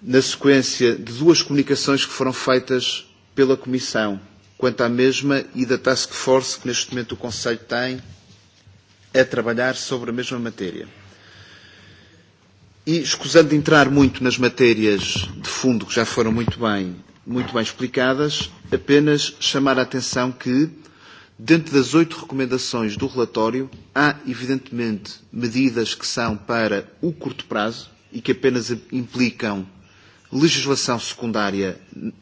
na sequência de duas comunicações que foram feitas pela Comissão quanto à mesma e da Task Force que neste momento o Conselho tem a trabalhar sobre a mesma matéria. E, escusando de entrar muito nas matérias de fundo que já foram muito bem, muito bem explicadas, apenas chamar a atenção que, dentro das oito recomendações do relatório, há, evidentemente, medidas que são para o curto prazo e que apenas implicam legislação secundária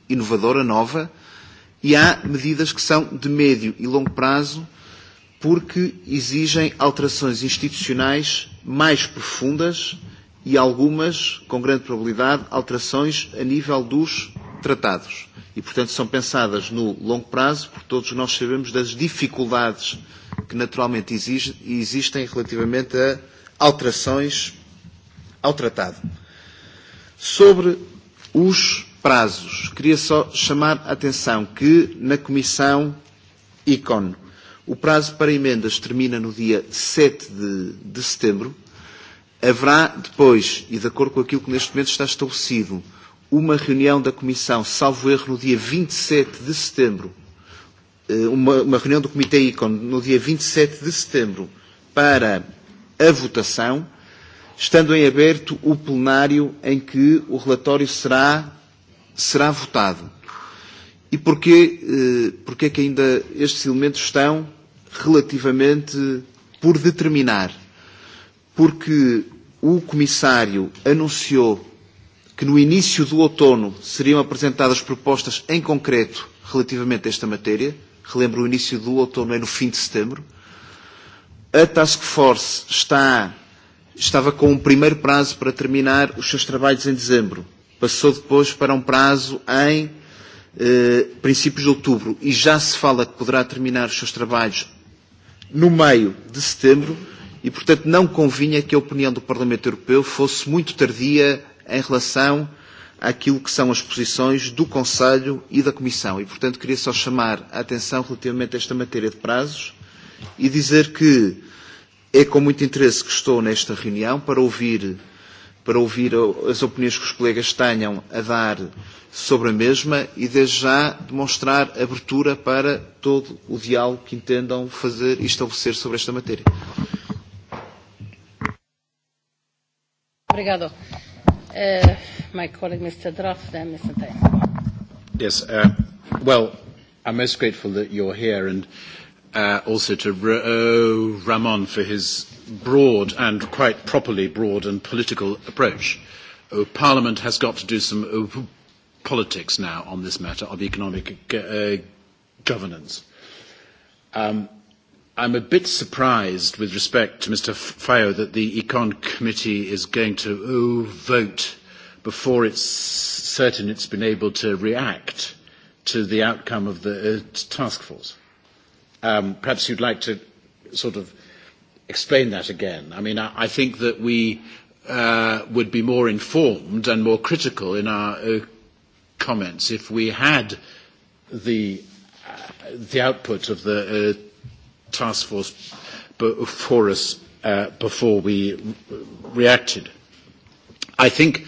inovadora, nova, e há medidas que são de médio e longo prazo porque exigem alterações institucionais mais profundas e algumas, com grande probabilidade, alterações a nível dos tratados. E, portanto, são pensadas no longo prazo, porque todos nós sabemos das dificuldades que naturalmente existem relativamente a alterações ao tratado. Sobre os prazos, queria só chamar a atenção que na Comissão ICON o prazo para emendas termina no dia 7 de, de setembro. Haverá depois, e de acordo com aquilo que neste momento está estabelecido, uma reunião da Comissão, salvo erro, no dia 27 e de setembro, eh, uma, uma reunião do Comitê ICON no dia 27 e de setembro para a votação, estando em aberto o plenário em que o relatório será será votado. E porquê, eh, porquê é que ainda estes elementos estão relativamente por determinar? Porque o Comissário anunciou que no início do outono seriam apresentadas propostas em concreto relativamente a esta matéria. Relembro, o início do outono é no fim de setembro. A Task Force está, estava com um primeiro prazo para terminar os seus trabalhos em dezembro passou depois para um prazo em eh, princípios de outubro e já se fala que poderá terminar os seus trabalhos no meio de setembro e, portanto, não convinha que a opinião do Parlamento Europeu fosse muito tardia em relação àquilo que são as posições do Conselho e da Comissão. E, portanto, queria só chamar a atenção relativamente a esta matéria de prazos e dizer que é com muito interesse que estou nesta reunião para ouvir eh, para ouvir as opiniões que os colegas tenham a dar sobre a mesma e, desde já, demonstrar abertura para todo o diálogo que entendam fazer e estabelecer sobre esta matéria. Obrigado. Uh, my colleague, Mr. Droff, then Mr. Tain. Yes. Uh, well, I'm most grateful that you're here and uh, also to R- uh, Ramon for his broad and quite properly broad and political approach. Uh, Parliament has got to do some uh, politics now on this matter of economic uh, governance. Um, I'm a bit surprised with respect to Mr. Fio that the Econ Committee is going to uh, vote before it's certain it's been able to react to the outcome of the uh, task force. Um, perhaps you'd like to sort of uh, explain that again? I mean, I, I think that we uh, would be more informed and more critical in our uh, comments if we had the, uh, the output of the uh, task force before us uh, before we re- reacted. I think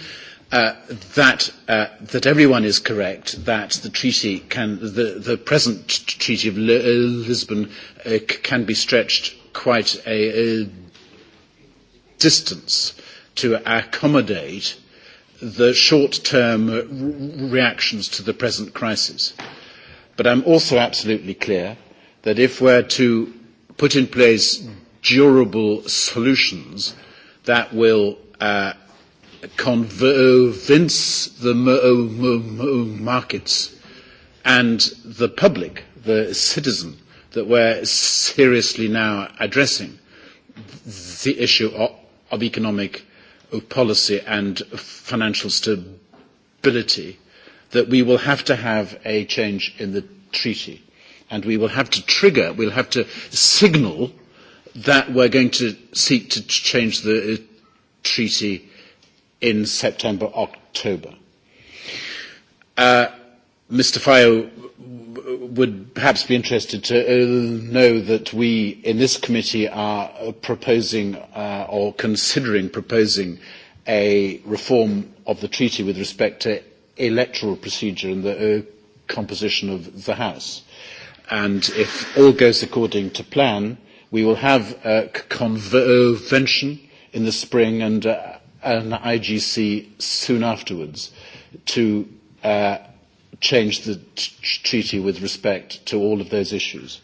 uh, that uh, that everyone is correct that the treaty can the, the present treaty of L- uh, Lisbon uh, c- can be stretched quite a, a distance to accommodate the short-term reactions to the present crisis. But I'm also absolutely clear that if we're to put in place durable solutions that will uh, convince the markets and the public, the citizen, that we're seriously now addressing the issue of, of economic policy and financial stability, that we will have to have a change in the treaty. And we will have to trigger, we'll have to signal that we're going to seek to change the uh, treaty in September, October. Uh, Mr. Fayo would perhaps be interested to uh, know that we in this committee are proposing uh, or considering proposing a reform of the treaty with respect to electoral procedure and the uh, composition of the House. And if all goes according to plan, we will have a convention in the spring and uh, an IGC soon afterwards to uh, change the t- treaty with respect to all of those issues.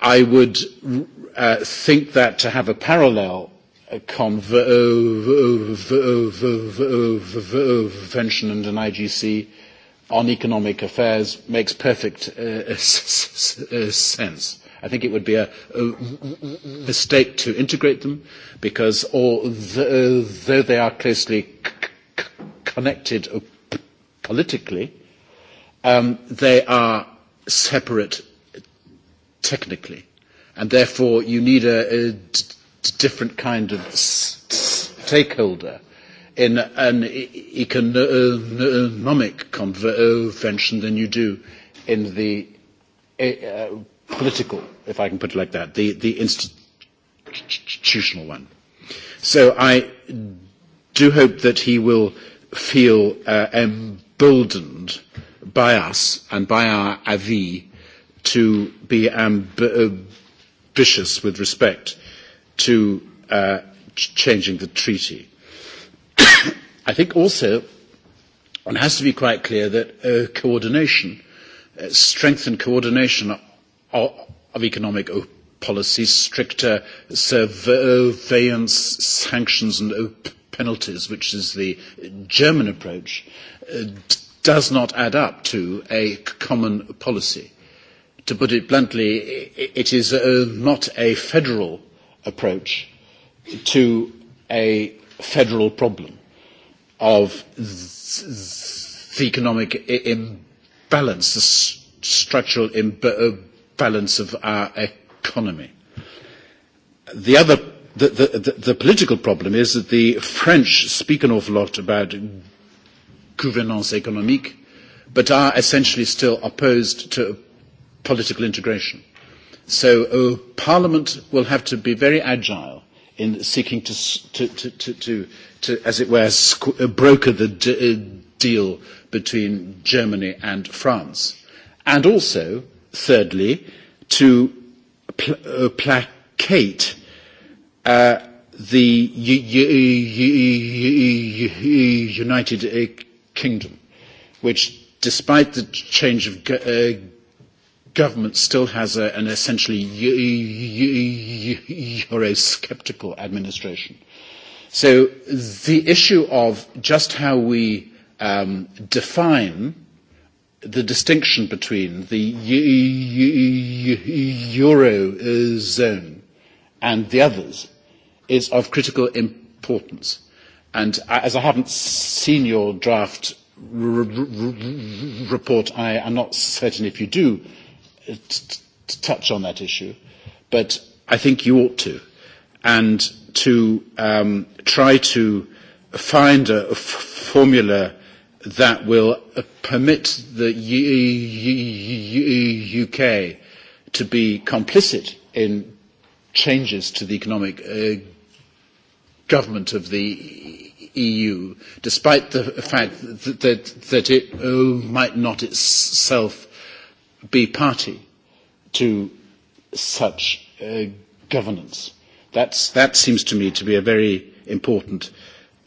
I would uh, think that to have a parallel convention and an IGC on economic affairs makes perfect uh, sense. I think it would be a, a mistake to integrate them because although they are closely connected politically. Um, they are separate technically, and therefore you need a, a d- different kind of s- stakeholder in an e, economic convention than you do in the e, uh, political, if I can put it like that, the, the institutional one. So I do hope that he will feel uh, em- emboldened by us and by our avis to be amb- ambitious uh, with respect to uh, ch- changing the treaty. I think also it has to be quite clear that uh, coordination, uh, strengthened coordination of, of economic policy, stricter surveillance, sanctions and penalties, which is the German approach, uh, Uh, does not add up to a common policy. To put it bluntly, it is uh, not a federal approach to a federal problem of the economic imbalance, the structural imbalance of our economy. The other, the, the, the, the political problem is that the French speak an awful lot about gouvernance économique, but are essentially still opposed to political integration. So uh, Parliament will have to be very agile in seeking to, to, to, to, to, to as it were, squ- uh, broker the d- uh, deal between Germany and France. And also, thirdly, to pl- uh, placate uh, the U- U- U- U- United uh, Kingdom, which, despite the change of go- uh, government, still has a, an essentially Eurosceptical administration. So the issue of just how we um, define the distinction between the Eurozone and the others is of critical importance And as I haven't seen your draft report, I am not certain if you do uh, touch on that issue, but I think you ought to, and to um, try to find a f- formula that will uh, permit the UK to be complicit in changes to the economic uh, government of the EU, despite the fact that, that, that it oh, might not itself be party to such uh, governance. That's, that seems to me to be a very important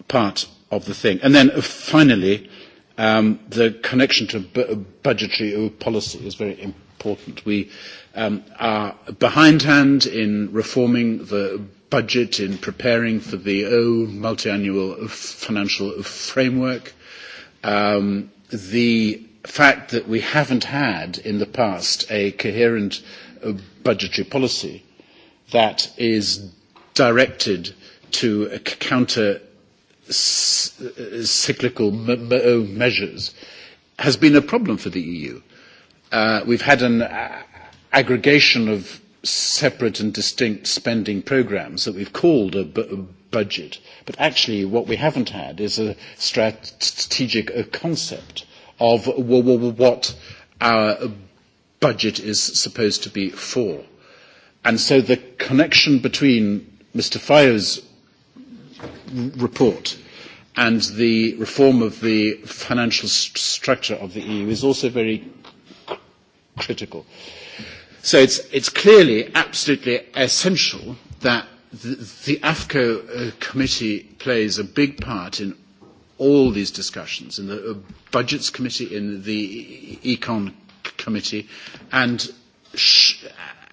part of the thing. And then uh, finally, um, the connection to bu- budgetary policy is very important. We um, are behindhand in reforming the budget, in preparing for the oh, multi-annual financial framework. Um, the fact that we haven't had in the past a coherent uh, budgetary policy that is directed to uh, counter s- uh, cyclical m- m- measures has been a problem for the EU. Uh, we've had an uh, aggregation of separate and distinct spending programs that we've called a bu- budget. But actually, what we haven't had is a strategic a concept of w- w- what our budget is supposed to be for. And so the connection between Mr. Fayo's report and the reform of the financial st- structure of the EU is also very c- critical. Uh, So it's, it's clearly absolutely essential that the, the AFCO uh, committee plays a big part in all these discussions, in the uh, Budgets Committee, in the Econ e Committee, and, sh-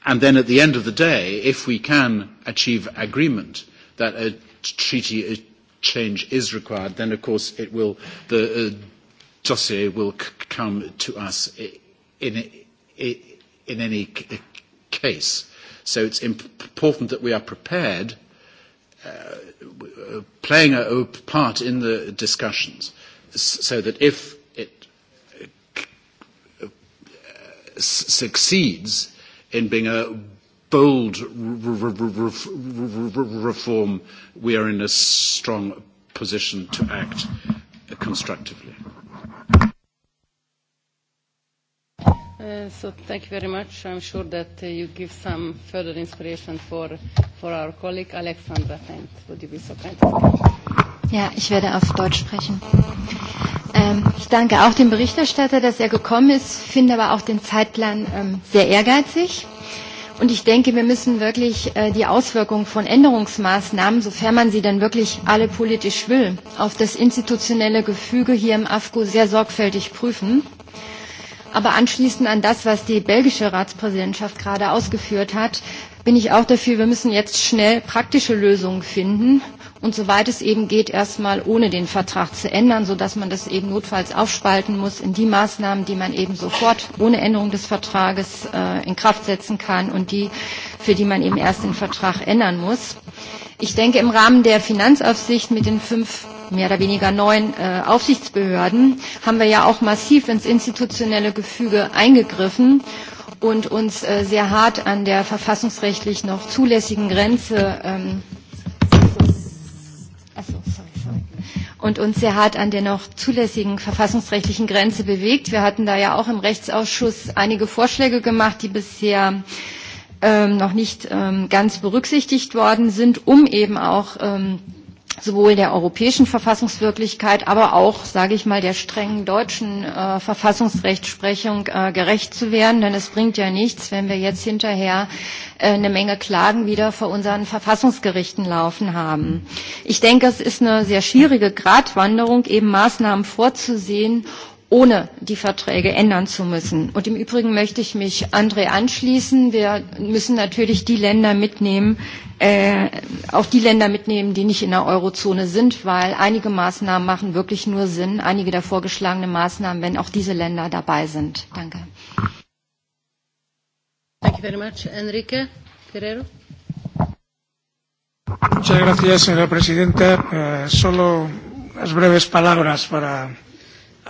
and then at the end of the day, if we can achieve agreement that a treaty a uh, change is required, then of course it will, the uh, dossier will c- come to us in, in, in in any c- uh, case. So it's important that we are prepared, uh, uh, playing a, a part in the discussions, so that if it uh, uh succeeds in being a bold reform, we are in a strong position to act constructively. Uh, so thank you very much. I'm sure that uh, you give some further inspiration for, for our colleague Alexandra Tent. Would you be so kind? Ja, ich werde auf Deutsch sprechen. Ähm, ich danke auch dem Berichterstatter, dass er gekommen ist, finde aber auch den Zeitplan ähm, sehr ehrgeizig. Und ich denke, wir müssen wirklich äh, die Auswirkungen von Änderungsmaßnahmen, sofern man sie denn wirklich alle politisch will, auf das institutionelle Gefüge hier im AFGO sehr sorgfältig prüfen. Äh, Aber anschließend an das, was die belgische Ratspräsidentschaft gerade ausgeführt hat, bin ich auch dafür, wir müssen jetzt schnell praktische Lösungen finden und soweit es eben geht, erstmal ohne den Vertrag zu ändern, sodass man das eben notfalls aufspalten muss in die Maßnahmen, die man eben sofort ohne Änderung des Vertrages äh, in Kraft setzen kann und die, für die man eben erst den Vertrag ändern muss. Ich denke, im Rahmen der Finanzaufsicht mit den fünf mehr oder weniger neuen äh, Aufsichtsbehörden haben wir ja auch massiv ins institutionelle Gefüge eingegriffen und uns äh, sehr hart an der verfassungsrechtlich noch zulässigen Grenze ähm, achso, sorry, sorry. und uns sehr hart an der noch zulässigen verfassungsrechtlichen Grenze bewegt. Wir hatten da ja auch im Rechtsausschuss einige Vorschläge gemacht, die bisher ähm, noch nicht ähm, ganz berücksichtigt worden sind, um eben auch ähm, sowohl der europäischen Verfassungswirklichkeit, aber auch, sage ich mal, der strengen deutschen äh, Verfassungsrechtsprechung äh, gerecht zu werden. Denn es bringt ja nichts, wenn wir jetzt hinterher äh, eine Menge Klagen wieder vor unseren Verfassungsgerichten laufen haben. Ich denke, es ist eine sehr schwierige Gratwanderung, eben Maßnahmen vorzusehen, ohne die Verträge ändern zu müssen. Und im Übrigen möchte ich mich André anschließen. Wir müssen natürlich die Länder mitnehmen, äh, auch die Länder mitnehmen, die nicht in der Eurozone sind, weil einige Maßnahmen machen wirklich nur Sinn, einige der vorgeschlagenen Maßnahmen, wenn auch diese Länder dabei sind. Danke. Thank you very much. Enrique Guerrero. Muchas gracias, señora presidenta. Eh, solo unas breves palabras para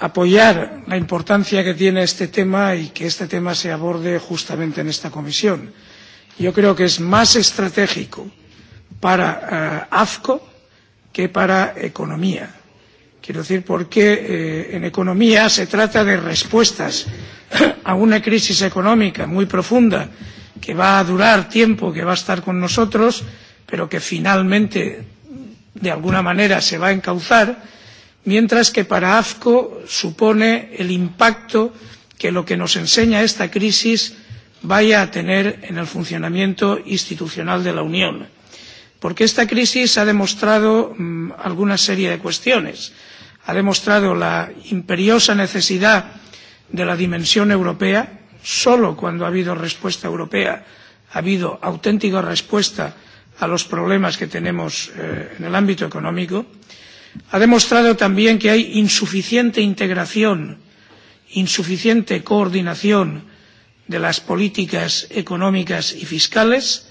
apoyar la importancia que tiene este tema y que este tema se aborde justamente en esta comisión. yo creo que es más estratégico para eh, afco que para economía. quiero decir porque eh, en economía se trata de respuestas a una crisis económica muy profunda que va a durar tiempo que va a estar con nosotros pero que finalmente de alguna manera se va a encauzar mientras que para afco supone el impacto que lo que nos enseña esta crisis vaya a tener en el funcionamiento institucional de la unión porque esta crisis ha demostrado mmm, alguna serie de cuestiones ha demostrado la imperiosa necesidad de la dimensión europea solo cuando ha habido respuesta europea ha habido auténtica respuesta a los problemas que tenemos eh, en el ámbito económico y ha demostrado también que hay insuficiente integración insuficiente coordinación de las políticas económicas y fiscales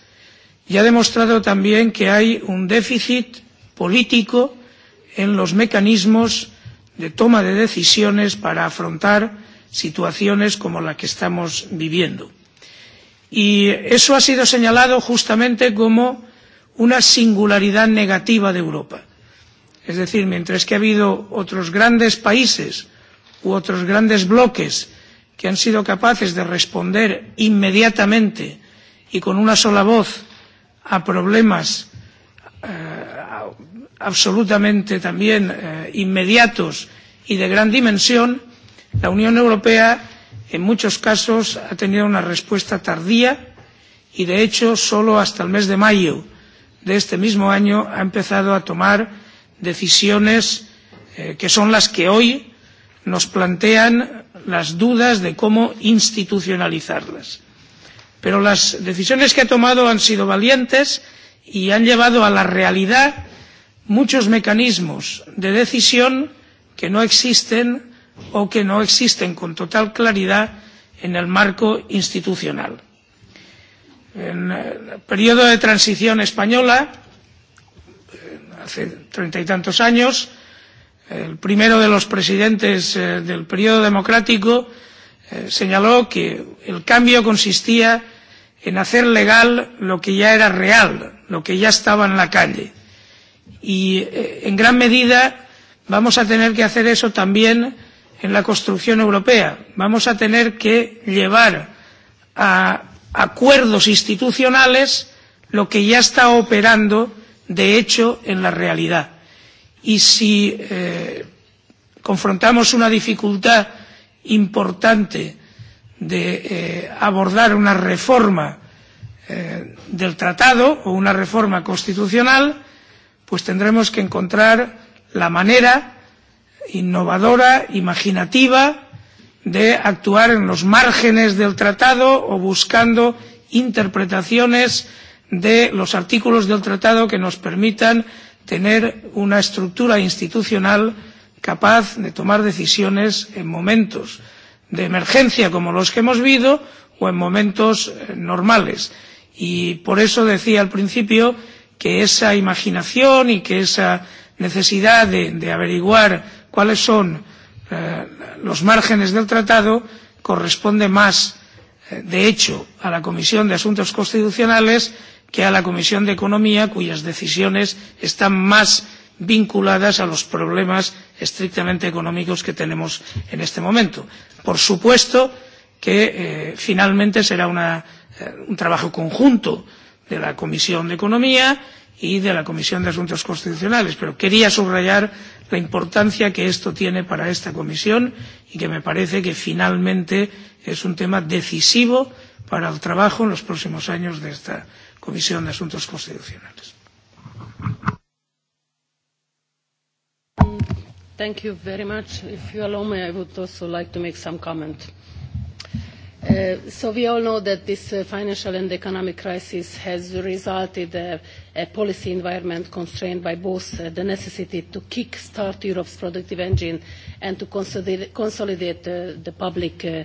y ha demostrado también que hay un déficit político en los mecanismos de toma de decisiones para afrontar situaciones como la que estamos viviendo. Y eso ha sido señalado justamente como una singularidad negativa de Europa Es decir, mientras que ha habido otros grandes países u otros grandes bloques que han sido capaces de responder inmediatamente y con una sola voz a problemas eh, absolutamente también eh, inmediatos y de gran dimensión, la Unión Europea en muchos casos ha tenido una respuesta tardía y, de hecho, solo hasta el mes de mayo de este mismo año ha empezado a tomar decisiones eh, que son las que hoy nos plantean las dudas de cómo institucionalizarlas. Pero las decisiones que ha tomado han sido valientes y han llevado a la realidad muchos mecanismos de decisión que no existen o que no existen con total claridad en el marco institucional. En el periodo de transición española hace treinta y tantos años, el primero de los presidentes eh, del periodo democrático, eh, señaló que el cambio consistía en hacer legal lo que ya era real, lo que ya estaba en la calle. Y eh, en gran medida vamos a tener que hacer eso también en la construcción europea. Vamos a tener que llevar a acuerdos institucionales lo que ya está operando de hecho en la realidad. Y si eh, confrontamos una dificultad importante de eh, abordar una reforma eh, del tratado o una reforma constitucional, pues tendremos que encontrar la manera innovadora, imaginativa, de actuar en los márgenes del tratado o buscando interpretaciones eh, de los artículos del tratado que nos permitan tener una estructura institucional capaz de tomar decisiones en momentos de emergencia como los que hemos vivido o en momentos eh, normales. Y por eso decía al principio que esa imaginación y que esa necesidad de, de averiguar cuáles son eh, los márgenes del tratado corresponde más de hecho a la comisión de asuntos constitucionales que a la comisión de economía cuyas decisiones están más vinculadas a los problemas estrictamente económicos que tenemos en este momento. por supuesto que eh, finalmente será una, eh, un trabajo conjunto de la comisión de economía y de la comisión de asuntos constitucionales pero quería subrayar la importancia que esto tiene para esta comisión y que me parece que finalmente es un tema decisivo para el trabajo en los próximos años de esta Comisión de Asuntos Constitucionales. Thank you very much. If you allow me, I would also like to make some comment. Uh, so we all know that this uh, financial and economic crisis has resulted uh, a policy environment constrained by both uh, the necessity to kick-start Europe's productive engine and to consolidate, consolidate uh, the public uh,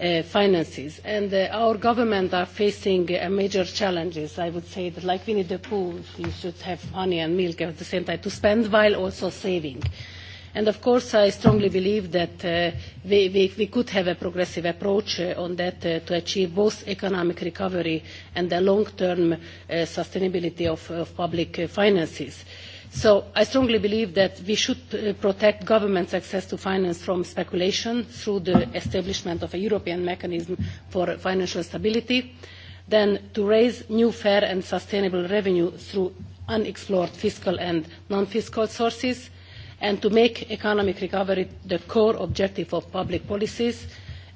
uh, finances. And uh, our government are facing uh, major challenges. I would say that like Winnie the Pooh, you should have honey and milk at the same time to spend while also saving. And of course, I strongly believe that uh, we, we, we could have a progressive approach uh, on that uh, to achieve both economic recovery and the long-term uh, sustainability of, of public uh, finances. Uh, So I strongly believe that we should uh, protect governments' access to finance from speculation through the establishment of a European mechanism for financial stability, then to raise new fair and sustainable revenue through unexplored fiscal and non-fiscal sources, and to make economic recovery the core objective of public policies, uh,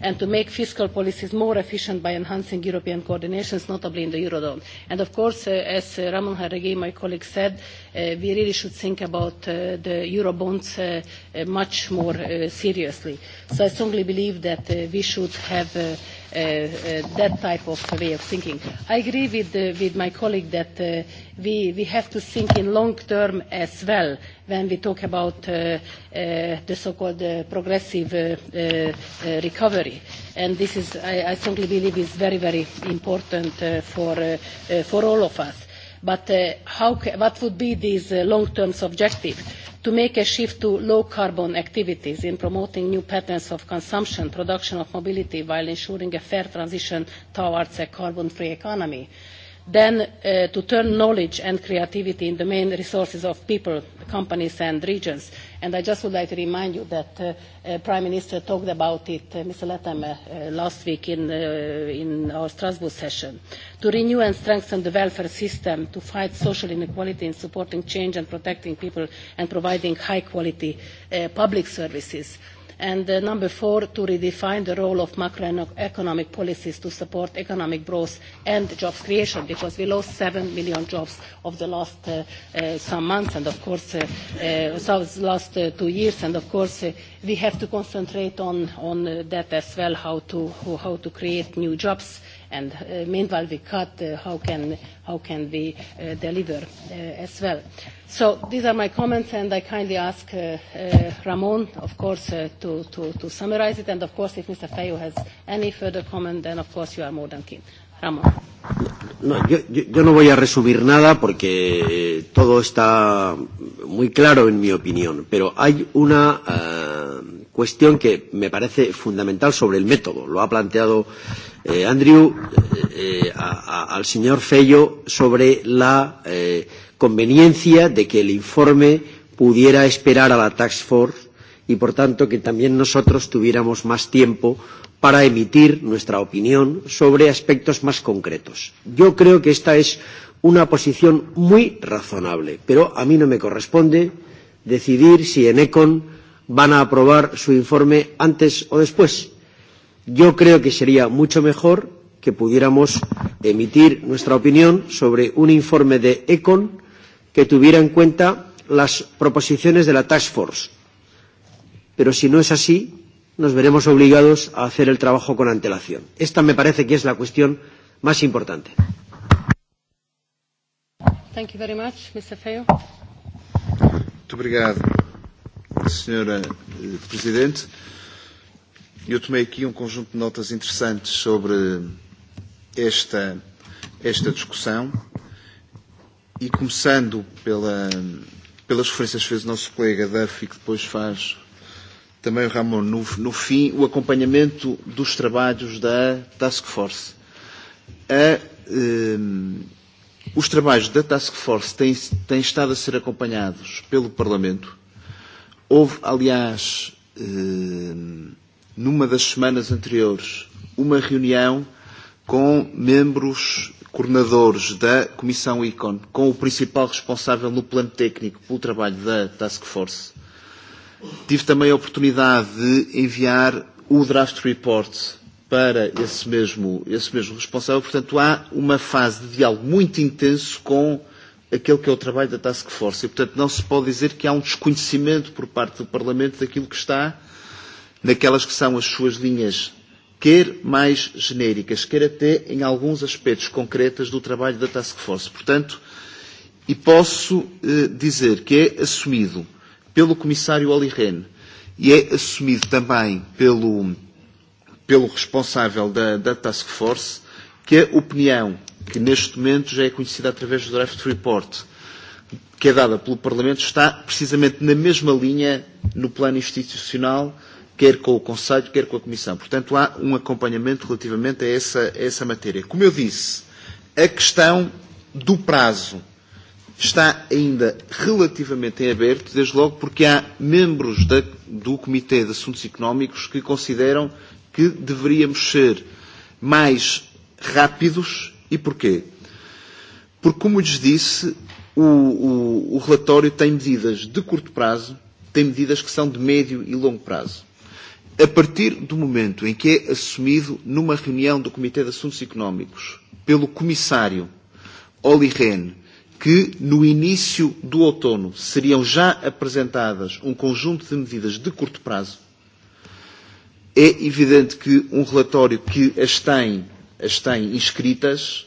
and to make fiscal policies more efficient by enhancing European coordination, notably in the Eurozone. And of course, uh, as uh, Ramon Haregui, my colleague, said, uh, we really should think about uh, the Eurobonds uh, uh, much more uh, seriously. So I strongly believe that uh, we should have uh, uh, uh, that type of way of thinking. I agree with, uh, with my colleague that uh, we, we have to think in long term as well when we talk about uh, uh, the so-called uh, progressive uh, uh, uh recovery. And this is, I, I strongly believe, is very, very important uh, for, uh, uh, for all of us. But uh, how, what would be these uh, long-term objectives? to make a shift to low carbon activities in promoting new patterns of consumption, production of mobility while ensuring a fair transition towards a carbon free economy. Then uh, to turn knowledge and creativity in the main resources of people, companies and regions And I just would like to remind you that uh, uh, Prime Minister talked about it, uh, Mr. Latimer, uh, last week in, uh, in our Strasbourg session. To renew and strengthen the welfare system, to fight social inequality in supporting change and protecting people and providing high quality uh, public services. Uh, and uh, number four, to redefine the role of macroeconomic policies to support economic growth and jobs creation, because we lost 7 million jobs over the last uh, uh, some months and, of course, uh, uh, so last uh, two years, and, of course, uh, we have to concentrate on, on uh, that as well, how to, how to create new jobs. Uh, and uh, meanwhile we cut uh, how can how can we uh, deliver uh, as well so these are my comments and i kindly ask uh, uh, ramon of course uh, to, to to summarize it and of course if mr Feio has any further comment then of course you are more than keen ramon No, yo, yo, yo no voy a resumir nada porque eh, todo está muy claro en mi opinión, pero hay una eh, cuestión que me parece fundamental sobre el método. Lo ha planteado eh, Andrew, eh, eh, a, a, al señor Fello sobre la eh, conveniencia de que el informe pudiera esperar a la Tax Force y, por tanto, que también nosotros tuviéramos más tiempo para emitir nuestra opinión sobre aspectos más concretos. Yo creo que esta es una posición muy razonable, pero a mí no me corresponde decidir si en ECON van a aprobar su informe antes o después. Yo creo que sería mucho mejor que pudiéramos emitir nuestra opinión sobre un informe de ECON que tuviera en cuenta las proposiciones de la Task Force. Pero si no es así, nos veremos obligados a hacer el trabajo con antelación. Esta me parece que es la cuestión más importante. Thank you very much. Mr. Feio. Muito obrigado, Sra. Eh, Presidente. Uh, Eu tomei aqui um conjunto de notas interessantes sobre esta, esta discussão e começando pela, pelas referências que fez o nosso colega Duff e que depois faz também o Ramon, no, no fim, o acompanhamento dos trabalhos da Task Force. A, um, eh, os trabalhos da Task Force têm, têm estado a ser acompanhados pelo Parlamento. Houve, aliás, um, eh, numa das semanas anteriores, uma reunião com membros coordenadores da Comissão ICON, com o principal responsável no plano técnico pelo trabalho da Task Force. Tive também a oportunidade de enviar o draft report para esse mesmo, esse mesmo responsável. Portanto, há uma fase de diálogo muito intenso com aquele que é o trabalho da Task Force. E, portanto, não se pode dizer que há um desconhecimento por parte do Parlamento daquilo que está naquelas que são as suas linhas, quer mais genéricas, quer até em alguns aspectos concretos do trabalho da Task Force. Portanto, e posso eh, dizer que é assumido pelo Comissário Olli Rehn e é assumido também pelo, pelo responsável da, da Task Force que a opinião que neste momento já é conhecida através do draft report que é dada pelo Parlamento está precisamente na mesma linha no plano institucional quer com o Conselho, quer com a Comissão. Portanto, há um acompanhamento relativamente a essa, a essa matéria. Como eu disse, a questão do prazo está ainda relativamente em aberto, desde logo porque há membros da, do Comitê de Assuntos Económicos que consideram que deveríamos ser mais rápidos. E porquê? Porque, como lhes disse, o, o, o relatório tem medidas de curto prazo, tem medidas que são de médio e longo prazo a partir do momento em que é assumido numa reunião do Comitê de Assuntos Económicos pelo comissário Olli Rehn, que no início do outono seriam já apresentadas um conjunto de medidas de curto prazo, é evidente que um relatório que as tem, as tem inscritas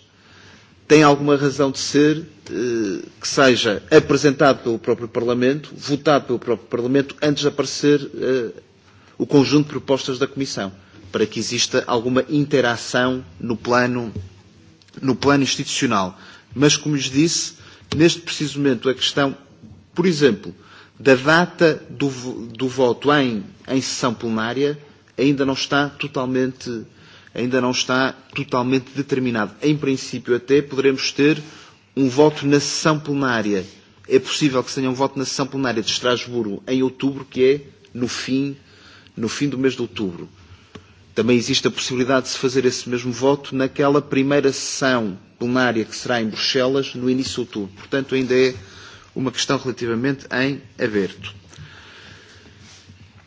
tem alguma razão de ser eh, que seja apresentado pelo próprio Parlamento, votado pelo próprio Parlamento, antes de aparecer eh, o conjunto de propostas da Comissão, para que exista alguma interação no plano, no plano institucional. Mas, como lhes disse, neste preciso momento a questão, por exemplo, da data do, do voto em, em sessão plenária ainda não está totalmente ainda não está totalmente determinado. Em princípio, até poderemos ter um voto na sessão plenária. É possível que se tenha um voto na sessão plenária de Estrasburgo em outubro, que é no fim no fim do mês de outubro, também existe a possibilidade de se fazer esse mesmo voto naquela primeira sessão plenária que será em Bruxelas no início de outubro. Portanto, ainda é uma questão relativamente em aberto.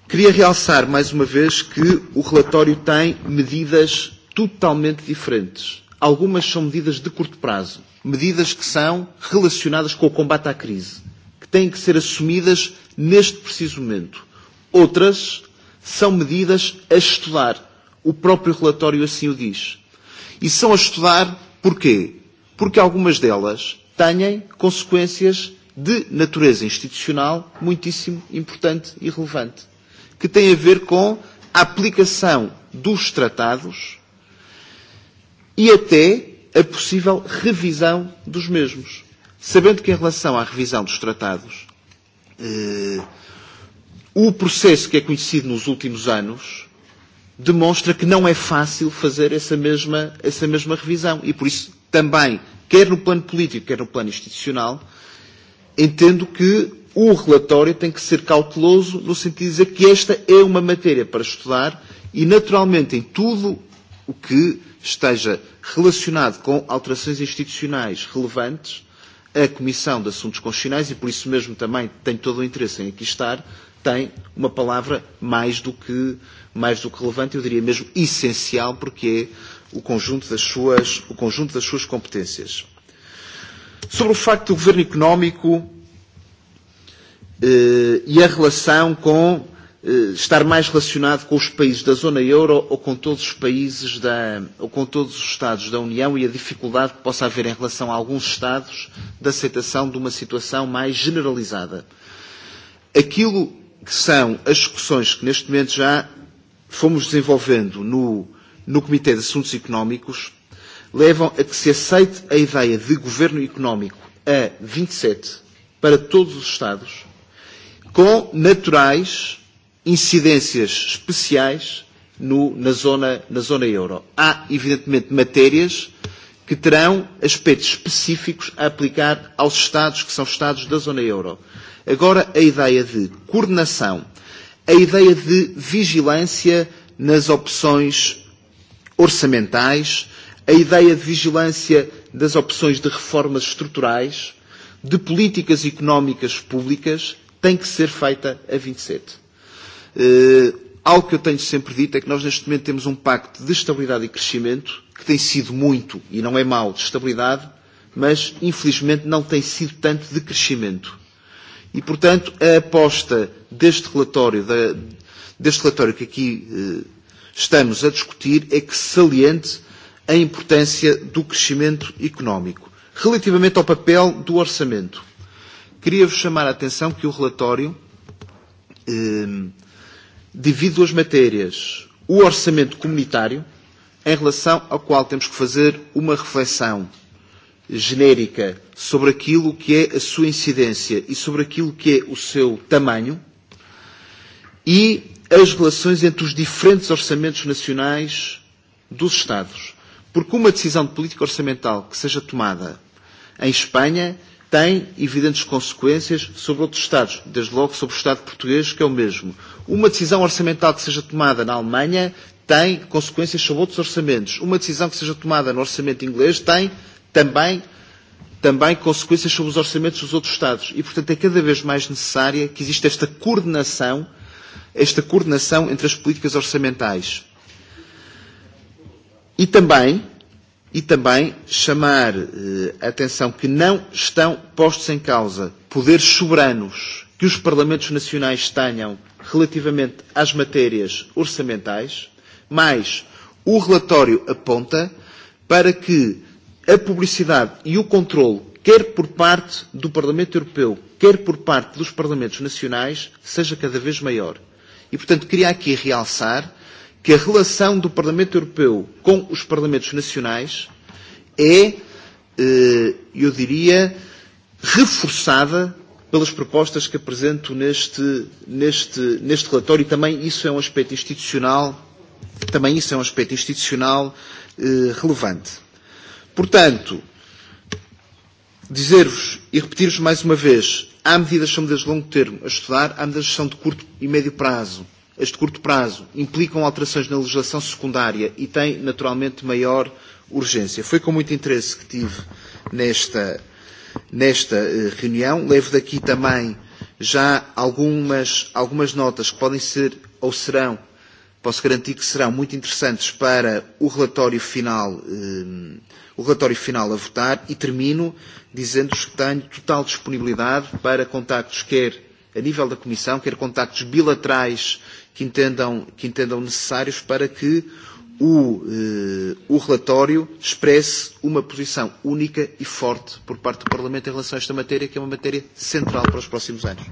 Queria realçar mais uma vez que o relatório tem medidas totalmente diferentes. Algumas são medidas de curto prazo, medidas que são relacionadas com o combate à crise, que têm que ser assumidas neste preciso momento. Outras são medidas a estudar. O próprio relatório assim o diz. E são a estudar porquê? Porque algumas delas têm consequências de natureza institucional muitíssimo importante e relevante, que tem a ver com a aplicação dos tratados e até a possível revisão dos mesmos. Sabendo que em relação à revisão dos tratados, eh, O processo que é conhecido nos últimos anos demonstra que não é fácil fazer essa mesma, essa mesma revisão. E por isso também, quer no plano político, quer no plano institucional, entendo que o relatório tem que ser cauteloso no sentido de dizer que esta é uma matéria para estudar e, naturalmente, em tudo o que esteja relacionado com alterações institucionais relevantes, a Comissão de Assuntos Constitucionais, e por isso mesmo também tenho todo o interesse em aqui estar, tem uma palavra mais do que, mais do que relevante, eu diria mesmo essencial, porque é o conjunto das suas, o conjunto das suas competências. Sobre o facto do governo económico eh, e a relação com eh, estar mais relacionado com os países da zona euro ou com todos os países da, ou com todos os Estados da União e a dificuldade que possa haver em relação a alguns Estados da aceitação de uma situação mais generalizada. Aquilo que são as discussões que neste momento já fomos desenvolvendo no, no Comitê de Assuntos Económicos, levam a que se aceite a ideia de governo económico a 27 e para todos os Estados, com naturais incidências especiais no, na, zona, na zona euro. Há, evidentemente, matérias que terão aspectos específicos a aplicar aos Estados que são Estados da zona euro. Agora, a ideia de coordenação, a ideia de vigilância nas opções orçamentais, a ideia de vigilância das opções de reformas estruturais, de políticas económicas públicas, tem que ser feita a 27. Uh, e eh, algo que eu tenho sempre dito é que nós neste momento temos um pacto de estabilidade e crescimento, que tem sido muito, e não é mau, de estabilidade, mas infelizmente não tem sido tanto de crescimento. E, portanto, a aposta deste relatório, da, deste relatório que aqui eh, estamos a discutir é que saliente a importância do crescimento económico. Relativamente ao papel do orçamento, queria-vos chamar a atenção que o relatório eh, divide duas matérias. O orçamento comunitário, em relação ao qual temos que fazer uma reflexão genérica sobre aquilo que é a sua incidência e sobre aquilo que é o seu tamanho e as relações entre os diferentes orçamentos nacionais dos Estados. Porque uma decisão de política orçamental que seja tomada em Espanha tem evidentes consequências sobre outros Estados, desde logo sobre o Estado português, que é o mesmo. Uma decisão orçamental que seja tomada na Alemanha tem consequências sobre outros orçamentos. Uma decisão que seja tomada no orçamento inglês tem também consequências também consequências sobre os orçamentos dos outros Estados. E, portanto, é cada vez mais necessária que exista esta coordenação, esta coordenação entre as políticas orçamentais. E também, e também chamar eh, a atenção que não estão postos em causa poderes soberanos que os Parlamentos Nacionais tenham relativamente às matérias orçamentais, mas o relatório aponta para que a publicidade e o controle, quer por parte do Parlamento Europeu, quer por parte dos Parlamentos Nacionais, seja cada vez maior. E, portanto, queria aqui realçar que a relação do Parlamento Europeu com os Parlamentos Nacionais é, eh, eu diria, reforçada pelas propostas que apresento neste, neste, neste relatório e também isso é um aspecto institucional, também isso é um aspecto institucional eh, relevante. Portanto, dizer-vos e repetir-vos mais uma vez, há medidas que são medidas de longo termo a estudar, há medidas que são de curto e médio prazo. As de curto prazo implicam alterações na legislação secundária e têm, naturalmente, maior urgência. Foi com muito interesse que tive nesta, nesta eh, reunião. Levo daqui também já algumas, algumas notas que podem ser ou serão posso garantir que serão muito interessantes para o relatório final, eh, o relatório final a votar e termino dizendo-vos que tenho total disponibilidade para contactos quer a nível da Comissão, quer contactos bilaterais que entendam, que entendam necessários para que o, eh, o relatório expresse uma posição única e forte por parte do Parlamento em relação a esta matéria, que é uma matéria central para os próximos anos.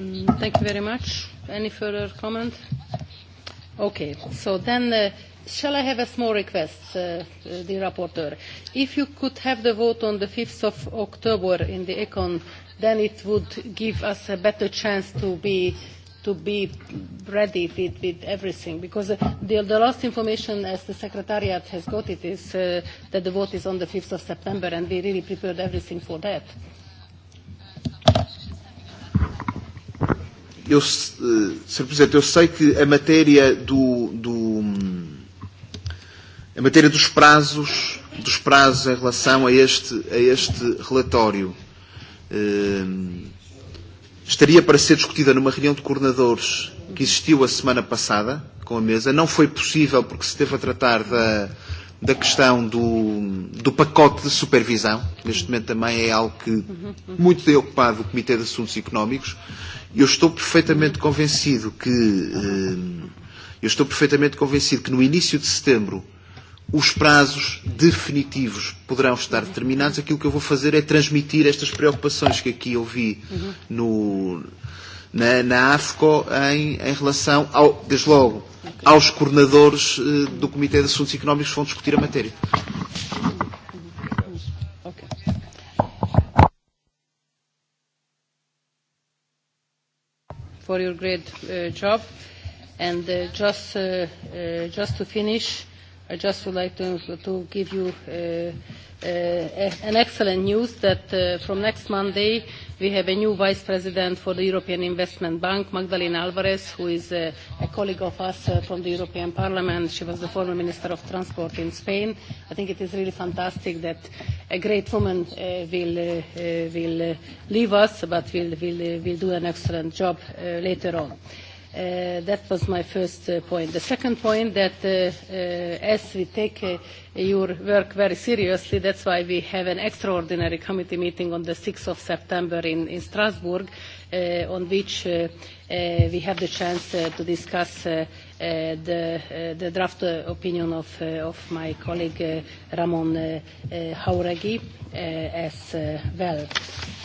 Mm, thank you very much. Any further comment? Okay, so then uh, shall I have a small request, uh, uh the rapporteur? If you could have the vote on the 5th of October in the ECON, then it would give us a better chance to be to be ready with, with everything because uh, the, the last information as the secretariat has got it is uh, that the vote is on the 5th of September and we really prepared everything for that eu, eh, Sr. Presidente, eu sei que a matéria do, do a matéria dos prazos, dos prazos em relação a este, a este relatório eh, estaria para ser discutida numa reunião de coordenadores que existiu a semana passada com a mesa. Não foi possível porque se esteve a tratar da, da questão do, do pacote de supervisão. Neste momento também é algo que muito tem ocupado o Comitê de Assuntos Económicos Eu estou perfeitamente convencido que eu estou perfeitamente convencido que no início de setembro os prazos definitivos poderão estar determinados. Aquilo que eu vou fazer é transmitir estas preocupações que aqui ouvi no, na, na AFCO em, em relação, ao, desde logo, aos coordenadores eh, do Comitê de Assuntos Económicos que vão discutir a matéria. for your great uh, job. And uh, just, uh, uh, just to finish, I just would like to, to give you uh, uh, an excellent news that uh, from next Monday We have a new Vice President for the European Investment Bank, Magdalena Alvarez, who is a, uh, a colleague of us uh, from the European Parliament. She was the former Minister of Transport in Spain. I think it is really fantastic that a great woman uh, will, uh, uh, will uh, leave us, but will, will, uh, will do an excellent job uh, later on. Uh, Uh, that was my first uh, point. The second point that uh, uh, as we take uh, your work very seriously, that's why we have an extraordinary committee meeting on the 6th of September in, in Strasbourg, uh, on which uh, uh, we have the chance uh, to discuss uh, uh, the, uh, the draft uh, opinion of, uh, of my colleague uh, Ramon uh, uh, Jauregui uh, as uh, well. Uh,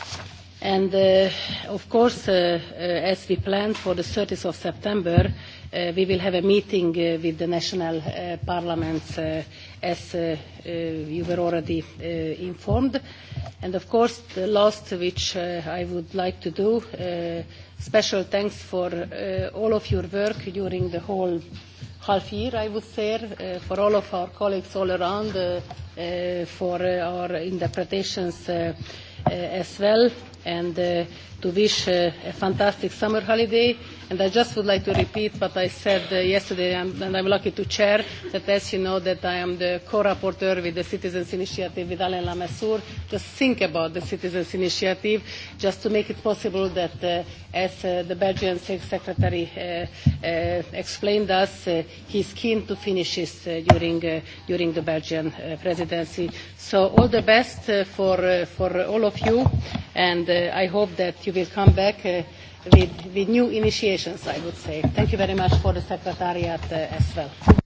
And uh, of course, uh, uh, as we planned for the 30th of September, uh, we will have a meeting uh, with the national uh, parliaments, uh, as uh, uh, you were already uh, informed. And of course, the last which uh, I would like to do, uh, special thanks for uh, all of your work during the whole half year, I would say, uh, for all of our colleagues all around, uh, uh, for uh, our interpretations uh, uh, as well and uh, to wish uh, a fantastic summer holiday. And I just would like to repeat what I said uh, yesterday, I'm, and I'm lucky to chair that, as you know, that I am the co-rapporteur with the Citizens Initiative with Alain Lamassoure. Just think about the Citizens Initiative, just to make it possible that, uh, as uh, the Belgian State Secretary uh, uh, explained us, uh, he's keen to finish this uh, during, uh, during the Belgian uh, presidency. So all the best uh, for, uh, for all of you, and uh, I hope that you will come back uh, with, with new initiations, I would say. Thank you very much for the Secretariat uh, as well.